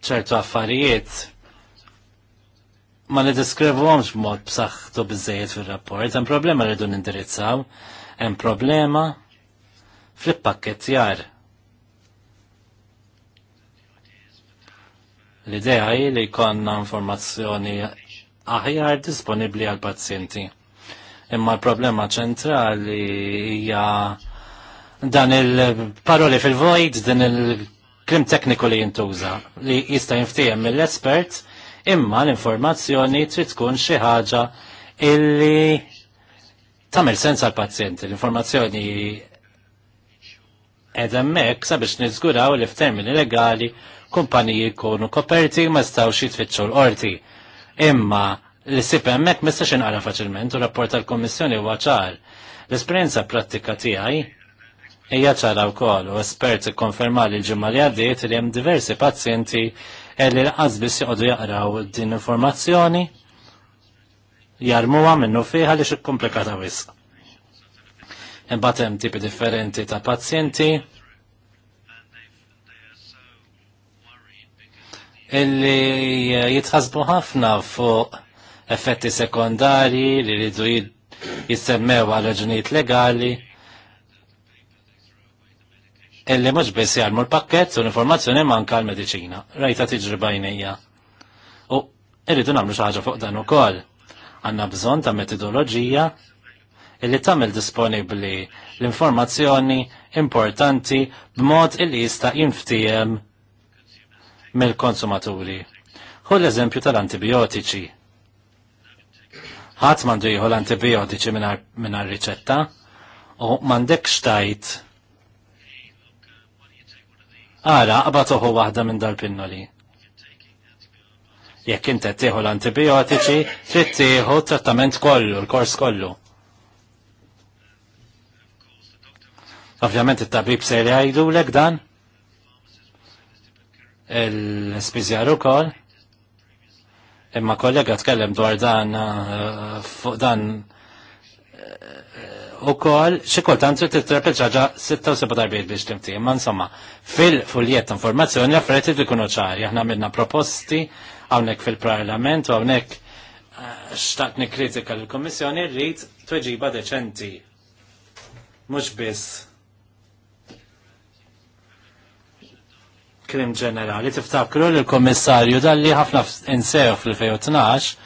ċertu affarijiet ma li diskrivomx mod b'saħħtu biżejjed fir-rapport, hemm problema rridu nindirizzaw, hemm problema fl-pakkett L-idea hi li jkollna informazzjoni aħjar disponibbli għal pazjenti. Imma l-problema ċentrali hija dan il-paroli fil-vojt, din il-krim tekniku li jintuża li jista' jinftiehem mill-espert imma l-informazzjoni trid tkun xi ħaġa illi tagħmel sens għal pazjenti. L-informazzjoni edemmek sabiex niżguraw li f'termini legali kumpaniji jkunu koperti ma stawx jitfittxu l-qorti. Imma l-sip hemmhekk ma stax inqara faċilment u rapport tal-Kommissjoni huwa ċar. L-esperjenza prattika tiegħi hija ċara wkoll u esperti konfermali l-ġimgħa li għaddiet li hemm diversi pazjenti li l-qas biss joqogħdu jaqraw din informazzjoni jarmuha minnu fiha li xi komplikata wisq imbagħad hemm tipi differenti ta' pazjenti illi eh, jitħasbu ħafna fuq effetti sekondari li rridu jissemmew għal raġunijiet legali illi mhux biss jarmu l-pakket u l-informazzjoni manka l-mediċina. Rajta tiġri bajnija. U irridu nagħmlu xi ħaġa fuq dan ukoll. Għanna bżonn ta' metodoloġija illi tagħmel disponibbli l-informazzjoni importanti b'mod illi jista' jinftiehem mill-konsumaturi. Hu l-eżempju tal-antibiotiċi. Ħadd mandu jieħu l-antibiotiċi minn riċetta u m'għandekx tajt Ara, qabad toħu waħda minn dal-pinnoli. Jekk inti tieħu l-antibiotiċi, trid tieħu trattament kollu, l-kors kollu. Ovvjament it-tabib se jgħidulek dan? l-spizjar u kol. Imma kollega tkellem dwar dan uh, fuq dan uh, u kol xikultant t-trepil ġaġa 76 darbiet biex timti. Imma insomma, fil-fuljet ta' informazzjoni affarijiet li ikunu ċari. Aħna minna proposti hawnhekk fil-Parlament u hawnhekk uh, xtaqt nikkritika l-Kommissjoni rrid tweġiba deċenti. Mhux biss krim ġenerali. Tiftakru li l-Kommissarju dalli ħafna insew fil 2012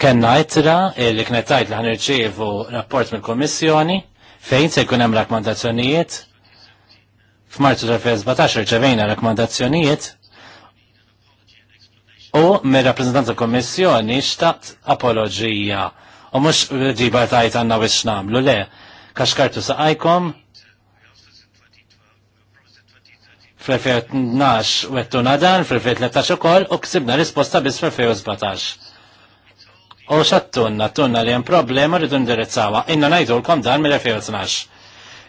kena jitra li kienet tajt li ħanirċievu rapport mill-Kommissjoni fejn se jkun hemm rakkomandazzjonijiet. F'Marzu 2017 rċevejna rakkomandazzjonijiet u mir-rappreżentant tal-Kommissjoni xtaqt apoloġija u mhux ġiba tajt għandna biex nagħmlu le kaxkartu saqajkom fl-2012 wettuna dan, fl-2013 ukoll u ksibna risposta biss fl-2017. U xattunna, tunna li hemm problema rridu ndirizzawa, inna ngħidulkom dan mill-2012.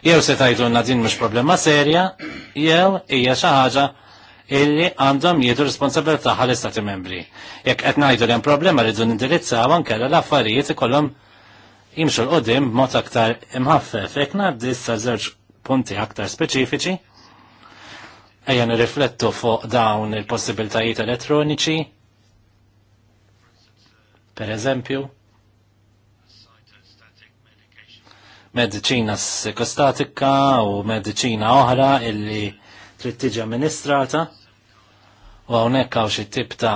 Jew se tgħidulna din mhux problema serja, jew hija xi ħaġa illi għandhom jiedu responsabilità għal istati membri. Jekk qed ngħidu li hemm problema rridu ndirizzawa nkella l-affarijiet ikollhom jimxu l-qudiem b'mod aktar imħaffef. Jekk ngħaddi issa żewġ punti aktar speċifiċi, ejja nirriflettu fuq dawn il-possibiltajiet elettroniċi. Per eżempju, medicina sekostatika u medicina oħra illi trid tiġi amministrata u hawnhekk hawn xi tip ta'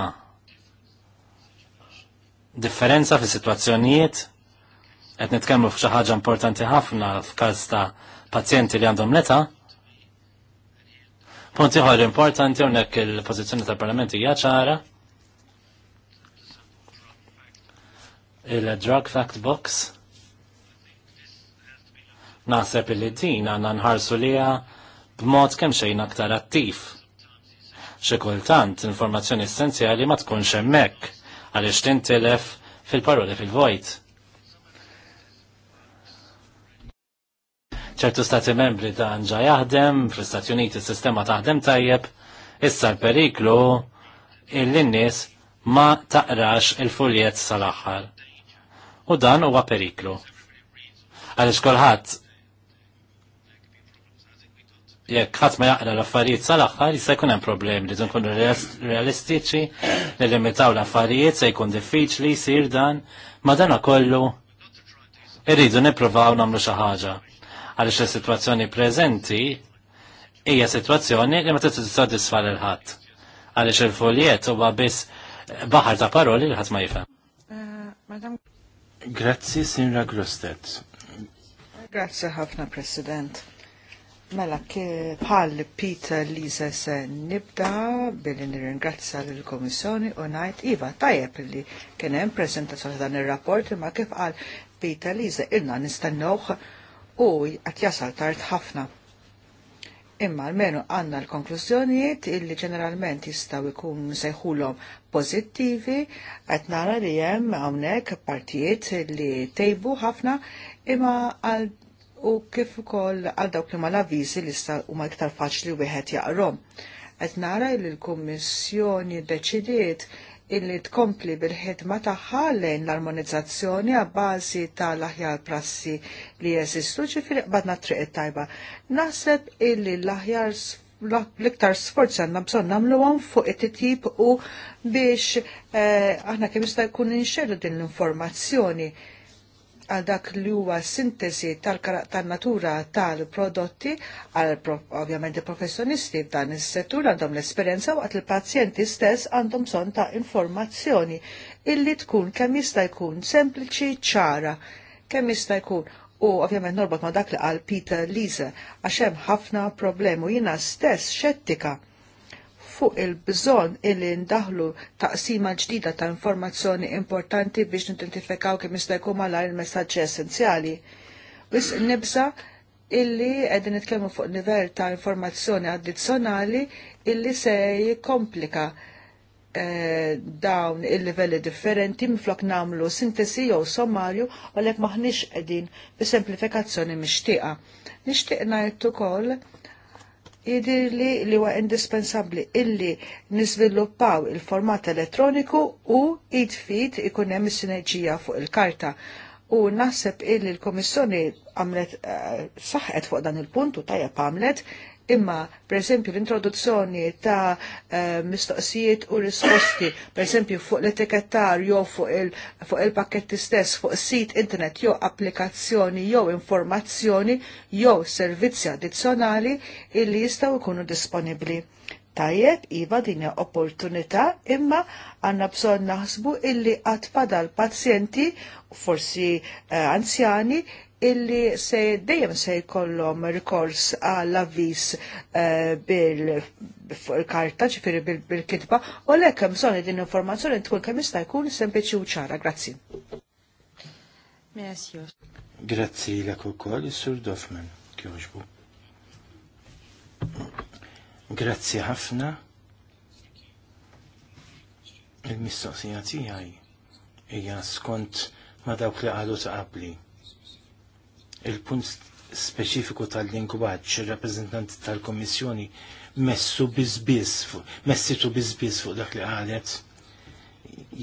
differenza fi sitwazzjonijiet qed nitkellmu f'xi ħaġa importanti ħafna f'każ ta' pazjenti li għandhom l-età Punt ieħor importanti hawnhekk il-pożizzjoni tal-Parlament hija ċara. Il-Drug Fact Box. Naħseb il din għandna nħarsu liha b'mod kemm xejn aktar attiv. Xi kultant informazzjoni essenzjali ma tkunx hemmhekk għaliex tintilef fil-paroli fil-vojt. ċertu stati membri ta' nġa jaħdem, fl-Stati Uniti s-sistema taħdem tajjeb, issa l-periklu il-linnis ma taqrax il-fuljet sal-axħar. U dan huwa periklu. Għaliex kolħat, jekk ħadd ma jaqra l-affarijiet sal-aħħar jista' jkun hemm problemi li nkunu realistiċi, limitaw l-affarijiet se jkun diffiċli jsir dan, ma dan kollu irridu nippruvaw nagħmlu xi ħaġa għaliex il sitwazzjoni prezenti, hija sitwazzjoni li ma t tissodisfa il ħadd. Għaliex il foliet huwa biss baħar ta' paroli li ħadd ma jifem. Eh, Grazzi, Sinra Grostet. Grazzi ħafna, President. Mela, bħal Peter Lisa se nibda billi nirringrazza l-Komissjoni u najt Iva tajjeb li kien hemm preżentazzjoni dan ir-rapport imma kif qal Peter Lisa ilna nistennuh u qed jasal tard ħafna. Imma l-menu għanna l-konklużjonijiet illi ġeneralment jistaw ikun sejħulhom pozittivi, qed nara li hemm hawnhekk partijiet li tejbu ħafna imma għal u kif ukoll għal dawk li ma l-avviżi li sta huma iktar faċli wieħed jaqrom. Qed nara li kummissjoni deċidiet illi tkompli bil-ħidma tagħha lejn l-armonizzazzjoni għabbażi tal-aħjar prassi li jeżistu ġifieri qbadna triq tajba. Naħseb illi l-aħjar l-iktar sforz għanna bżon namlu għan fuq it-tip u biex eh, aħna kemm jista' jkun inxerru din l-informazzjoni għal dak li huwa sintesi tal-natura tal-prodotti għal ovvjament professjonisti f'dan is-settur għandhom l-esperjenza waqt il-pazjenti stess għandhom son ta' informazzjoni illi tkun kemm jista' jkun sempliċi ċara kemm jista' jkun u ovvjament norbot ma' dak li qal Peter Lise għax hemm ħafna problemu jiena stess xettika fuq il-bżonn illi ndaħlu taqsima ġdida ta' informazzjoni importanti biex nidentifikaw kemm jista' jkun malar il-messaġġi essenzjali. Wis nibsa illi qegħdin nitkellmu fuq nivell ta' informazzjoni addizzjonali illi se jikkomplika eh, dawn il-livelli differenti minflok namlu sintesi jew sommarju għalhekk maħniex qegħdin bi semplifikazzjoni mixtieqa. Nixtieq ngħid ukoll jidir li li huwa indispensabli illi niżviluppaw il-format elettroniku u id-fit ikun hemm sinerġija fuq il-karta. U naħseb illi l-Komissjoni għamlet uh, saħqet fuq dan il-punt u tajab għamlet Imma, per esempio, l-introduzzjoni ta' eh, mistoqsijiet u risposti, per esempio, fuq l-etikettar jew fuq il-pakketti stess, fuq sit internet jew applikazzjoni jew informazzjoni jew servizzi addizzjonali illi jistgħu jkunu disponibbli. Tajjeb, iva din opportunità, imma għanna bżon naħsbu illi qatt l-pazjenti, forsi eh, anzjani, illi se dejjem se jkollhom rikors għal avvis eh, bil-karta, ġifiri bil-kitba, u għalhekk hemm bżonn din informazzjoni tkun kemm jista' jkun sempliċi u ċara. Grazzi. Grazzi lek ukoll is-Sur Dofman kjoġbu. Grazzi ħafna il-mistoqsija tiegħi hija skont ma dawk li qalu ta' qabli il-punt speċifiku tal-lingwaġġ ir-rappreżentanti tal komissjoni messu biżbiss messitu biżbiss fuq dak li qalet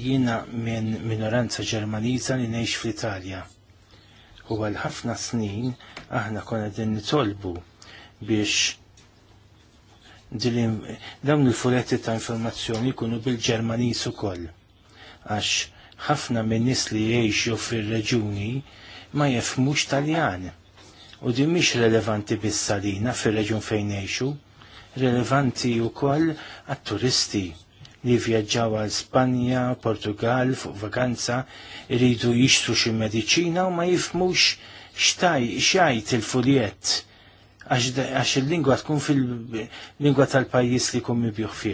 jiena minn minoranza Ġermaniża li ngħix fl-Italja. U għal ħafna snin aħna konna din nitolbu biex dawn il-furetti ta' informazzjoni jkunu bil-Ġermaniż ukoll. Għax ħafna minn nis li jgħixu fir-reġuni ma jefmux taljan. U di mish relevanti bis-salina fir-reġjun fejn relevanti u wkoll għat-turisti li vjaġġaw għal Spanja, Portugal, fuq vakanza, rridu jixtru xi mediċina u ma jifmux xtaj, xajt il-furjett għax il-lingwa tkun fil-lingwa tal-pajis li kum mibjuħ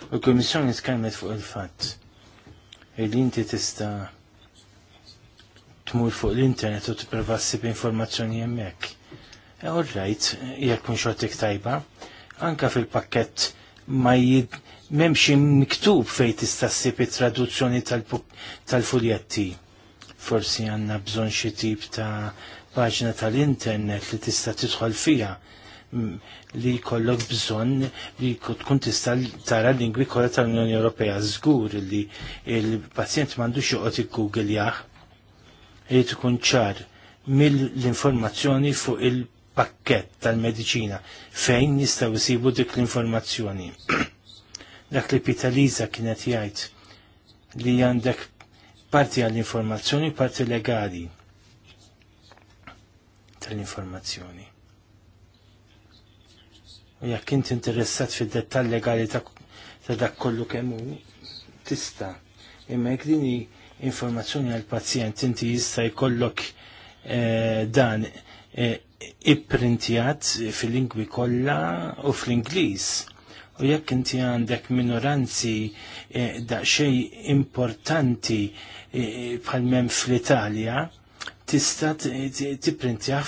U kummissjoni komissjoni tkellmet fuq il-fatt il inti tista' tmur fuq l-internet u tipprova ssib informazzjoni hemmhekk. E, All right, jekk mux għatik tajba, anka fil-pakkett ma jid memx miktub fejn tista' ssib it-traduzzjoni tal-fuljetti. Forsi għandna bżonn xi tip ta' paġna tal-internet li tista' tidħol fiha li kollok bżonn li tkun tista' tara lingwi kollha tal-Unjoni Ewropea żgur li l-pazjent m'għandux joqgħod il-Google jaħ Irid ikun ċar mill-informazzjoni fuq il-pakket tal-mediċina fejn jistaw jisibu dik l-informazzjoni. Dak li Pitaliza kienet jgħid li għandek parti għall-informazzjoni, parti legali tal-informazzjoni. U jekk int interessat fid-dettall legali ta' dak kollu kemm tista' imma jekk informazzjoni għal pazjent inti jista' jkollok eh, dan eh, ipprintjat fil-lingwi kollha u fl-Ingliż. U jekk inti għandek minoranzi eh, daqsxej importanti eh, bħal mem fl-Italja, tista' tipprintjah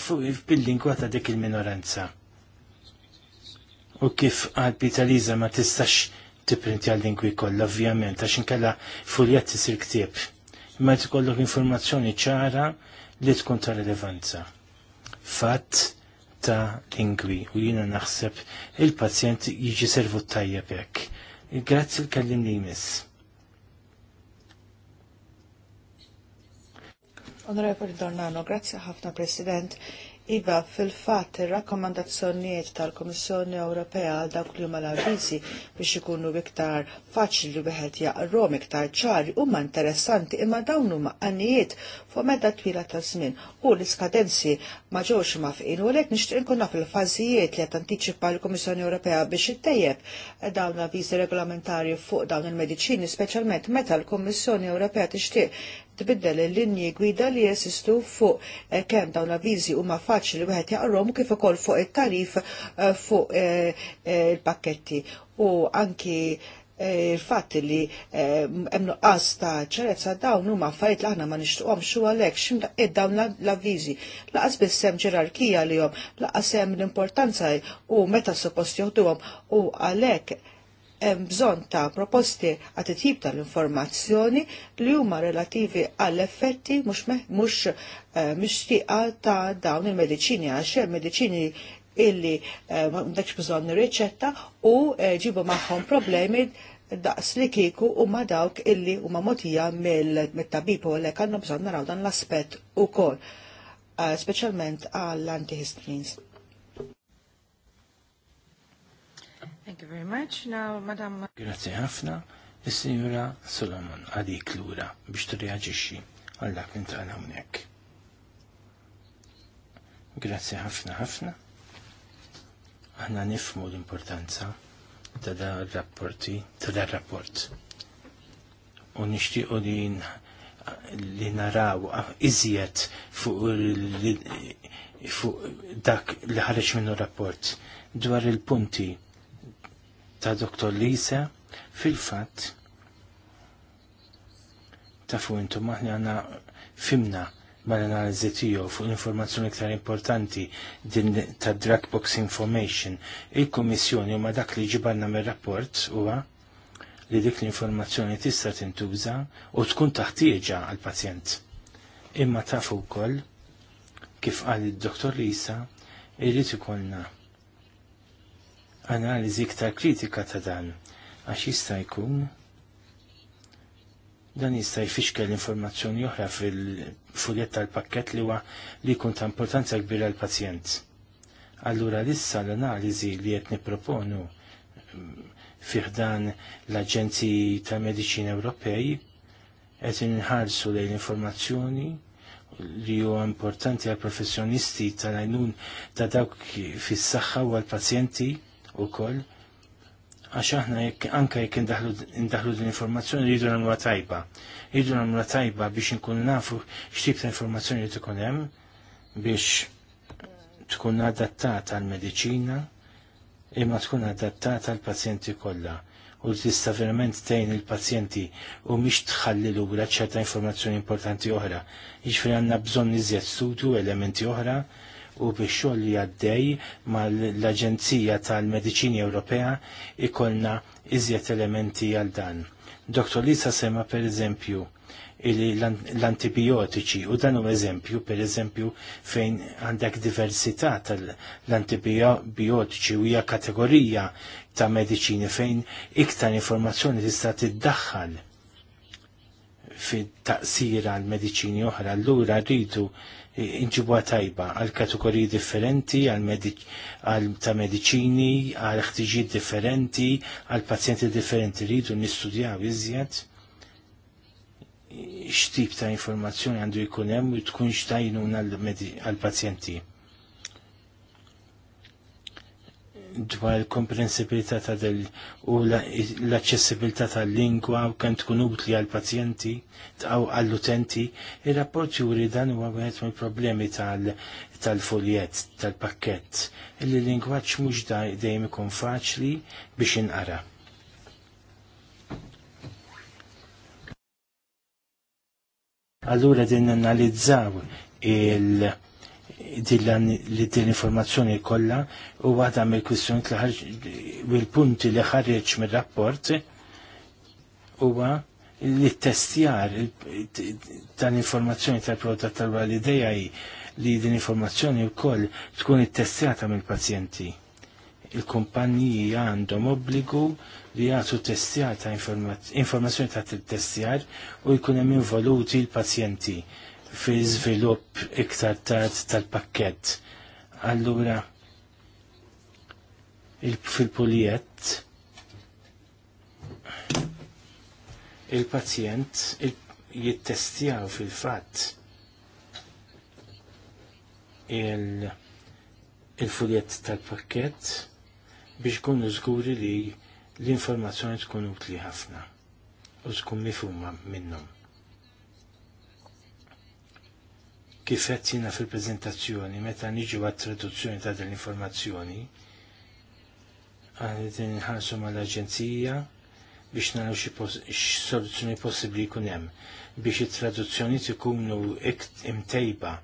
bil-lingwa ta' dik il-minoranza. U kif għal Pitaliza ma tistax tipprintja l lingwi kollha ovvjament, għax inkella fuljet tisir ktieb ma tkollok informazzjoni ċara li tkun ta' rilevanza. Fatt ta' lingwi u jina naħseb il-pazjent jiġi servu tajjeb hekk. Grazzi l-kellim li jmiss. Onorevoli Dornano, grazzi ħafna President. Iva, fil-fat, il-rakkomandazzjoniet tal-Komissjoni Ewropea għal dawk li huma l-avviżi biex ikunu iktar faċli li wieħed jaqrom iktar ċari huma interessanti imma dawn huma għannijiet fuq medda twila ta' żmien u l-iskadenzi ma ġewx mafqin u għalhekk nixtieq inkun naf il-fażijiet li qed antiċipa l-Komissjoni Ewropea biex ittejjeb dawn l-avviżi regolamentari fuq dawn il-mediċini, speċjalment meta l-Komissjoni Ewropea tixtieq tibiddel il-linji gwida li jesistu fuq eh, kemm dawn l-avviżi huma faċli wieħed jaqrom kif ukoll fuq it-tarif eh, fuq eh, il-pakketti u anki il-fatt li hemm nuqqas ta' ċerezza dawn huma affarijiet li aħna ma nixtuqhom xu għalhekk x'imdaqqiet dawn l-avviżi. Laqas biss hemm ġerarkija li jom, laqas hemm l-importanza u meta suppost joħduhom u għalhekk hemm bżonn ta' proposti għat tip tal-informazzjoni li huma relativi għall-effetti mhux eh, mixtieqa ta' dawn il-mediċini għax hemm mediċini illi eh, m'għandekx bżonn riċetta u eh, ġibu magħhom problemi daqs li kieku u ma dawk illi u ma motija mill-tabib u l għannu bżon naraw dan l-aspet u kol, specialment għall-antihistamines. Thank you very much. Now, Madam... Grazie ħafna. Is-Sinjura Solomon għalik lura biex tirreaġixxi għal dak li ntqal hawnhekk. Grazzi ħafna ħafna. Aħna nifmu l-importanza ta' dan rapporti ta' rapport. U nixtiequ li li naraw iżjed fuq fuq dak li ħareġ minnu rapport dwar il-punti ta' Dr. Lisa fil-fatt ta' fu intom aħna għandna fimna mal-analiżi tiegħu fuq l-informazzjoni iktar importanti din ta' drug box information. Il-Kummissjoni ma dak li ġibanna mir-rapport huwa li dik l-informazzjoni tista' tintuża u tkun taħtieġa għal pazjent. Imma tafu wkoll kif qal id-Dr. Lisa irrid ikollna analiżi iktar kritika ta' dan għax jista' jkun dan jista' jfixkel informazzjoni oħra fil-fuljet tal-pakket li huwa li jkun ta' importanza kbira l pazjent Allura lissa l-analiżi li qed nipproponu mm, fiħdan l aġenzi ta' Mediċina Ewropej qed inħarsu lejn informazzjoni li huwa importanti għal professjonisti tal-għajnun ta' dawk fis-saħħa u għal pazjenti koll. għax aħna anke jekk indaħlu din informazzjoni rridu nagħmluha tajba. Rridu nagħmluha tajba biex nkun nafu x'tip ta' informazzjoni li tkun hemm biex tkun adattata għal mediċina imma tkun adattata għal pazjenti kollha u tista' verament tgħin il-pazjenti u mhix tħalli lura ċerta informazzjoni importanti oħra. Iġfri għandna bżonn iżjed studju, elementi oħra u biex xogħol li għaddej mal-Aġenzija tal-Mediċini Ewropea ikolna iżjed elementi għal dan. Dr. Lisa sema per eżempju l-antibiotiċi u dan u eżempju, per eżempju, fejn għandek diversità tal-antibiotiċi u hija kategorija ta' mediċini fejn iktar informazzjoni tista' tiddaħħal fit-taqsira għal mediċini oħra, allura rridu inġibwa tajba għal kategoriji differenti, għal ta' medicini, għal ħtiġijiet differenti, għal pazjenti differenti rridu nistudjaw iżjed x'tip ta' informazzjoni għandu jkun hemm u tkunx tajnuna għal pazjenti dwar il-komprensibilità ta' del u l-aċċessibilità tal-lingwa u kemm tkun utli għall-pazjenti u għall-utenti, ir-rapport juri dan huwa wieħed mill-problemi tal foliet tal-pakkett, illi l-lingwaġġ mhux dejjem ikun faċli biex inqara. Allura din analizzaw il- dillan li din informazzjoni kollha u għadha mill kwistjoni li ħarġ u punti li ħarġ mir-rapport huwa li testjar tal-informazzjoni tal prodotta tal-walideja li din informazzjoni wkoll tkun ittestjata mill-pazjenti. Il-kumpaniji għandhom obbligu li jagħtu testjata informazzjoni ta' testjar u jkun hemm involuti l-pazjenti fi żvilupp iktar tard tal-pakkett. Allura fil-pulijiet il-pazjent jittestjaw fil-fatt il-fuljet tal-pakket biex kunu żguri li l-informazzjoni tkun utli ħafna u tkun mifhuma minnhom. kif qed jiena fil-preżentazzjoni meta niġu għat-traduzzjoni ta' din l-informazzjoni għanet nħarsu ma l-Aġenzija biex nagħmlu xi soluzzjoni possibbli jkun hemm biex it-traduzzjoni ikt imtejba.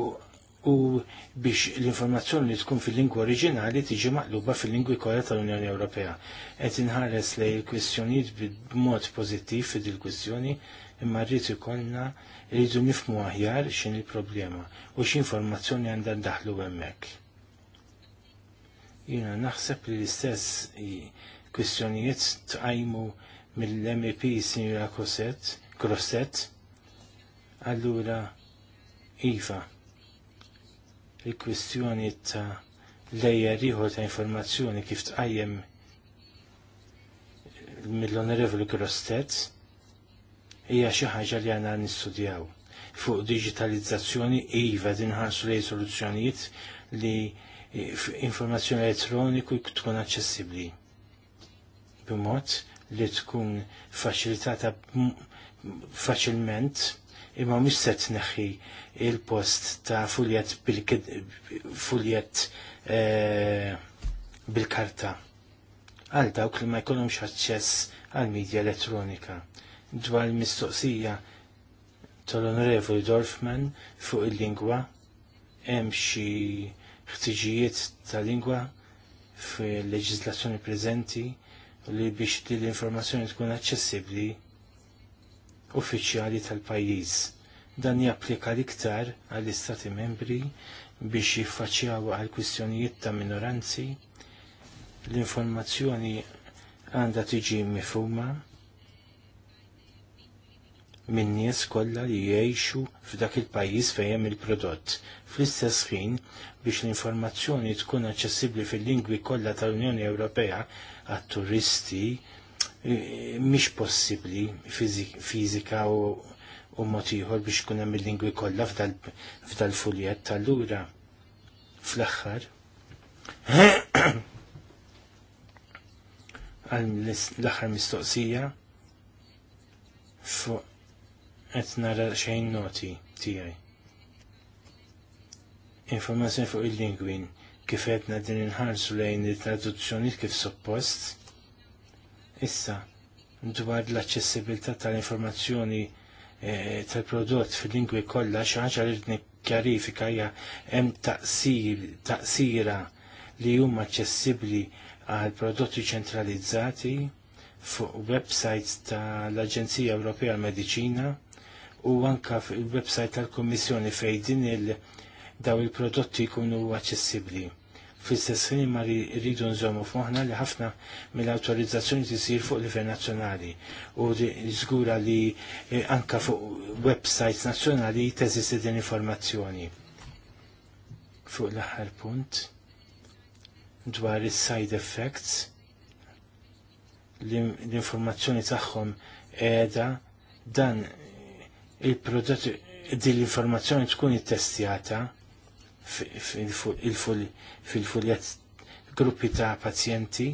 U u biex l-informazzjoni li tkun fil-lingwa oriġinali tiġi maqluba fil-lingwi kollha tal-Unjoni Ewropea. Qed inħares lej il-kwistjonijiet b'mod pożittiv fid il-kwistjoni imma rrid ikollna rridu nifmu aħjar x'in il-problema u x'informazzjoni għandha ndaħlu hemmhekk. Jiena naħseb li l-istess kwistjonijiet tqajmu mill-MEP Sinjura Crosset, Allura, Iva, il-kwistjoni ta' lejja ieħor ta' informazzjoni kif tqajjem mill-Onorevoli Grostet hija xi ħaġa li għandna nistudjaw fuq digitalizzazzjoni iva ħarsu lej soluzzjonijiet li informazzjoni elettroniku tkun aċċessibbli. B'mod li tkun faċilitata faċilment imma mhux se tneħħi il-post ta' fuljet fuljet eh, bil-karta għal dawk li ma jkollhomx aċċess għal medja elettronika. Dwar l-mistoqsija tal-Onorevoli Dorfman fuq il-lingwa hemm xi ħtiġijiet tal lingwa fil-leġislazzjoni preżenti li biex din l-informazzjoni tkun aċċessibbli uffiċjali tal-pajjiż. Dan japplika l-iktar għall-istati membri biex jiffaċjaw għal kwistjonijiet ta' minoranzi, l-informazzjoni għandha tiġi mifhuma minn nies kollha li jgħixu f'dak il-pajjiż fejn hemm il-prodott. Fl-istess ħin biex l-informazzjoni tkun aċċessibbli fil-lingwi kollha tal-Unjoni Ewropea għat-turisti, Eh, mhix possibbli fiżika u mod ieħor biex kun hemm il-lingwi kollha f'dal fuljet tal-lura fl-aħħar. Għal l-aħħar mistoqsija fuq qed nara xejn noti tiegħi. Informazzjoni fuq il-lingwin kif qed din inħarsu lejn it-traduzzjoni kif suppost Issa, dwar l-aċċessibilità tal-informazzjoni eh, tal-prodott fil-lingwi kollha xi ħaġa li rid nikkjarifika hija hemm taqsira li huma aċċessibbli għal prodotti ċentralizzati fuq websites tal-Aġenzija Ewropea Mediċina u anka fil-website tal-Kummissjoni fejn din il- daw il-prodotti jkunu aċċessibbli fil sessini ma li rridu nżommu f'moħna li ħafna mill-autorizzazzjoni t-sir fuq livell nazzjonali u zgura li eh, anka fuq websites nazzjonali teżisti din informazzjoni. Fuq l-aħħar punt dwar il side effects l-informazzjoni tagħhom qiegħda dan il-prodott din l-informazzjoni tkun ittestjata fil-fuljet gruppi ta' pazjenti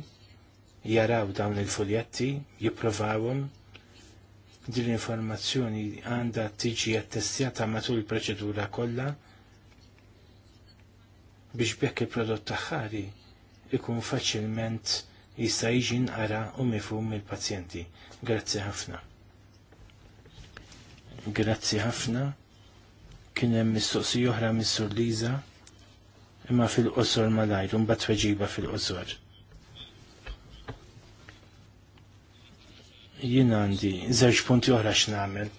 jaraw dawn il-fuljetti, jipprovawhom din informazzjoni għandha tiġi attestjata matul il-proċedura kollha biex bekk il-prodott taħħari ikun faċilment jista' jiġi nqara u mifhum mill-pazjenti. Grazzi ħafna. Grazzi ħafna kien hemm mistoqsi oħra mis-Sur Liża imma fil-qosor malajr, mbagħad weġiba fil-qosor. Jien għandi żewġ punti oħra x'nagħmel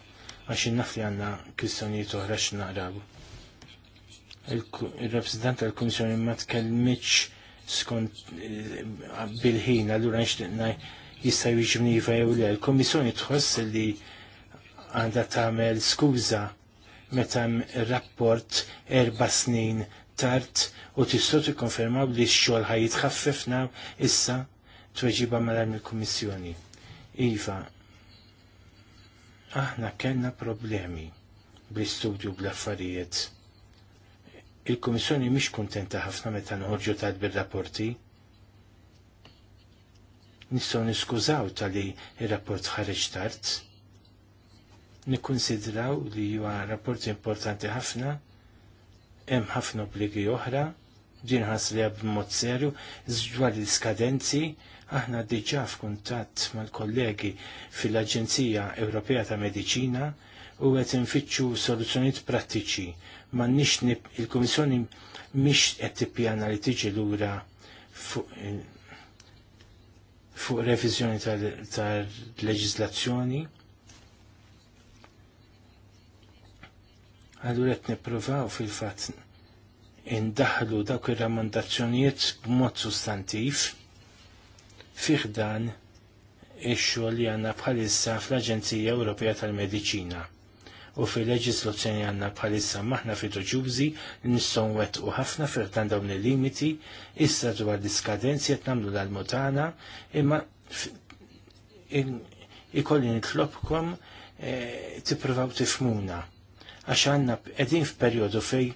għax innaf li għandna kwistjonijiet oħra x'naqraw. Il-rappresentant tal-Kummissjoni ma tkellmitx skont eh, bil-ħin, allura nixtieq jista' jiġi mniva jew le. Il-Kummissjoni tħoss li għandha tagħmel skuża meta rapport erba snin tard u tistgħu tikkonfermaw li x-xogħol ħajjitħaffefna issa tweġiba malar mill-Kummissjoni. Iva, aħna kellna problemi bl-istudju bl-affarijiet. Il-Kummissjoni mhix kuntenta ħafna meta nħorġu tard bir-rapporti. Nistgħu niskużaw tal-li ir-rapport ħareġ tard Nikkonsidraw li huwa rapport importanti ħafna, hemm ħafna obbligi oħra, din ħaslija b'mod serju, żdwar l-iskadenzi, aħna diġà f'kuntatt mal-kollegi fil-Aġenzija Ewropea ta' Mediċina u għet nfittxu soluzzjonijiet prattiċi. Ma nix il-Komissjoni mix qed tippjana li tiġi lura fuq eh, fu revizjoni tal-leġizlazzjoni Għallu qed nippruvaw fil-fatt indaħlu dawk ir-ramandazzjonijiet b'mod sustantiv fih dan ix-xogħol li għandna bħalissa fl-Aġenzija Ewropea tal-Mediċina u fil-leġislazzjoni għandna bħalissa maħna fiduċjużi nisson wet u ħafna dan dawn il-limiti, issa dwar diskadenzi qed nagħmlu l-mutana, imma ikolli nitlobkom eh, tippruvaw tifmuna għax għanna edin f'perjodu fej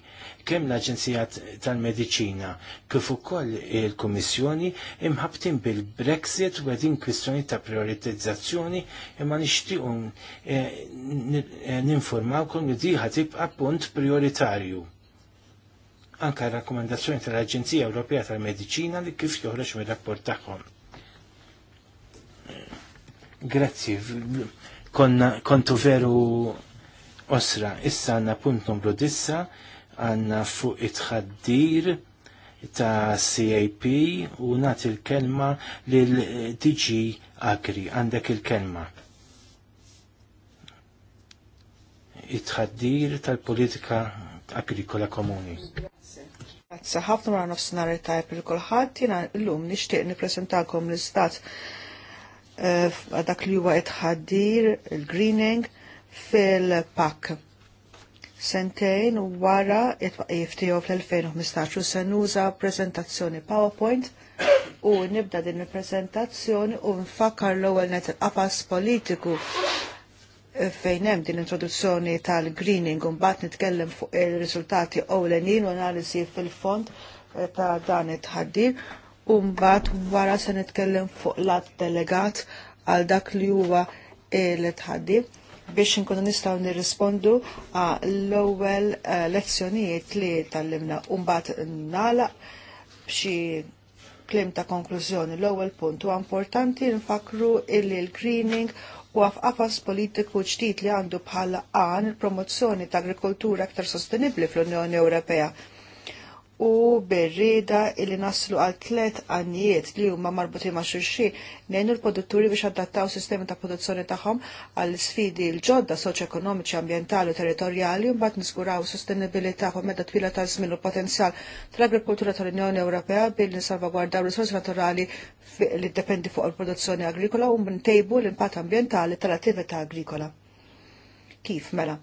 kemm l-Aġenzija tal-Mediċina kif ukoll il-Kummissjoni imħabtin bil-Brexit u edin kwistjoni ta' prioritizzazzjoni imma nixtiequ eh, eh, ninformawkom li diħa tibqa' punt prioritarju. Anka rakkomandazzjoni tal-Aġenzija Ewropea tal-Mediċina li kif joħroġ mir-rapport tagħhom. Grazzi, kontu veru osra. Issa għanna punt numru dissa għanna fuq it ta' CAP u nat il-kelma l dg Agri. Għandek il-kelma. It-ħaddir tal-politika agrikola komuni. Grazzi ħafna nofsinari nofsinhar tajb il kulħadd jiena llum nixtieq nippreżentakom l-istat eh, dak li huwa itħaddir il-greening. ħaddir il-greening, fil-pak. Sentejn wara it-waqif tiegħu fl-2015 se nuża prezentazzjoni PowerPoint u nibda din il-prezentazzjoni u nfakkar l-ewwel net il-qafas politiku fejn hemm din introduzzjoni tal-greening u mbagħad nitkellem fuq ir-riżultati ewlenin u analiżi fil-fond eh, ta' dan it-ħaddir u mbagħad wara se nitkellem fuq lat delegat għal dak li huwa l-tħaddib biex nkunu nistaw nirrispondu l-ewwel eh, lezzjonijiet li tal-limna umbat nala bxi klim ta' konklużjoni l-ewwel punt huwa importanti nfakru illi l-greening u għafqafas politiku ġdid li għandu bħala għan il-promozzjoni ta' agrikoltura aktar sostenibli fl-Unjoni Ewropea u berrida illi naslu għal tlet għanijiet li huma marbuti ma' xulxin nejnu l-produtturi biex adattaw sistemi ta' produzzjoni tagħhom għal sfidi l-ġodda soċ-ekonomiċi, ambjentali u territorjali u mbagħad niskuraw sostenibilità fuq medda twila ta' żmien u potenzjal tal-agrikoltura tal-Unjoni Ewropea billi salvagwardaw risorsi naturali li ddependi fuq il-produzzjoni agrikola u ntejbu l-impatt ambjentali tal-attività agrikola. Kif mela?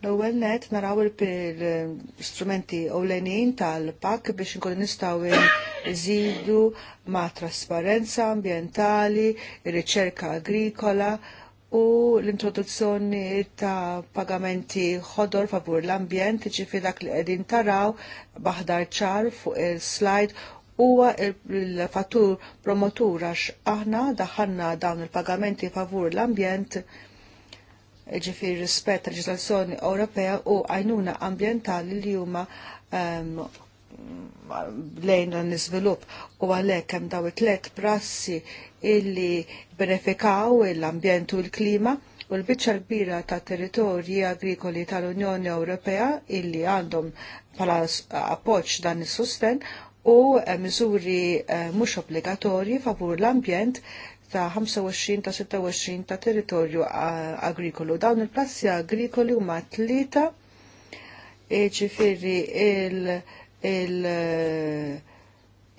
L-ewwel net naraw l-strumenti ewlenin tal-pak biex inkun nistgħu nżidu ma' trasparenza ambjentali, riċerka agrikola u l-introduzzjoni ta' pagamenti ħodor favur l-ambjent, ġifi dak li qegħdin taraw baħdar ċar fuq il-slide huwa il-fattur promotur għax aħna daħanna dawn il-pagamenti favur l-ambjent ġifir rispett tal leġislazzjoni Ewropea u għajnuna ambientali li huma ehm, lejn dan iżvilupp u għalhekk hemm daw it-tliet prassi illi benefikaw l-ambjent u l-klima u l-biċċa kbira ta' territorji agrikoli tal-Unjoni Ewropea illi għandhom bħala appoġġ dan is sosten u eh, miżuri eh, mhux obbligatorji favur l-ambjent ta' 25 ta' 26 ta' territorju agrikolu. Dawn il-passi agrikoli huma tlita e ġifiri il- il-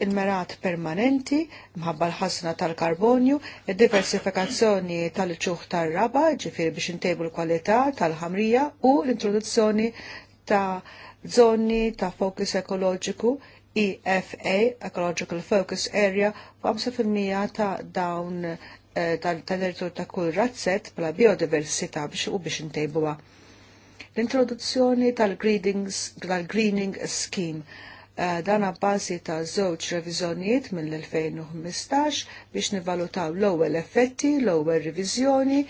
il-merat permanenti mħabba l-ħasna tal-karbonju, id-diversifikazzjoni tal-ċuħ tal-raba, ġifiri biex intejbu l-kwalità tal-ħamrija u l-introduzzjoni ta' zoni ta' fokus ekoloġiku EFA, Ecological Focus Area, f'5% ta' dawn eh, tal-territorju ta' kull razzet bla biodiversità biex u biex intejbuha. L-introduzzjoni tal-greening scheme eh, dan bbażi ta' żewġ reviżjonijiet mill-2015 biex nivalutaw l-ewwel effetti, l-ewwel reviżjoni.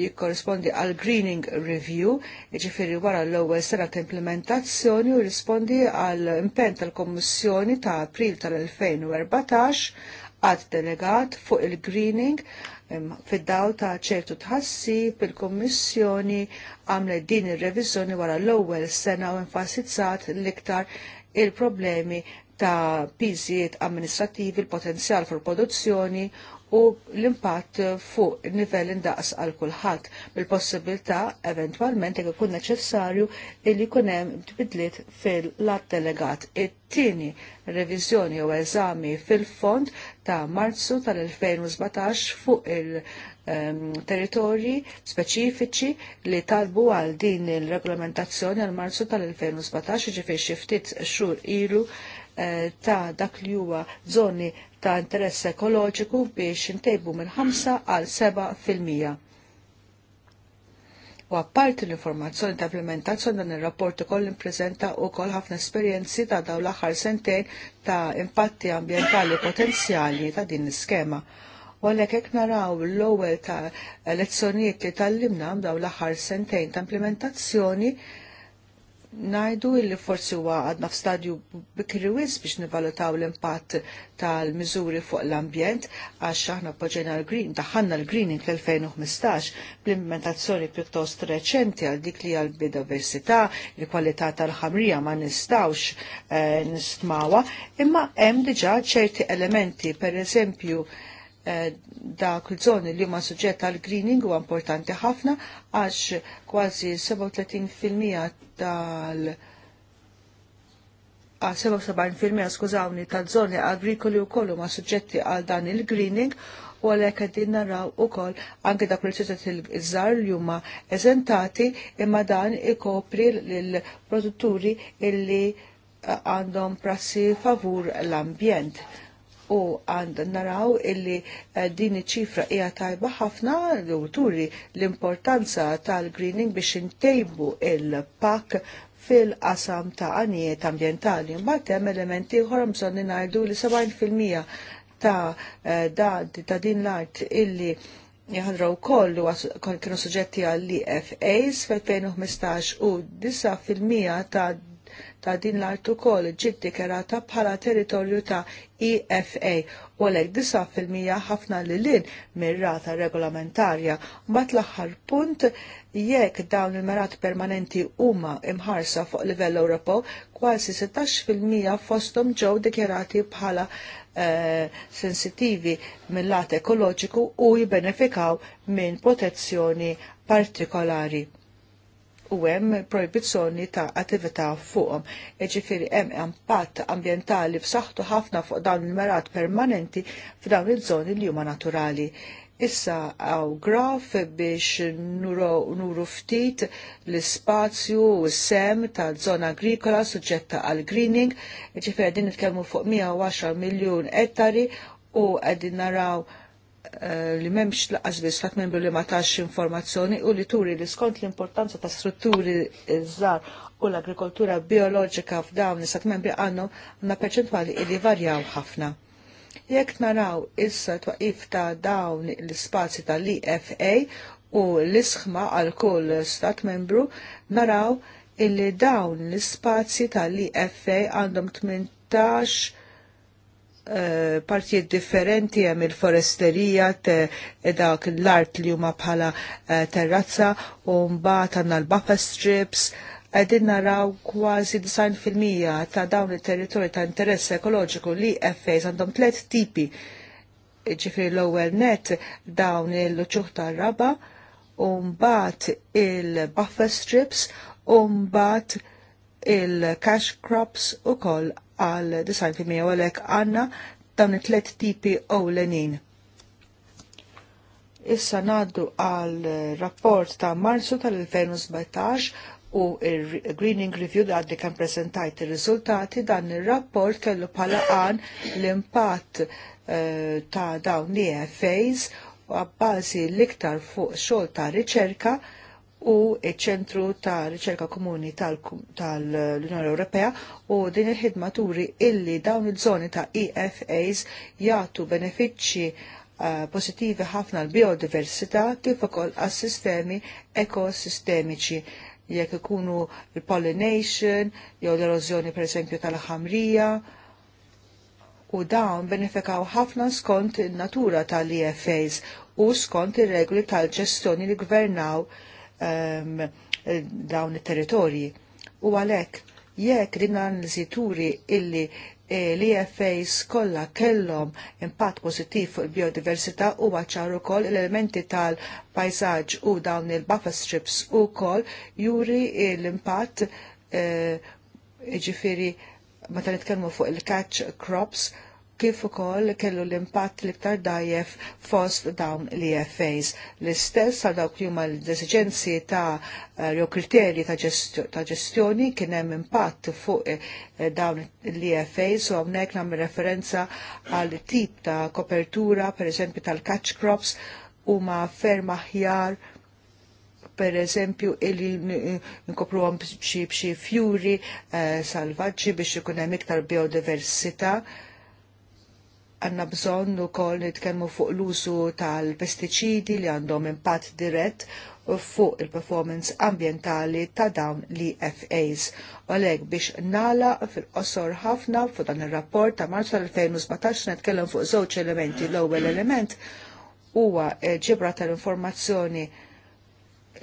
Jikorrispondi għal Greening Review, ġifiri wara l-ewwel sena ta' implementazzjoni u rispondi għal impen tal-Kommissjoni ta' April tal-2014 għad delegat fuq il-greening fid-daw ta' ċertu tħassib il-Kommissjoni għamlet din ir-reviżjoni wara l-ewwel sena u enfasizzat l-iktar il-problemi ta' piżijiet amministrativi, il-potenzjal fil-produzzjoni u l-impatt fuq in-nivell indaqs għal kulħadd bil-possibilità eventwalment jekk ikun neċessarju li jkun hemm tbidliet fil-lat delegat. It-tieni reviżjoni u eżami fil-fond ta' Marzu tal-2017 fuq il-territorji ehm, speċifiċi li talbu għal din il-reglamentazzjoni għal Marzu tal-2017 ġifiex xi ftit xhur ilu eh, ta' dak li huwa żoni ta' interess ekoloġiku biex intejbu minn 5 għal 7 fil-mija. U apparti l-informazzjoni ta' implementazzjoni dan ir-rapport ukoll impreżenta wkoll ħafna esperjenzi ta' dawn l-aħħar sentejn ta' impatti ambjentali potenzjali ta' din l-iskema għalek jek naraw l-ewwel ta' lezzjonijiet li tal-limna daw l-aħħar sentejn ta' implementazzjoni najdu illi forsi huwa għadna f'stadju bikri wis biex nivalutaw l-impatt tal-miżuri fuq l-ambjent għax aħna poġġejna l-green taħanna l-greening fl-2015 bl-implementazzjoni pjuttost reċenti għal dik li għal biodiversità, il-kwalità tal-ħamrija ma nistawx eh, nistmawa, imma hemm diġà ċerti elementi, per eżempju, Eh, dak l żoni li ma suġġett għal greening huwa importanti ħafna għax kważi 37% tal- għal 77% skużawni tal-żoni agrikoli u kollu ma suġġetti għal dan il-greening u għalek għaddin naraw u koll anke da il il-żar li huma eżentati imma dan ikopri l-produtturi illi eh, għandhom prassi favur l-ambjent u għand naraw illi eh, din iċ-ċifra hija tajba ħafna u turi l-importanza tal-greening biex intejbu il-pak fil-qasam ta' għanijiet ambientali. Mbagħad hemm elementi oħra bżonn ngħidu li 70% ta' eh, ta' din l-art illi jħadraw kollu kienu suġġetti għall-EFAs fil-2015 u 9% ta' ta' din l-art ukoll ġiet dikjarata bħala territorju ta' EFA u għalhekk disa fil-mija ħafna li lin mir-rata regolamentarja. Mbagħad l-aħħar punt jekk dawn il marat permanenti huma imħarsa fuq livell Ewropew, kważi 16% fosthom ġew dikjarati bħala eh, sensitivi mill-lat ekoloġiku u jibenefikaw minn protezzjoni partikolari u hemm proibizzjoni ta' attività fuqhom. Jiġifieri hemm impatt ambjentali b'saħħtu ħafna fuq dawn il-merat permanenti f'dawn iż-żoni li huma naturali. Issa għaw graf biex nuru ftit l-spazju u s-sem ta' zona agrikola suġġetta għal greening, ġifir din nitkellmu fuq 110 miljon ettari u għedin naraw Eh, li memx laqas biss stat membru li ma tax informazzjoni u li turi li skont l-importanza ta' strutturi żar u l-agrikoltura bioloġika f'dawn li stat membri għandhom na perċentwali li varjaw ħafna. Jekk naraw issa twaqif ta' dawn l ta' tal ifa u l-isħma għal kull stat membru, naraw illi dawn l ta' tal ifa għandhom 18 Eh, partijiet differenti hemm il-foresterija eh, dak l-art li huma bħala eh, terrazza u mbagħad għandna l-buffer strips għedin naraw kważi 90% ta' dawn il-territori ta' interess ekoloġiku li effejs għandhom tliet tipi ġifri l-ewwel net dawn il-ċuħ tar-raba u mbagħad il-buffer strips u mbagħad il-cash crops u koll għal u għalek għanna dawn it-tlet tipi ewlenin. Issa naddu għal rapport ta' Marzu tal-2017 u il-Greening Review da għaddi kan prezentajt il-rizultati dan il-rapport kellu pala għan l-impatt eh, ta' dawn EFAs u għabbazi l-iktar fuq xol ta' riċerka u ċ-ċentru ta' riċerka komuni tal-Unjoni Ewropea u din il-ħidma turi illi dawn il-żoni ta' EFAs jagħtu benefiċċji eh, pozittivi ħafna l-biodiversità kif ukoll għas-sistemi ekosistemiċi jekk ikunu l-pollination jew l-erożjoni pereżempju tal-ħamrija u dawn benefikaw ħafna skont in-natura tal-EFAs u skont ir-regoli tal-ġestjoni li gvernaw um, dawn it-territorji. U għalhekk jekk ridna nżituri illi eh, E, li FAs kollha kellhom impatt pożittiv fuq il-biodiversità huwa ċar ukoll l-elementi tal-pajsaġġ u dawn il-buffer strips ukoll juri l-impatt e, eh, ġifiri meta nitkellmu fuq il-catch crops kif ukoll kellu l-impatt l-iktar dajjef fost dawn li efas L-istess għal dawk li huma l-desigenzi ta' eh, jew kriterji ta' ġestjoni kien hemm impatt fuq eh, dawn li efas u hawnhekk nagħmel referenza għal tip ta' kopertura pereżempju tal-catch crops huma ferm aħjar per eżempju illi nkopru għom bċi fjuri eh, salvaġġi biex ikun hemm iktar biodiversità għanna bżonn ukoll nitkellmu fuq l-użu tal-pestiċidi li għandhom impatt dirett fuq il-performance ambientali ta' dawn li FAs. Oleg biex nala fil-qosor ħafna fuq dan ir-rapport ta' Marzu 2017 netkellem fuq żewġ elementi. L-ewwel element huwa ġibra tal-informazzjoni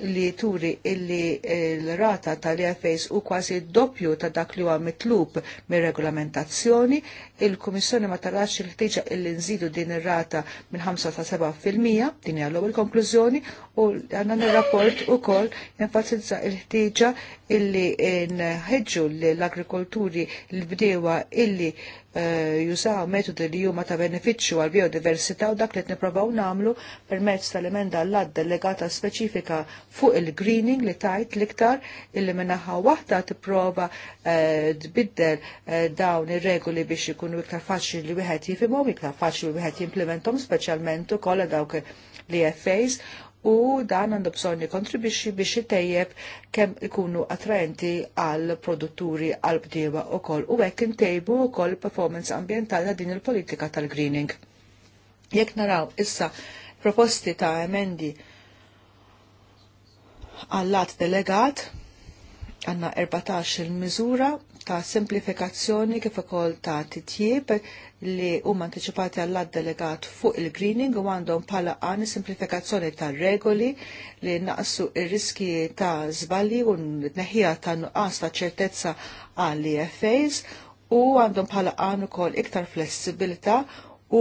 li turi illi eh, l-rata tal-EFAs u kważi doppju ta' dak li huwa mitlub mir regolamentazzjoni il-Kummissjoni ma tarax il-ħtieġa illi nżidu din ir-rata minn 5 ta' 7% din hija l-ewwel konklużjoni u għandna nir-rapport ukoll jenfasizza il-ħtieġa illi nħeġġu l-agrikolturi l-bdewa illi Eh, jużaw metodi li huma ta' benefiċċju għal biodiversità u dak li nipprovaw nagħmlu permezz tal-emenda l-għad delegata speċifika fuq il-greening li tajt liktar illi minnaħa waħda tipprova eh, tbiddel eh, dawn ir-regoli biex ikunu iktar faċli li wieħed jifhimhom, iktar faċli li wieħed jimplementhom speċjalment ukoll dawk l-EFAs u dan għandu bżonn jikontribixxi biex itejjeb kemm ikunu attraenti għal produtturi għal bdiewa wkoll u hekk intejbu wkoll performance ambjentali din il-politika tal-greening. Jekk naraw issa proposti ta' emendi għall-lat delegat għanna 14 il-miżura ta' simplifikazzjoni kif ukoll ta' titjib li huma antiċipati għall delegat fuq il-greening u għandhom bħala għan simplifikazzjoni ta' regoli li naqsu ir-riski ta' żbalji u neħija ta' nuqqas ta' ċertezza għall efas u għandhom bħala għan ukoll iktar flessibilità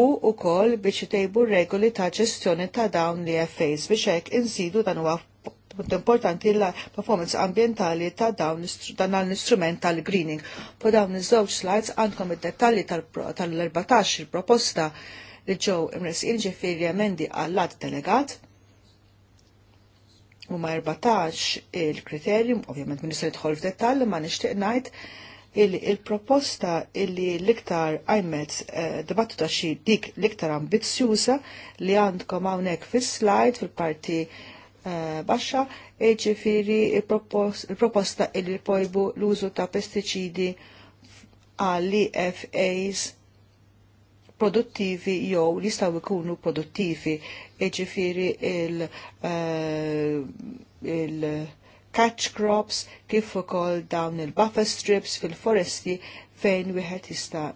u ukoll biex jtejbu regoli ta' ġestjoni ta' dawn li e FAs biex hekk inżidu dan huwa punt importanti la performance ambientali ta' dawn dan l-istrument tal-greening. Po dawn iż-żewġ slides għandkom id-dettalji tal-14 il-proposta li ġew il ġifieri emendi għall-lat delegat u ma 14 il-kriterium, ovvjament minn nidħol f'dettall, ma nixtieq ngħid il-proposta illi l-iktar għajmet eh, debattu ta' xi dik l-iktar ambizzjuża li għandkom hawnhekk fis-slide fil-parti Eh, baxa e ġifiri proposta il pojbu l-użu ta' pesticidi għall-EFAs produttivi jew li staw ikunu produttivi, e ġifiri il- eh, il- catch crops kif ukoll dawn il-buffer strips fil-foresti fejn wieħed jista'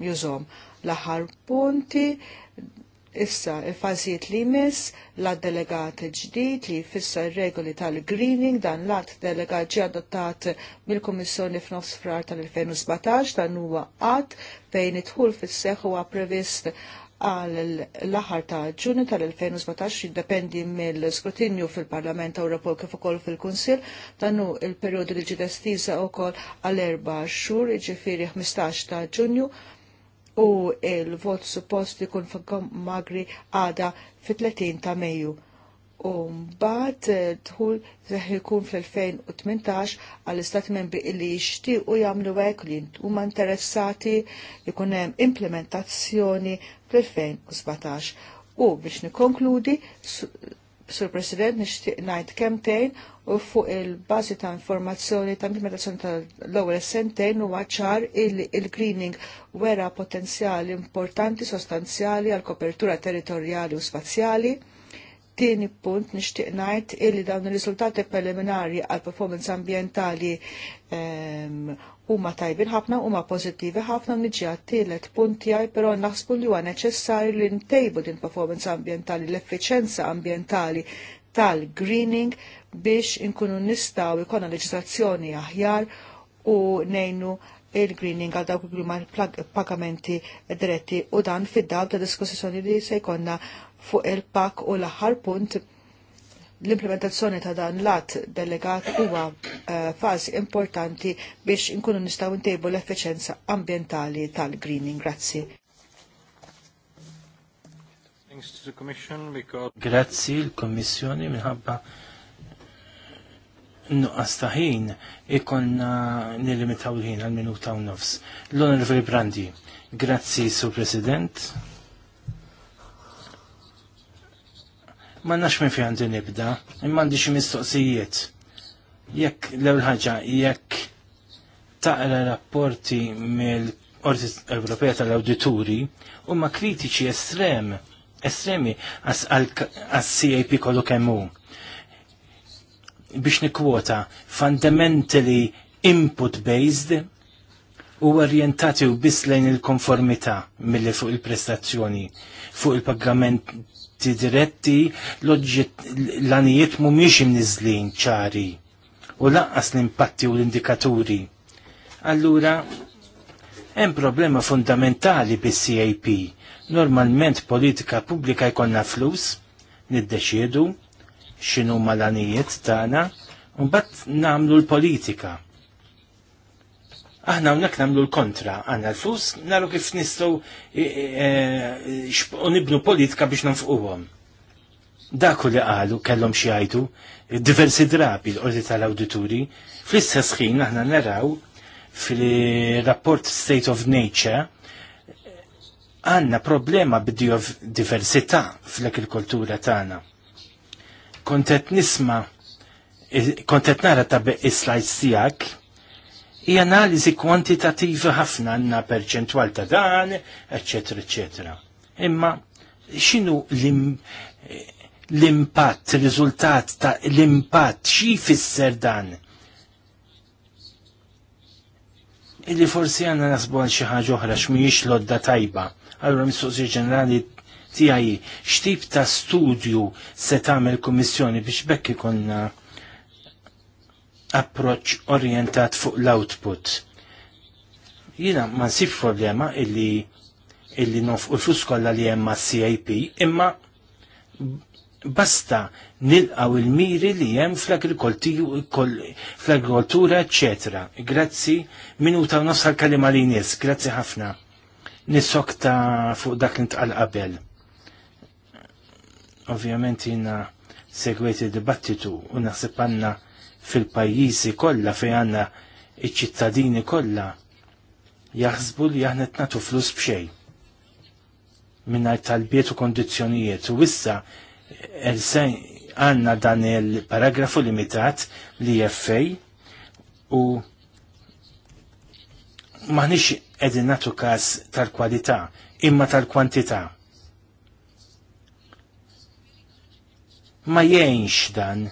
jużom. L-aħħar punti Issa il-fażijiet li jmiss l-att delegat ġdid li jfissa regoli tal-greening dan l-att delegat ġi adottat mill-Kummissjoni f'nofs frar tal-2017 dan huwa qatt fejn itħul fis-seħħ huwa previst għal l-aħħar ta' ġunju tal-2017 jiddependi mill-skrutinju fil-Parlament Ewropew kif ukoll fil-Kunsill hu il-perjodu li ġidestiża wkoll għal erba' xhur, jiġifieri 15 ta' Ġunju u il-vot suppost ikun magri għada fit-30 ta' Mejju. U mbagħad eh, dħul seħ ikun fl-2018 għall istati membri illi jixtiequ jagħmlu hekk li huma interessati jkun hemm implementazzjoni fl-2017. U biex nikkonkludi, Sur President, nixtieq ngħid kemtejn u fuq il-bazi ta' informazzjoni ta' implementazzjoni l ewwel sentejn huwa ċar il-greening wera potenzjali importanti sostanzjali għal kopertura territorjali u spazjali. Tieni punt nixtieq ngħid illi dawn ir-riżultati preliminari għal performance ambjentali ehm, huma tajbin ħafna huma pożittivi ħafna niġi għat-tielet punt tiegħi però naħsbu li huwa neċessarju li ntejbu din performance ambjentali l-effiċenza ambjentali tal-greening biex inkunu nistaw ikonna leġislazzjoni aħjar u nejnu il-greening għal dawk il pagamenti diretti u dan fid-dawl ta' diskussjoni li se jkonna fuq il-pak u l-aħħar punt l-implementazzjoni ta' dan lat delegat huwa uh, fażi importanti biex inkunu nistaw ntejbu l-effiċenza ambientali tal-greening. Grazzi. Grazzi l-Kommissjoni minħabba nuqqas ta' ħin ikonna nilimitaw l-ħin għal minuta u nofs. L-Onorevoli Brandi, grazzi Sur President. Ma nax minn fi għandi nibda, imma għandi xi mistoqsijiet. Jekk l-ewwel ħaġa jekk taqra rapporti mill-Qorti Ewropea tal-Awdituri huma kritiċi estrem estremi għas CAP kollu kemm hu biex nikwota fundamentally input-based u orjentati u biss lejn il-konformità mill fuq il-prestazzjoni fuq il-pagamenti diretti l-anijiet mumiex imnizlin ċari u laqqas l-impatti u l-indikaturi. Allura, hemm problema fundamentali bis-CAP. Normalment politika pubblika jkollna flus, niddeċiedu, xinu malanijiet tana, un bat namlu l-politika. Aħna unnek namlu l-kontra, għanna l fus naru kif nistaw e, e, e, unibnu politika biex nanfuqom. Daku li għalu, kellom xiajtu, diversi drabi l-ordi tal-awdituri, fl-istess ħin aħna naraw fil-rapport State of Nature għanna problema bid-diversità fl kultura tagħna. Ta kontet nisma, kontet nara ta' is-slajt tijak, i analizi kwantitativa ħafna għanna perċentwal ta' dan, ecc. ecc. Imma xinu l-impatt, riżultat ta' l-impatt, xi fisser dan? Illi forsi għanna nasbu għal xi ħaġa oħra x'mhijiex lodda tajba. Allura mistoqsi ġenerali tiegħi x'tip ta' studju se tagħmel kummissjoni biex bekk konna approċċ orjentat fuq l-output. Jiena ma nsib problema illi illi nofqu l-flus kollha li hemm CIP, imma basta nilqaw il-miri li jem fl-agrikoltura, etc. Grazzi, minuta u nofsa l-kalima li nis, grazzi ħafna. Nisok ta' fuq dak li ntqal qabel. Ovvjament jina segwejt il-dibattitu u naħseb għanna fil-pajjiżi kollha fejn għandna iċ-ċittadini kollha jaħsbu li aħna qed nagħtu flus b'xejn mingħajr talbiet u kondizzjonijiet u issa eh, għandna dan il-paragrafu limitat li jeffej u m'aħniex qegħdin nagħtu każ tal-kwalità imma tal-kwantità ma jenx dan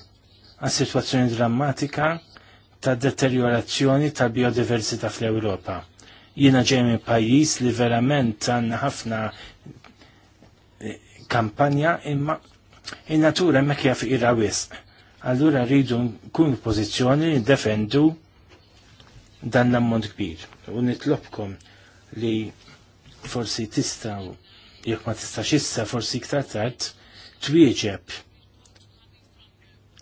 għas situazzjoni drammatika ta' deteriorazzjoni ta' biodiversità fl-Ewropa. Jiena ġejmi pajis pajjiż li verament għandna ħafna eh, kampanja imma in-natura hemmhekk jaf irawis. wisq. Allura rridu nkun pożizzjoni li defendu dan l-ammont kbir. U nitlobkom li forsi tistaw, jekk ma tistax issa forsi iktar tard, twieġeb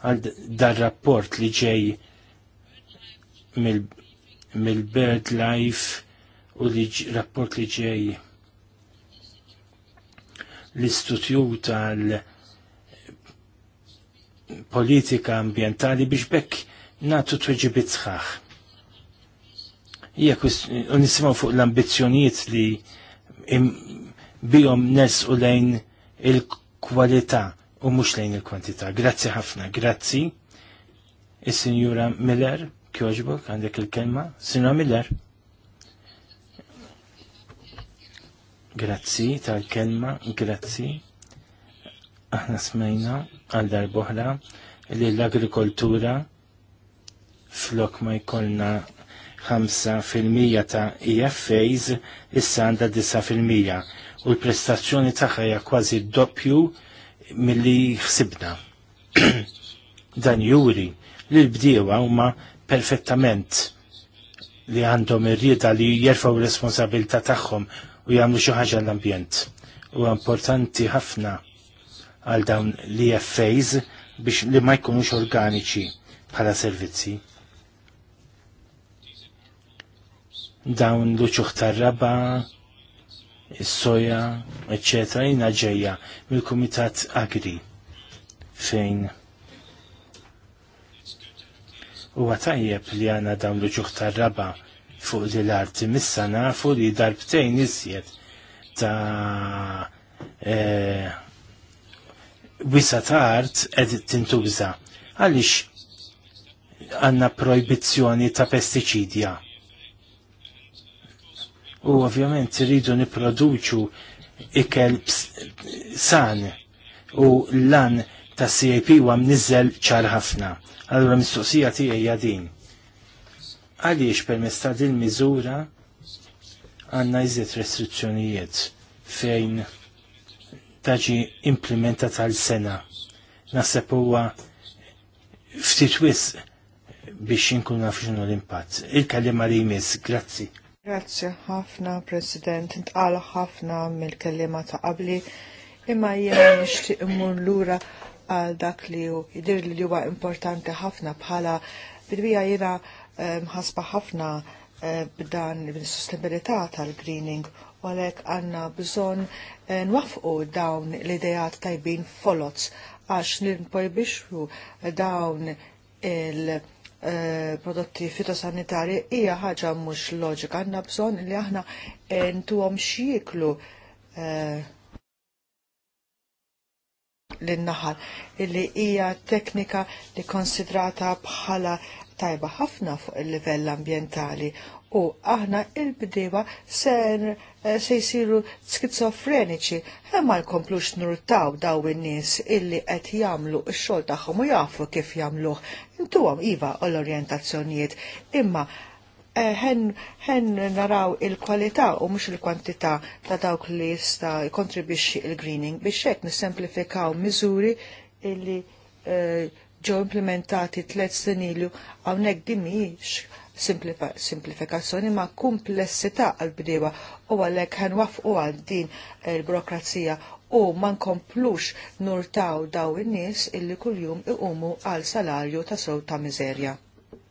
għal dar rapport li ġej mill-Bird mil Life u li rapport li ġej l-istutju tal politika ambientali biex bekk natu tweġi sħaħ. Jek, unisimaw fuq l-ambizjoniet li bijom nes u lejn il-kwalità u mhux lejn il-kwantità. Grazzi ħafna, grazzi. Is-Sinjura Miller, kjoġbuk, għandek il-kelma. Sinjura Miller. Grazzi tal-kelma, grazzi. Aħna smajna għal darboħra li l-agrikoltura flok ma jkollna 5% ta' IFAs e issa għandha 9% u l-prestazzjoni tagħha hija kważi doppju milli ħsibna. Dan juri li l-bdiewa huma perfettament li għandhom ir-rieda li jerfaw responsabilità tagħhom u jagħmlu xi ħaġa l-ambjent. U importanti ħafna għal dawn li FAs biex li ma jkunux organiċi bħala servizzi. Dawn l-uċuħ tar-raba, is-soja, etc. jina ġejja mill-Kumitat Agri fejn huwa tajjeb li għana dawn l-ġuħ raba fuq li l-art missa nafu li darbtejn iżjed ta' wisat e, wisa ta' art ed tintuża. Għalix għanna projbizzjoni ta' pesticidja u ovvjament rridu niproduċu ikel san u lan ta' CAP u għamnizzel ċar ħafna. Allora mistoqsija tiegħi din. Għaliex permezz ta' din miżura għandna jżid restrizzjonijiet fejn taġi implementa tal-sena. Naseb huwa ftit wis biex jinkun nafxinu l-impatt. Il-kalima li jmiss, grazzi. Grazzi ħafna, President, intqal ħafna mill-kellima ta' qabli, imma jena nixtieq immur lura għal dak li hu jidir li huwa importanti ħafna bħala bidwija jiena eh, mħasba ħafna eh, b'dan is sostenibilità tal-greening u għalhekk għandna bżonn eh, nwafqu dawn l-idejat tajbin folots għax nirpojbixu dawn il- Eh, prodotti fitosanitari hija ħaġa mhux loġika. Għandna bżonn li aħna ntuhom x'jieklu l eh, lin-naħal illi hija teknika li konsidrata bħala tajba ħafna fuq il-livell ambjentali u aħna il-bdewa sen eh, se jisiru skizofreniċi, eh, ma jkomplux nurtaw daw in-nies illi qed jagħmlu x-xogħol tagħhom u jafu kif jagħmluh. Intuhom iva u l-orjentazzjonijiet, imma eh, ħen naraw il-kwalità u mhux il-kwantità ta' dawk li jista' jkontribwixxi il-greening biex hekk nissemplifikaw miżuri illi ġew implementati tliet sinilu hawnhekk din simplifikazzjoni ma' komplessità għal-bdewa u għalek ħan wafqu għal din il-burokrazija u ma nkomplux nurtaw daw in-nies illi kuljum iqumu għal salarju ta' sew ta' miżerja.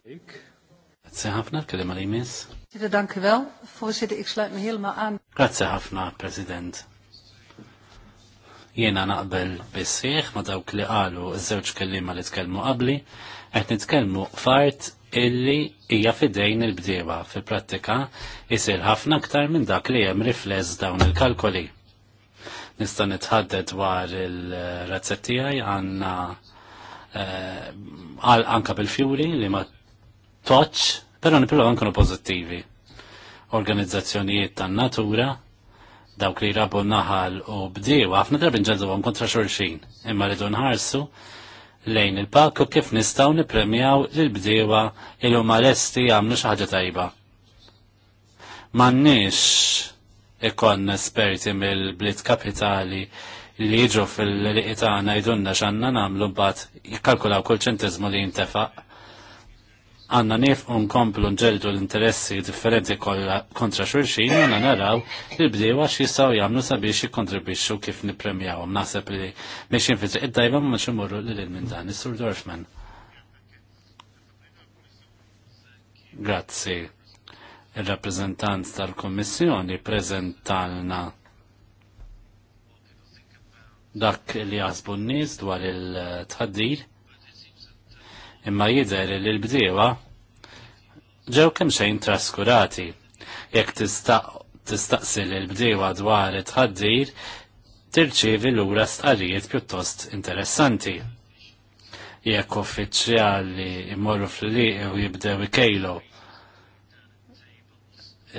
Grazie ħafna l-kelima li jmiss. Dank wel. Voorzitter, ik sluit me ma' għan. Grazie ħafna, President. Jiena naqbel bissieħ ma dawk li qalu ż-żewġ kellima li tkellmu qabli, qed nitkellmu fart illi hija fidejn il-bdiewa fil-prattika isir ħafna aktar minn dak li hemm rifless dawn il-kalkoli. Nista' nitħadded dwar il razzettijaj tiegħi għandna eh, għal anka bil-fjuri li ma toċ, però nipillu ankunu pożittivi. Organizzazzjonijiet tan-natura, dawk li rabu naħal u bdiewa, ħafna drabi għom kontra xulxin, imma rridu nħarsu lejn il-pak u kif nistaw nipremjaw l-bdiewa il huma lesti jagħmlu xi ħaġa tajba. M'għandniex ikon esperti mill-blit kapitali li jiġu fil-liqitana jdunna x'għandna nagħmlu mbagħad jikkalkulaw kull ċentizmu li jintefaq għanna nif unkomplu nġeldu l-interessi differenti kontra xurxin, għanna naraw li bdiewa jistaw jamlu sabiex jikontribixxu kif nipremjaw. Naħseb li meċin fitri id-dajba ma ximurru li l-min dan, Sur Dorfman. Grazzi. Il-rappresentant tal-Kommissjoni prezentalna dak li jasbu n-nis dwar il-tħaddir imma jidher li l-bdiewa ġew kemm xejn traskurati. Jekk tistaqsi l bdiewa dwar it tħaddir tirċievi lura stqarrijiet pjuttost interessanti. Jekk uffiċjali immorru fl-liq u jibdew ikejlu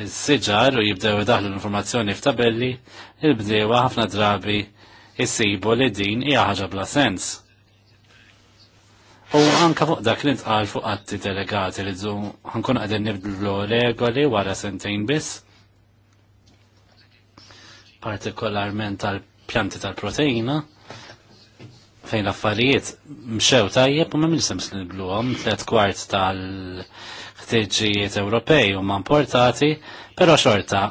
s-siġar u jibdew daħlu l-informazzjoni f'tabelli, il-bdewa ħafna drabi jisibu li din hija ħaġa bla sens. U anka fuq dak li ntqal fuq għatti delegati li dżu ħankun għadin nibdlu regoli wara sentejn biss. Partikolarment tal-pjanti tal-proteina fejn l-affarijiet mxew tajjeb u ma mill nibdlu għom tliet kwart tal-ħtiġijiet Ewropej huma importati, però xorta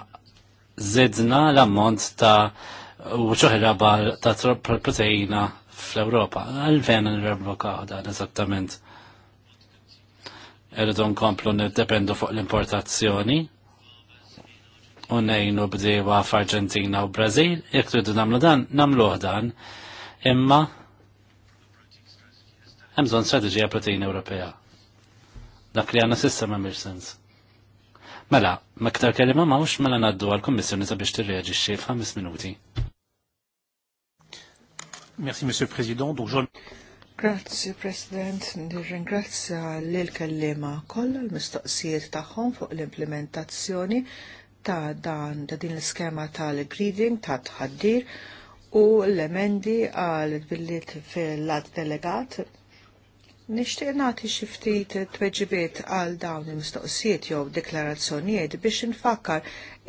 zidna l-ammont ta' u ċoħra ta' proteina fl-Europa. Għalfejn nirreblokaw dan eżattament. Irridu nkomplu niddependu fuq l-importazzjoni u nejnu bdiewa f'Arġentina u Brażil, jekk tridu nagħmlu dan, nagħmluh dan. Imma hemm bżonn strateġija protein Ewropea. Dak li għandna sissa mir sens. Mela, ma ktar kelima mawx mela naddu għal-Kommissjoni sabiex tirreġixxi 5 minuti. Merci, Monsieur le Président. Donc, Grazzi, President. Nirringrazzja l-kellima kollha l-mistoqsijiet tagħhom fuq l-implementazzjoni ta' dan ta' din l-iskema tal-greeding ta' tħaddir u l-emendi għal billiet fil-lat delegat. Nixtieq nagħti xi ftit tweġibiet għal dawn il-mistoqsijiet jew deklarazzjonijiet biex infakkar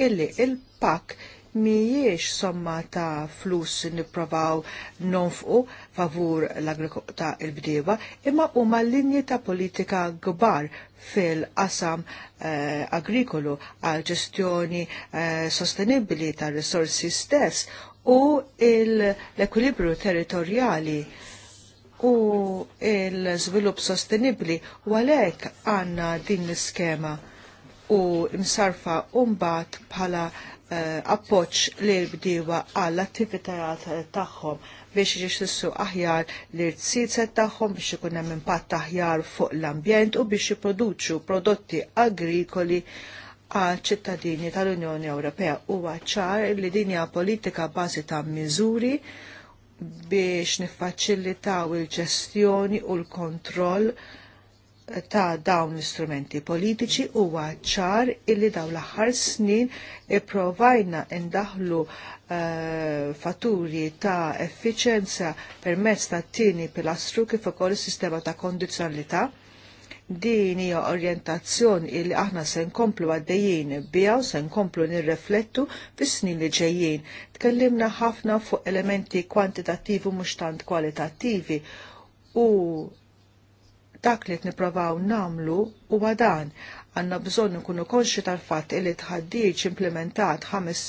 illi il-pak miex somma ta' flus nipprovaw nonfqu favur l-agrik ta' il bdiba imma huma linji ta' politika gbar fil-qasam eh, agrikolu għal ġestjoni eh, sostenibili ta' risorsi stess u l-ekwilibru territorjali u l-żvilupp sostenibli u għalhekk għandna din l-iskema u msarfa umbat bħala Eh, appoċ li l-bdiwa għall-attivitajat tagħhom biex jixissu aħjar li rtsitset tagħhom biex ikun hemm impatt aħjar fuq l-ambjent u biex jipproduċu prodotti agrikoli għal ċittadini tal-Unjoni Ewropea huwa ċar li din hija politika bażi ta' miżuri biex niffaċilitaw il-ġestjoni u l-kontroll il ġestjoni u l kontroll ta' dawn l-istrumenti politiċi huwa ċar illi daw l-aħħar snin ipprovajna ndaħlu uh, eh, fatturi ta' effiċenza permezz ta' tieni pilastru kif ukoll is-sistema ta' kondizzjonalità. Din hija orjentazzjoni illi aħna se nkomplu għaddejjin bijaw, u se nkomplu nirreflettu fis-snin li ġejjin. Tkellimna ħafna fuq elementi kwantitattivi mhux tant kwalitattivi u dak li t nipravaw namlu u għadan għanna bżon nkunu konxi tal-fat li tħaddiċ implementat ħames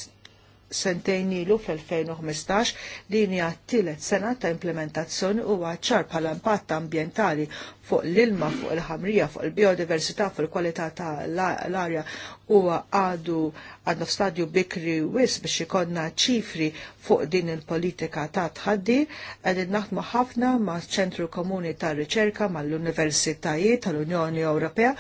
sentejn ilu fl-2015 din hija t-tielet sena ta' implementazzjoni huwa għacċar bħala impatt ambjentali fuq l-ilma, fuq il-ħamrija, fuq il-biodiversità, fuq il-kwalità ta' l-arja huwa għadu għadna stadju bikri wis biex ikonna ċifri fuq din il-politika ta' tħaddi, għedin naħdmu ħafna ma' ċentru komuni ta' riċerka mal-Universitajiet tal-Unjoni Ewropea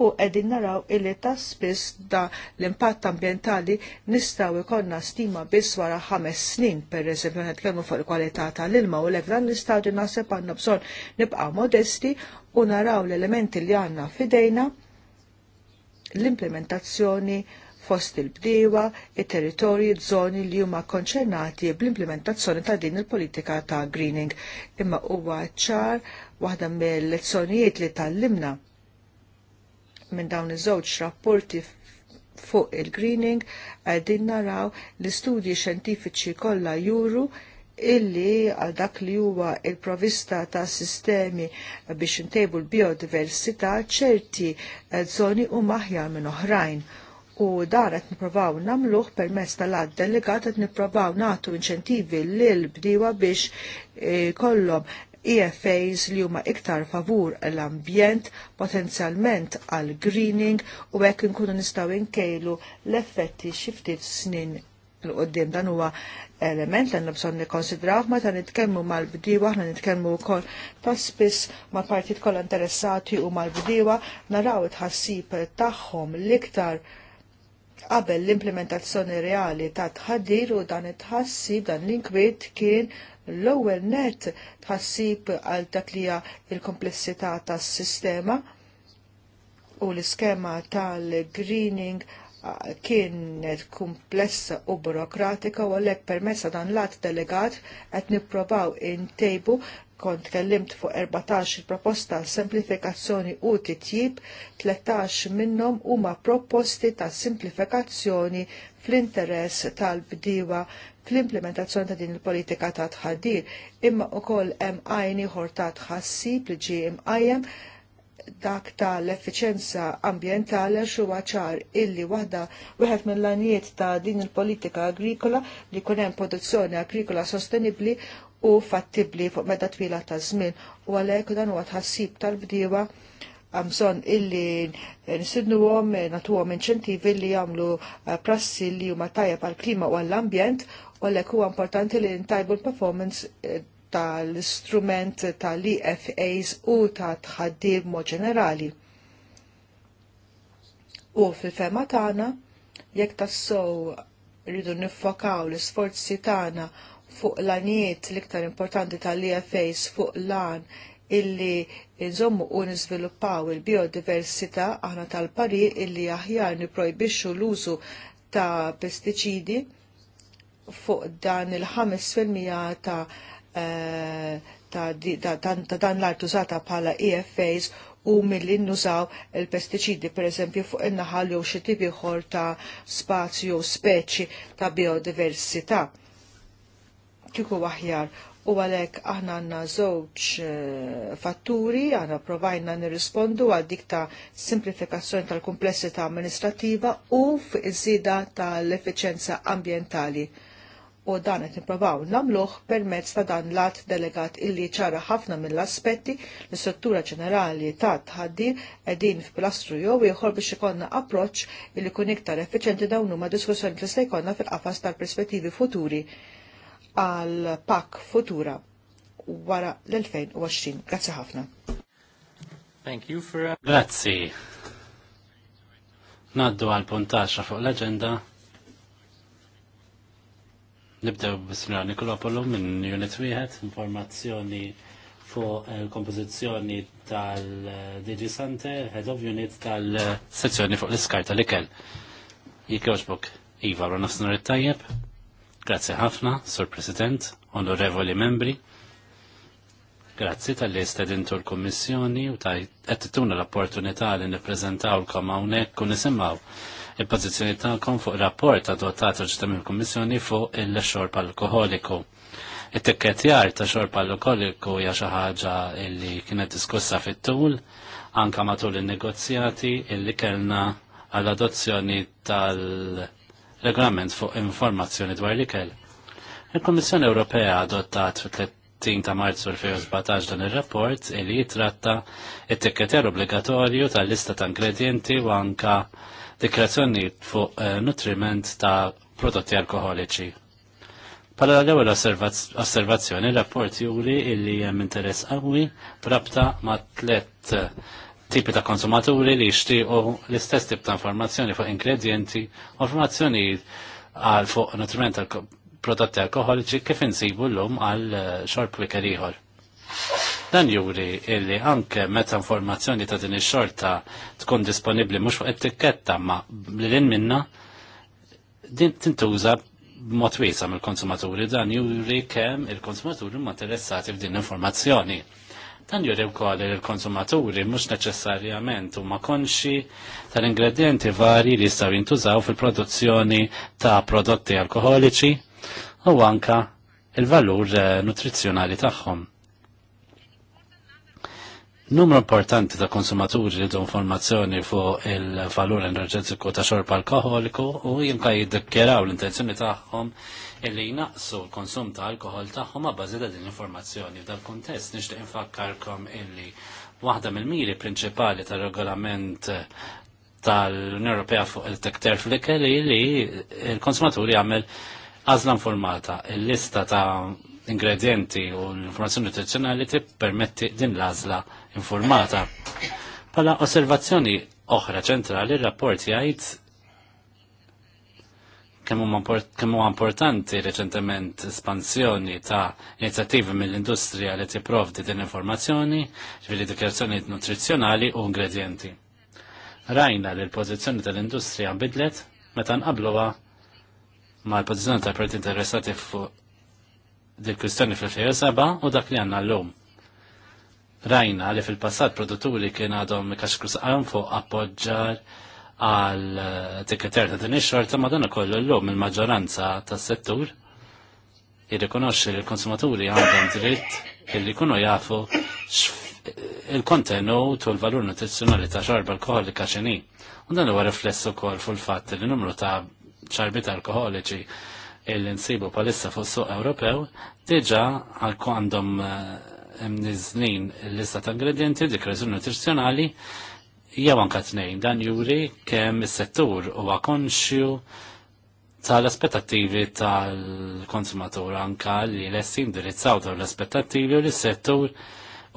u qegħdin naraw illi ta' spiss da l-impatt ambjentali nistaw jkollna stima biss wara ħames snin, pereżempju għed kemmu fuq il-kwalità tal-ilma u l dan nistaw din naħseb għanna bżonn nibqa' modesti u naraw l-elementi li għandna f'idejna l-implementazzjoni fost il-bdiewa, il-territorji, żoni li huma konċernati bl-implementazzjoni ta' din il-politika ta' greening. Imma huwa ċar waħda mill-lezzjonijiet li tal-limna minn dawn iż-żewġ rapporti fuq il-greening għedin naraw l-istudji xjentifiċi kollha juru illi għal dak li huwa il-provista ta' sistemi biex intejbu l-biodiversità ċerti eh, zoni u maħjar minn oħrajn. U dar qed nipprovaw nagħmluh permezz tal-għad delegat qed nipprovaw nagħtu inċentivi lil bdiewa biex eh, kollhom EFAs li huma iktar favur l-ambjent potenzjalment għal greening u hekk inkunu nistgħu nkejlu l-effetti xi ftit snin l-qoddim dan huwa element l-għanna bżonn nikkonsidraw ma ta' mal-bdiwa, ħna nitkellmu wkoll ta' spiss ma' partit kollha interessati u mal-bdiwa, naraw it-ħassib tagħhom l-iktar qabel l-implementazzjoni reali ta' tħaddir u dan it-ħassib dan l-inkwiet kien l-ewwel net tħassib għal dak il l-komplessità tas-sistema u l-iskema tal-greening kienet komplessa u burokratika u għalhekk permessa dan l-att delegat qed nipprovaw intejbu kont kellimt fuq 14 proposta semplifikazzjoni u titjib, 13 minnom huma proposti ta' simplifikazzjoni fl-interess tal-bdiewa fl-implementazzjoni ta' din il-politika ta' tħaddir, imma u koll għajni ta' tħassib li ġi imqajem dak tal-effiċenza ambientali xuwa ċar illi waħda wieħed mill-lanijiet ta' din il-politika agrikola li kunem produzzjoni agrikola sostenibli u fattibli fuq meta twila ta' żmien u għalhekk dan huwa tħassib tal-bdiewa għamson illi nisidnu għom, natu għom inċentivi li għamlu eh, prassi li huma tajja pal klima u għall-ambjent, u għallek huwa importanti li ntajbu l-performance eh, tal-istrument tal-EFAs u ta' tħaddim mod ġenerali. U fil-fema tagħna, jekk tassow rridu nifokaw l-isforzi tagħna fuq l-anijiet l-iktar importanti tal-EFAs fuq l-an illi nżommu u niżviluppaw il-biodiversità aħna tal-pari illi aħjar niprojbixxu l-użu ta' pestiċidi fuq dan il-5% eh, ta' ta' dan l-art użata bħala EFAs u mill nużaw il-pestiċidi per eżempju fuq in-naħal jew xi tip ieħor ta' spazju speċi ta' biodiversità. Kieku aħjar u għalek aħna għanna żewġ eh, fatturi, għanna provajna nirrispondu għal dik ta' simplifikazzjoni tal-komplessità amministrativa u f'iżida tal-efficienza ambientali. U dan qed nipprovaw nagħmluh permezz ta' dan lat delegat illi ċara ħafna mill-aspetti l struttura ġenerali ta' tħaddir qegħdin f'pilastru jew ieħor biex ikollna approċċ illi kun iktar effiċjenti dawn huma diskussjoni li se jkollna fil-qafas tal-perspettivi futuri għal pak futura wara l-2020. Grazzi ħafna. Thank you for... Uh, Grazie. Naddu għal puntaxa fuq l-agenda. Nibdew bismillah Nikolopolu minn Unit wieħed informazzjoni fuq il-kompożizzjoni eh, tal-Digi Center, Head of Unit tal-sezzjoni fuq l-iskarta li kell. Jikjoġbok, Iva, għu nafsnar it-tajjeb. Grazzi ħafna, Sur President, onorevoli membri. Grazzi tal-li istedintu l-Kommissjoni u ta' għettituna l-opportunità li l-kom hawnhekk kun nisimaw il-pozizjoni kom fuq rapport adottat ġdem il-Kummissjoni fuq il-xorb alkoholiku. It-tikketjar ta' xorb alkoholiku hija xi ħaġa li kienet diskussa fit-tul anka matul in-negozjati illi kellna għall-adozzjoni tal- regolament fuq informazzjoni dwar l-ikel. Il-Kommissjoni Ewropea adottat fit-30 ta' Marzu 2017 dan ir-rapport il li jitratta it-tikketer obbligatorju tal-lista ta' ingredienti u anka dikrazzjoni fuq eh, nutriment ta' prodotti alkoholiċi. Pala l-ewwel osservazzjoni, rapport juri illi hemm interess qawwi rabta ma' tlet eh, tipi ta' konsumaturi li jixtiequ l-istess tip ta' informazzjoni fuq ingredienti u informazzjoni għal fuq nutriment tal prodotti alkoholiċi kif insibu l-lum għal eh, xorb wiker ieħor. Dan juri illi anke meta informazzjoni ta' din ix-xorta tkun disponibbli mhux fuq etiketta ma lilin minna din tintuża b'mod wiesa mill-konsumaturi dan juri kemm il-konsumaturi ma interessati f'din l informazzjoni. Dan juri wkoll l konsumaturi mhux neċessarjament huma konxi tal-ingredienti varji li jistgħu jintużaw fil-produzzjoni ta' prodotti alkoholiċi u anka il-valur eh, nutrizzjonali tagħhom. Numru importanti ta' konsumaturi li informazzjoni fuq il-valur enerġetiku ta' xorb alkoholiku u jimka jiddikjeraw l-intenzjoni tagħhom illi jnaqsu l-konsum ta' alkohol tagħhom ma' bażi ta' din l-informazzjoni f'dal kuntest nixtieq infakkarkom illi waħda mill-miri prinċipali tar-regolament tal-Unjoni Ewropea fuq il-tekter fl-ikel li l konsumaturi għamel għażla formata Il-lista ta' ingredienti u l-informazzjoni nutrizzjonali tippermetti din l-għażla informata. Pala osservazzjoni oħra ċentrali, il-rapport jgħid kemm huwa importanti reċentement espansjoni ta' inizjattivi mill-industrija li tipprovdi din informazzjoni, ġifieri dikjarazzjonijiet nutrizzjonali u ingredienti. Rajna li l-pożizzjoni tal-industrija bidlet meta nqabluha ma' l-pożizzjoni tal parti interessati fuq dil kwistjoni fil-2007 u dak li għandna llum. Rajna li fil-passat produtturi kien għadhom kaxkru saqan fuq appoġġar għal eh, tikketer ta' din ix-xorta ma dan l-lum il-maġġoranza tas-settur jirrikonoxxi li l-konsumaturi għandhom dritt illi jkunu jafu eh, il-kontenut u l-valur nutrizzjonali ta' xorba alkoholika x'inhi. U dan huwa rifless ukoll fil-fatt li numru ta' ċarbit alkoholiċi illi nsibu palissa fuq suq Ewropew diġà għandhom imniznin eh, l-lista ta' ingredienti dik reżun nutrizzjonali jew anka tnejn dan juri kemm is-settur huwa konxju tal-aspettattivi tal-konsumatur anka li lessi indirizzaw dawn l-aspettattivi u l settur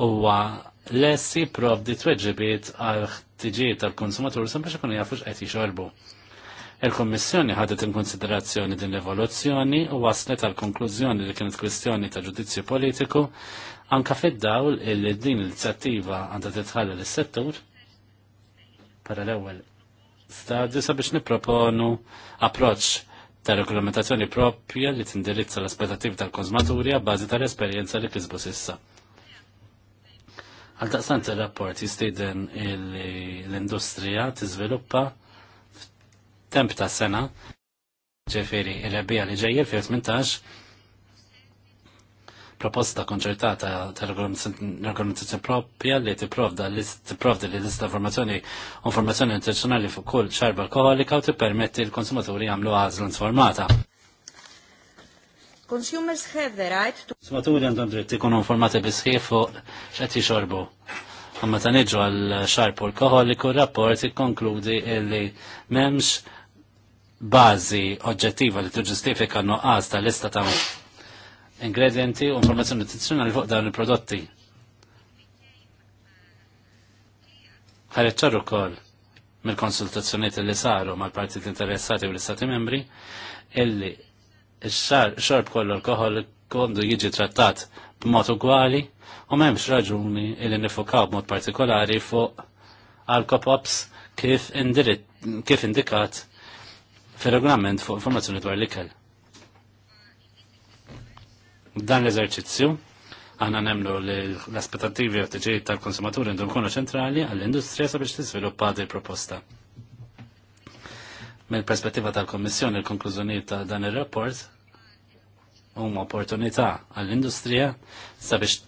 huwa lessi provdi tweġibiet għal ħtiġijiet tal-konsumatur sempliċi kun jafux qed jixorbu. Il-Kommissjoni ħadet in konsiderazzjoni din l-evoluzzjoni u waslet għal konklużjoni li kienet kwestjoni ta' ġudizzju politiku anka fid-dawl illi din l-inizjattiva għandha titħalla is settur para l-ewwel stadju sabiex nipproponu approċċ ta' regolamentazzjoni propja li tindirizza l-aspettativi tal-konsumaturi għabbażi tal-esperjenza li kisbu sissa. Għal daqsant il-rapport jistiden l-industrija tiżviluppa f'temp ta' sena ġeferi il-rebija li ġejjel fil-18 proposta konċertata ta' organizzazzjoni propja li tipprovda li lista informazzjoni u informazzjoni intenzjonali fuq kull xarba alkoholika u tippermetti l-konsumaturi jagħmlu għażla informata. Consumers have the right to... Konsumaturi għandhom dritt ikunu informati bisħif fuq x'qed jixorbu. Amma ta' niġu għal xarb alkoholiku rapport ikkonkludi li m'hemmx bażi oġġettiva li tiġġustifika nuqqas tal lista ta' ingredienti u informazzjoni nutrizzjonali fuq dawn il-prodotti. Ħareċċar ukoll mill-konsultazzjoniet li saru mal-partit interessati u l-istati membri illi x-xorb kollu l kondu jiġi trattat b'mod ugwali u m'hemmx raġuni illi nifokaw b'mod partikolari fuq alkopops kif, kif indikat fil-regolament fuq informazzjoni dwar l-ikel. Dan l-eżerċizzju għanna nemlu l-aspettativi u t-ġejt tal-konsumaturi għandhom kunu ċentrali għall-industrija sabiex t-sviluppa di proposta. Mill perspettiva tal-Kommissjoni, il-konklużjoni ta' dan il-rapport huma opportunità għall-industrija sabiex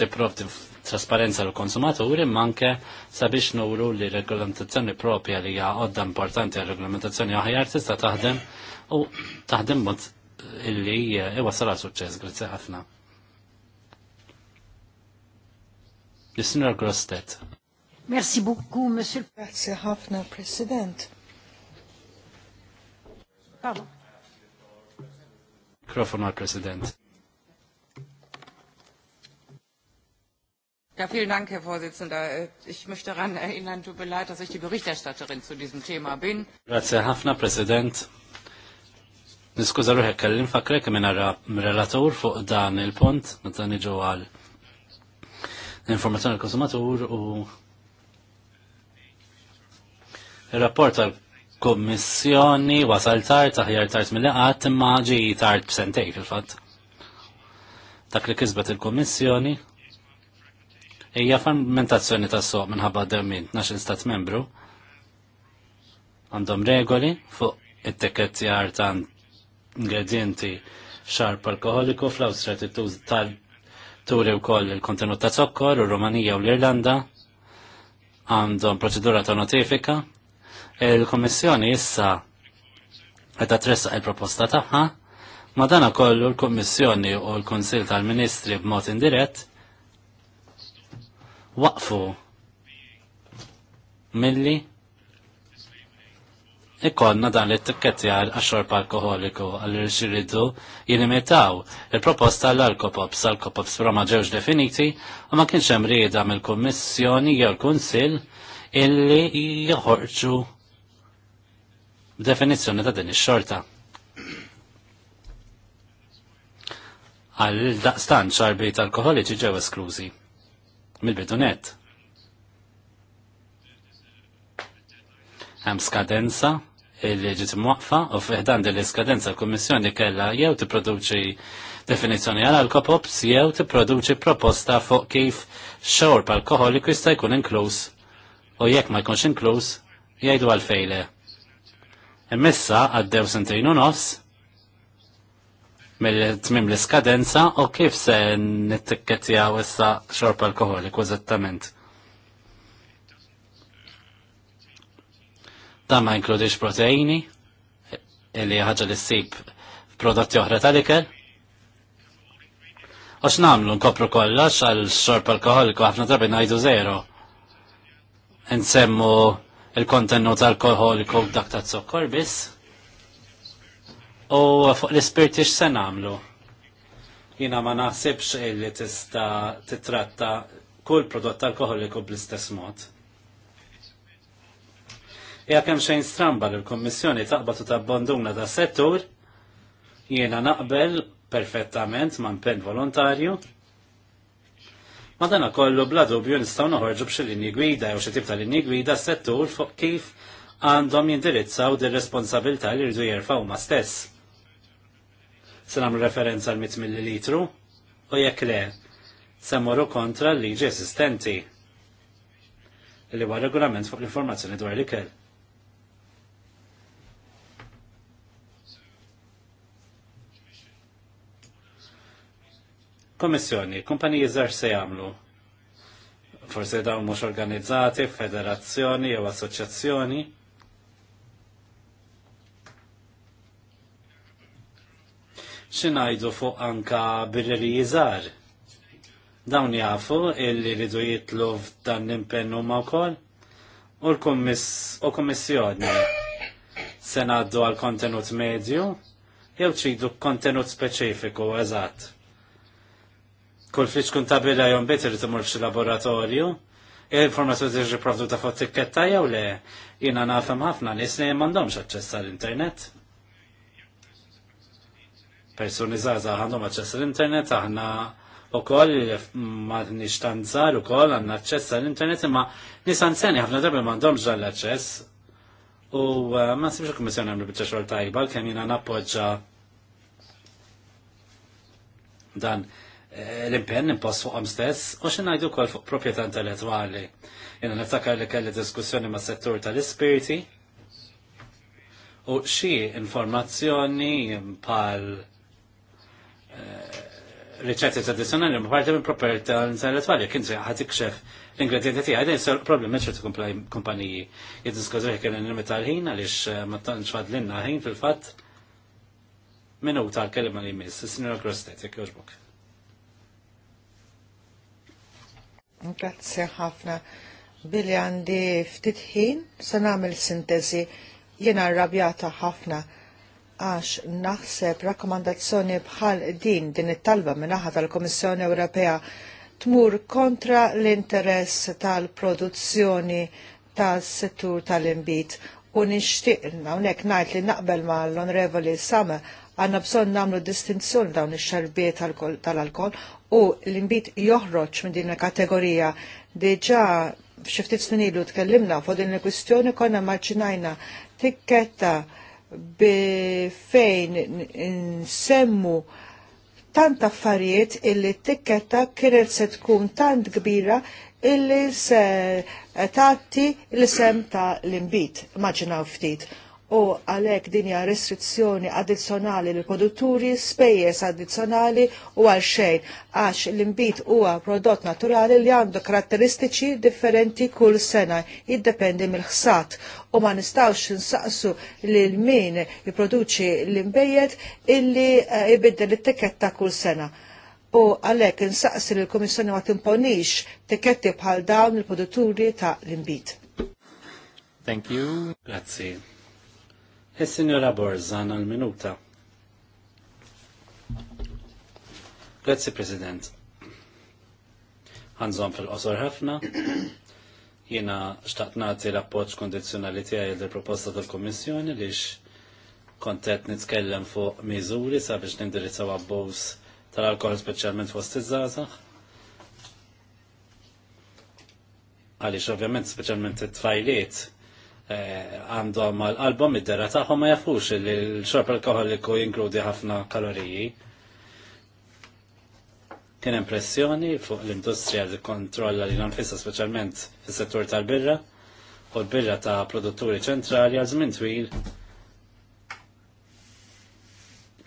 tipprovdi trasparenza l konsumaturi manke sabiex nuru li regolamentazzjoni propja li hija għodda importanti għal regolamentazzjoni aħjar tista' taħdem u taħdem mod illi iwasal għal suċċess, grazzi ħafna. L-Sinjor Grostet. Merci beaucoup, Monsieur. Grazie ħafna, President. Pardon. Mikrofon għal President. Ja, vielen Dank, Herr Vorsitzender. Ich möchte daran erinnern, tut mir leid, dass ich die Berichterstatterin zu diesem Thema bin. Grazie, Hafner, Präsident. Niskuza ruħek, kelli nfakrek minn relatur fuq dan il-punt, meta niġu għal l-informazzjoni għal-konsumatur u il-rapport għal-kommissjoni wasal tard, taħjar tard mill-laqat, imma ġi tard b'sentej fil-fatt. Dak li kisbet il-kommissjoni hija fermentazzjoni tas-soq minħabba d-dermin, naxin stat membru, għandhom regoli fuq it-tekkettjar tant ingredienti xarp alkoholiku fl-Awstra tittuż tal-turi u koll il-kontenut ta' zokkor u Rumanija u l-Irlanda għandhom proċedura ta' notifika. il komissjoni issa qed tressaq il-proposta tagħha, ma dana kollu l komissjoni u l-Konsil tal-Ministri b'mod indirett waqfu milli ikkonna dan l għal għaxorb alkoholiku għal xiridu jinimitaw il-proposta l-alkopops. Alkopops però ma ġewx definiti u ma kienx hemm rieda mill-Kummissjoni jew il kunsill illi joħorġu b'definizzjoni ta' din ix-xorta. Għal daqstan ċarbit alkoholiċi ġew esklużi mill-bidunet. Hemm skadenza il ġiet muqfa u fiħdan din l-iskadenza l-Kummissjoni kellha jew tipproduċi definizzjoni għal alkopops jew tipproduċi proposta fuq kif xorb alkoholiku jista' jkun inkluż u jekk ma jkunx inkluż jgħidu għal fejle. Immissa għaddew sentejn u nofs mill-tmim l-iskadenza u kif se nittikkettjaw issa xorb alkoholiku eżattament. Dan ma jinkludix proteini, illi e ħaġa li ssib f'prodotti oħra tal-ikel. U nagħmlu nkopru kollox għal xorb alkoholiku ħafna drabi ngħidu zero. Nsemmu il-kontenut alkoholiku b'dak ta' zokkor biss. U fuq l-ispirti x'se nagħmlu? Jiena ma naħsibx illi tista' titratta kull prodott alkoholiku bl-istess mod hija kemm xejn stramba li l-Kummissjoni taqbad u tabbanduna ta' settur jiena naqbel perfettament ma' impenn volontarju. Ma dana kollu bla dubju nistgħu noħorġu b'xi linji gwida jew xi tip ta' linji gwida settur fuq kif għandhom jindirizzaw dir responsabilità li rridu jerfgħu ma' stess. Se nagħmlu referenza għal mit millilitru u jekk le se morru kontra l-liġi esistenti li huwa regolament fuq l-informazzjoni dwar l-ikel. Kommissjoni, kumpaniji żgħar se jagħmlu. Forse dawn mhux organizzati, federazzjoni jew assoċjazzjoni. Xinajdu fuq anka birreriji żgħar. Dawn jafu illi ridu jitlu f'dan l-impenn huma wkoll u l-kommissjoni se ngħaddu għal kontenut medju jew tridu kontenut speċifiku eżatt kull fiċ kuntabila jom bit t imur f'xi-laboratorju. Il-informazzjoni tiġi riprovduta ta' tikketta jew le jiena nafhem ħafna nisni mandom m'għandhomx aċċess internet Persuni zaħza għandhom aċċess l internet aħna wkoll ma u ukoll għandna aċċess għall-internet imma nisan seni ħafna darba m'għandhomx xaċċess l-aċċess U eh, ma sibx il-Kommissjoni għamlu bieċa xogħol tajba, kemm jiena nappoġġa dan l-impenn impost fuq stess u xinajdu kol fuq propieta intellettuali. Jena niftakar li kelli diskussjoni ma' settur tal-ispirti u xie informazzjoni pal eh, riċetti tradizjonali ma' parti minn propieta intellettuali kien għati ikxef l-ingredienti tiegħi dejn sar problem minn ċerti kumpaniji. Jiddiskożu ħek l-nimita l-ħin għaliex eh, ma tantx inna ħin fil-fatt minuta l kelima li jmiss, s-sinjora Krostet, jek joġbuk. Grazzi ħafna. Billi għandi ftit ħin se nagħmel sintesi jiena arrabjata ħafna għax naħseb rakkomandazzjoni bħal din din it-talba minaħa tal-Komissjoni Ewropea tmur kontra l-interess tal-produzzjoni tas-settur tal-imbit u nixtieq hawnhekk ngħid li naqbel mal-Onorevoli Sama Għanna bżon namlu distinzjoni dawn ix-xarbiet tal-alkol u l-imbit joħroġ minn din il-kategorija diġa f'xiftit snilu tkellimna fuq din il-kwistjoni konna marċinajna tikketta bi fejn nsemmu tant affarijiet illi t-tikketta kienet se tkun tant kbira illi se tatti l-sem ta' l-imbit. Maġinaw ftit u għalek dinja restrizzjoni addizzjonali l produtturi spejjeż addizzjonali u għal xejn għax l-imbit huwa prodott naturali li għandu karatteristiċi differenti kull sena jiddependi mill-ħsat u ma nistawx nsaqsu lil min jipproduċi l-imbejjed illi jbiddel eh, it-tiketta kull sena u għalek insaqsi l-Komissjoni ma timponix tiketti bħal dawn il-produtturi ta' l-imbit. Thank you. Grazie is signora Borzan għal-minuta. Grazzi, President. Għanżom fil-qosor ħafna. Jena xtaqt nagħti l-appoġġ kondizzjonali tiegħi proposta tal-Kummissjoni lix kontet nitkellem fuq miżuri sabiex nindirizzaw abbuż tal-alkohol speċjalment fost iż-żgħażagħ. Għaliex ovvjament speċjalment it-tfajliet Eh, għandhom għal-album id-dera taħħom ma jafux li l-xorb alkoholiku jinkludi ħafna kaloriji. Kien impressjoni fuq l-industrija li kontrolla li l-anfissa specialment fis-settur tal-birra u l-birra ta' produtturi ċentrali għal żmien twil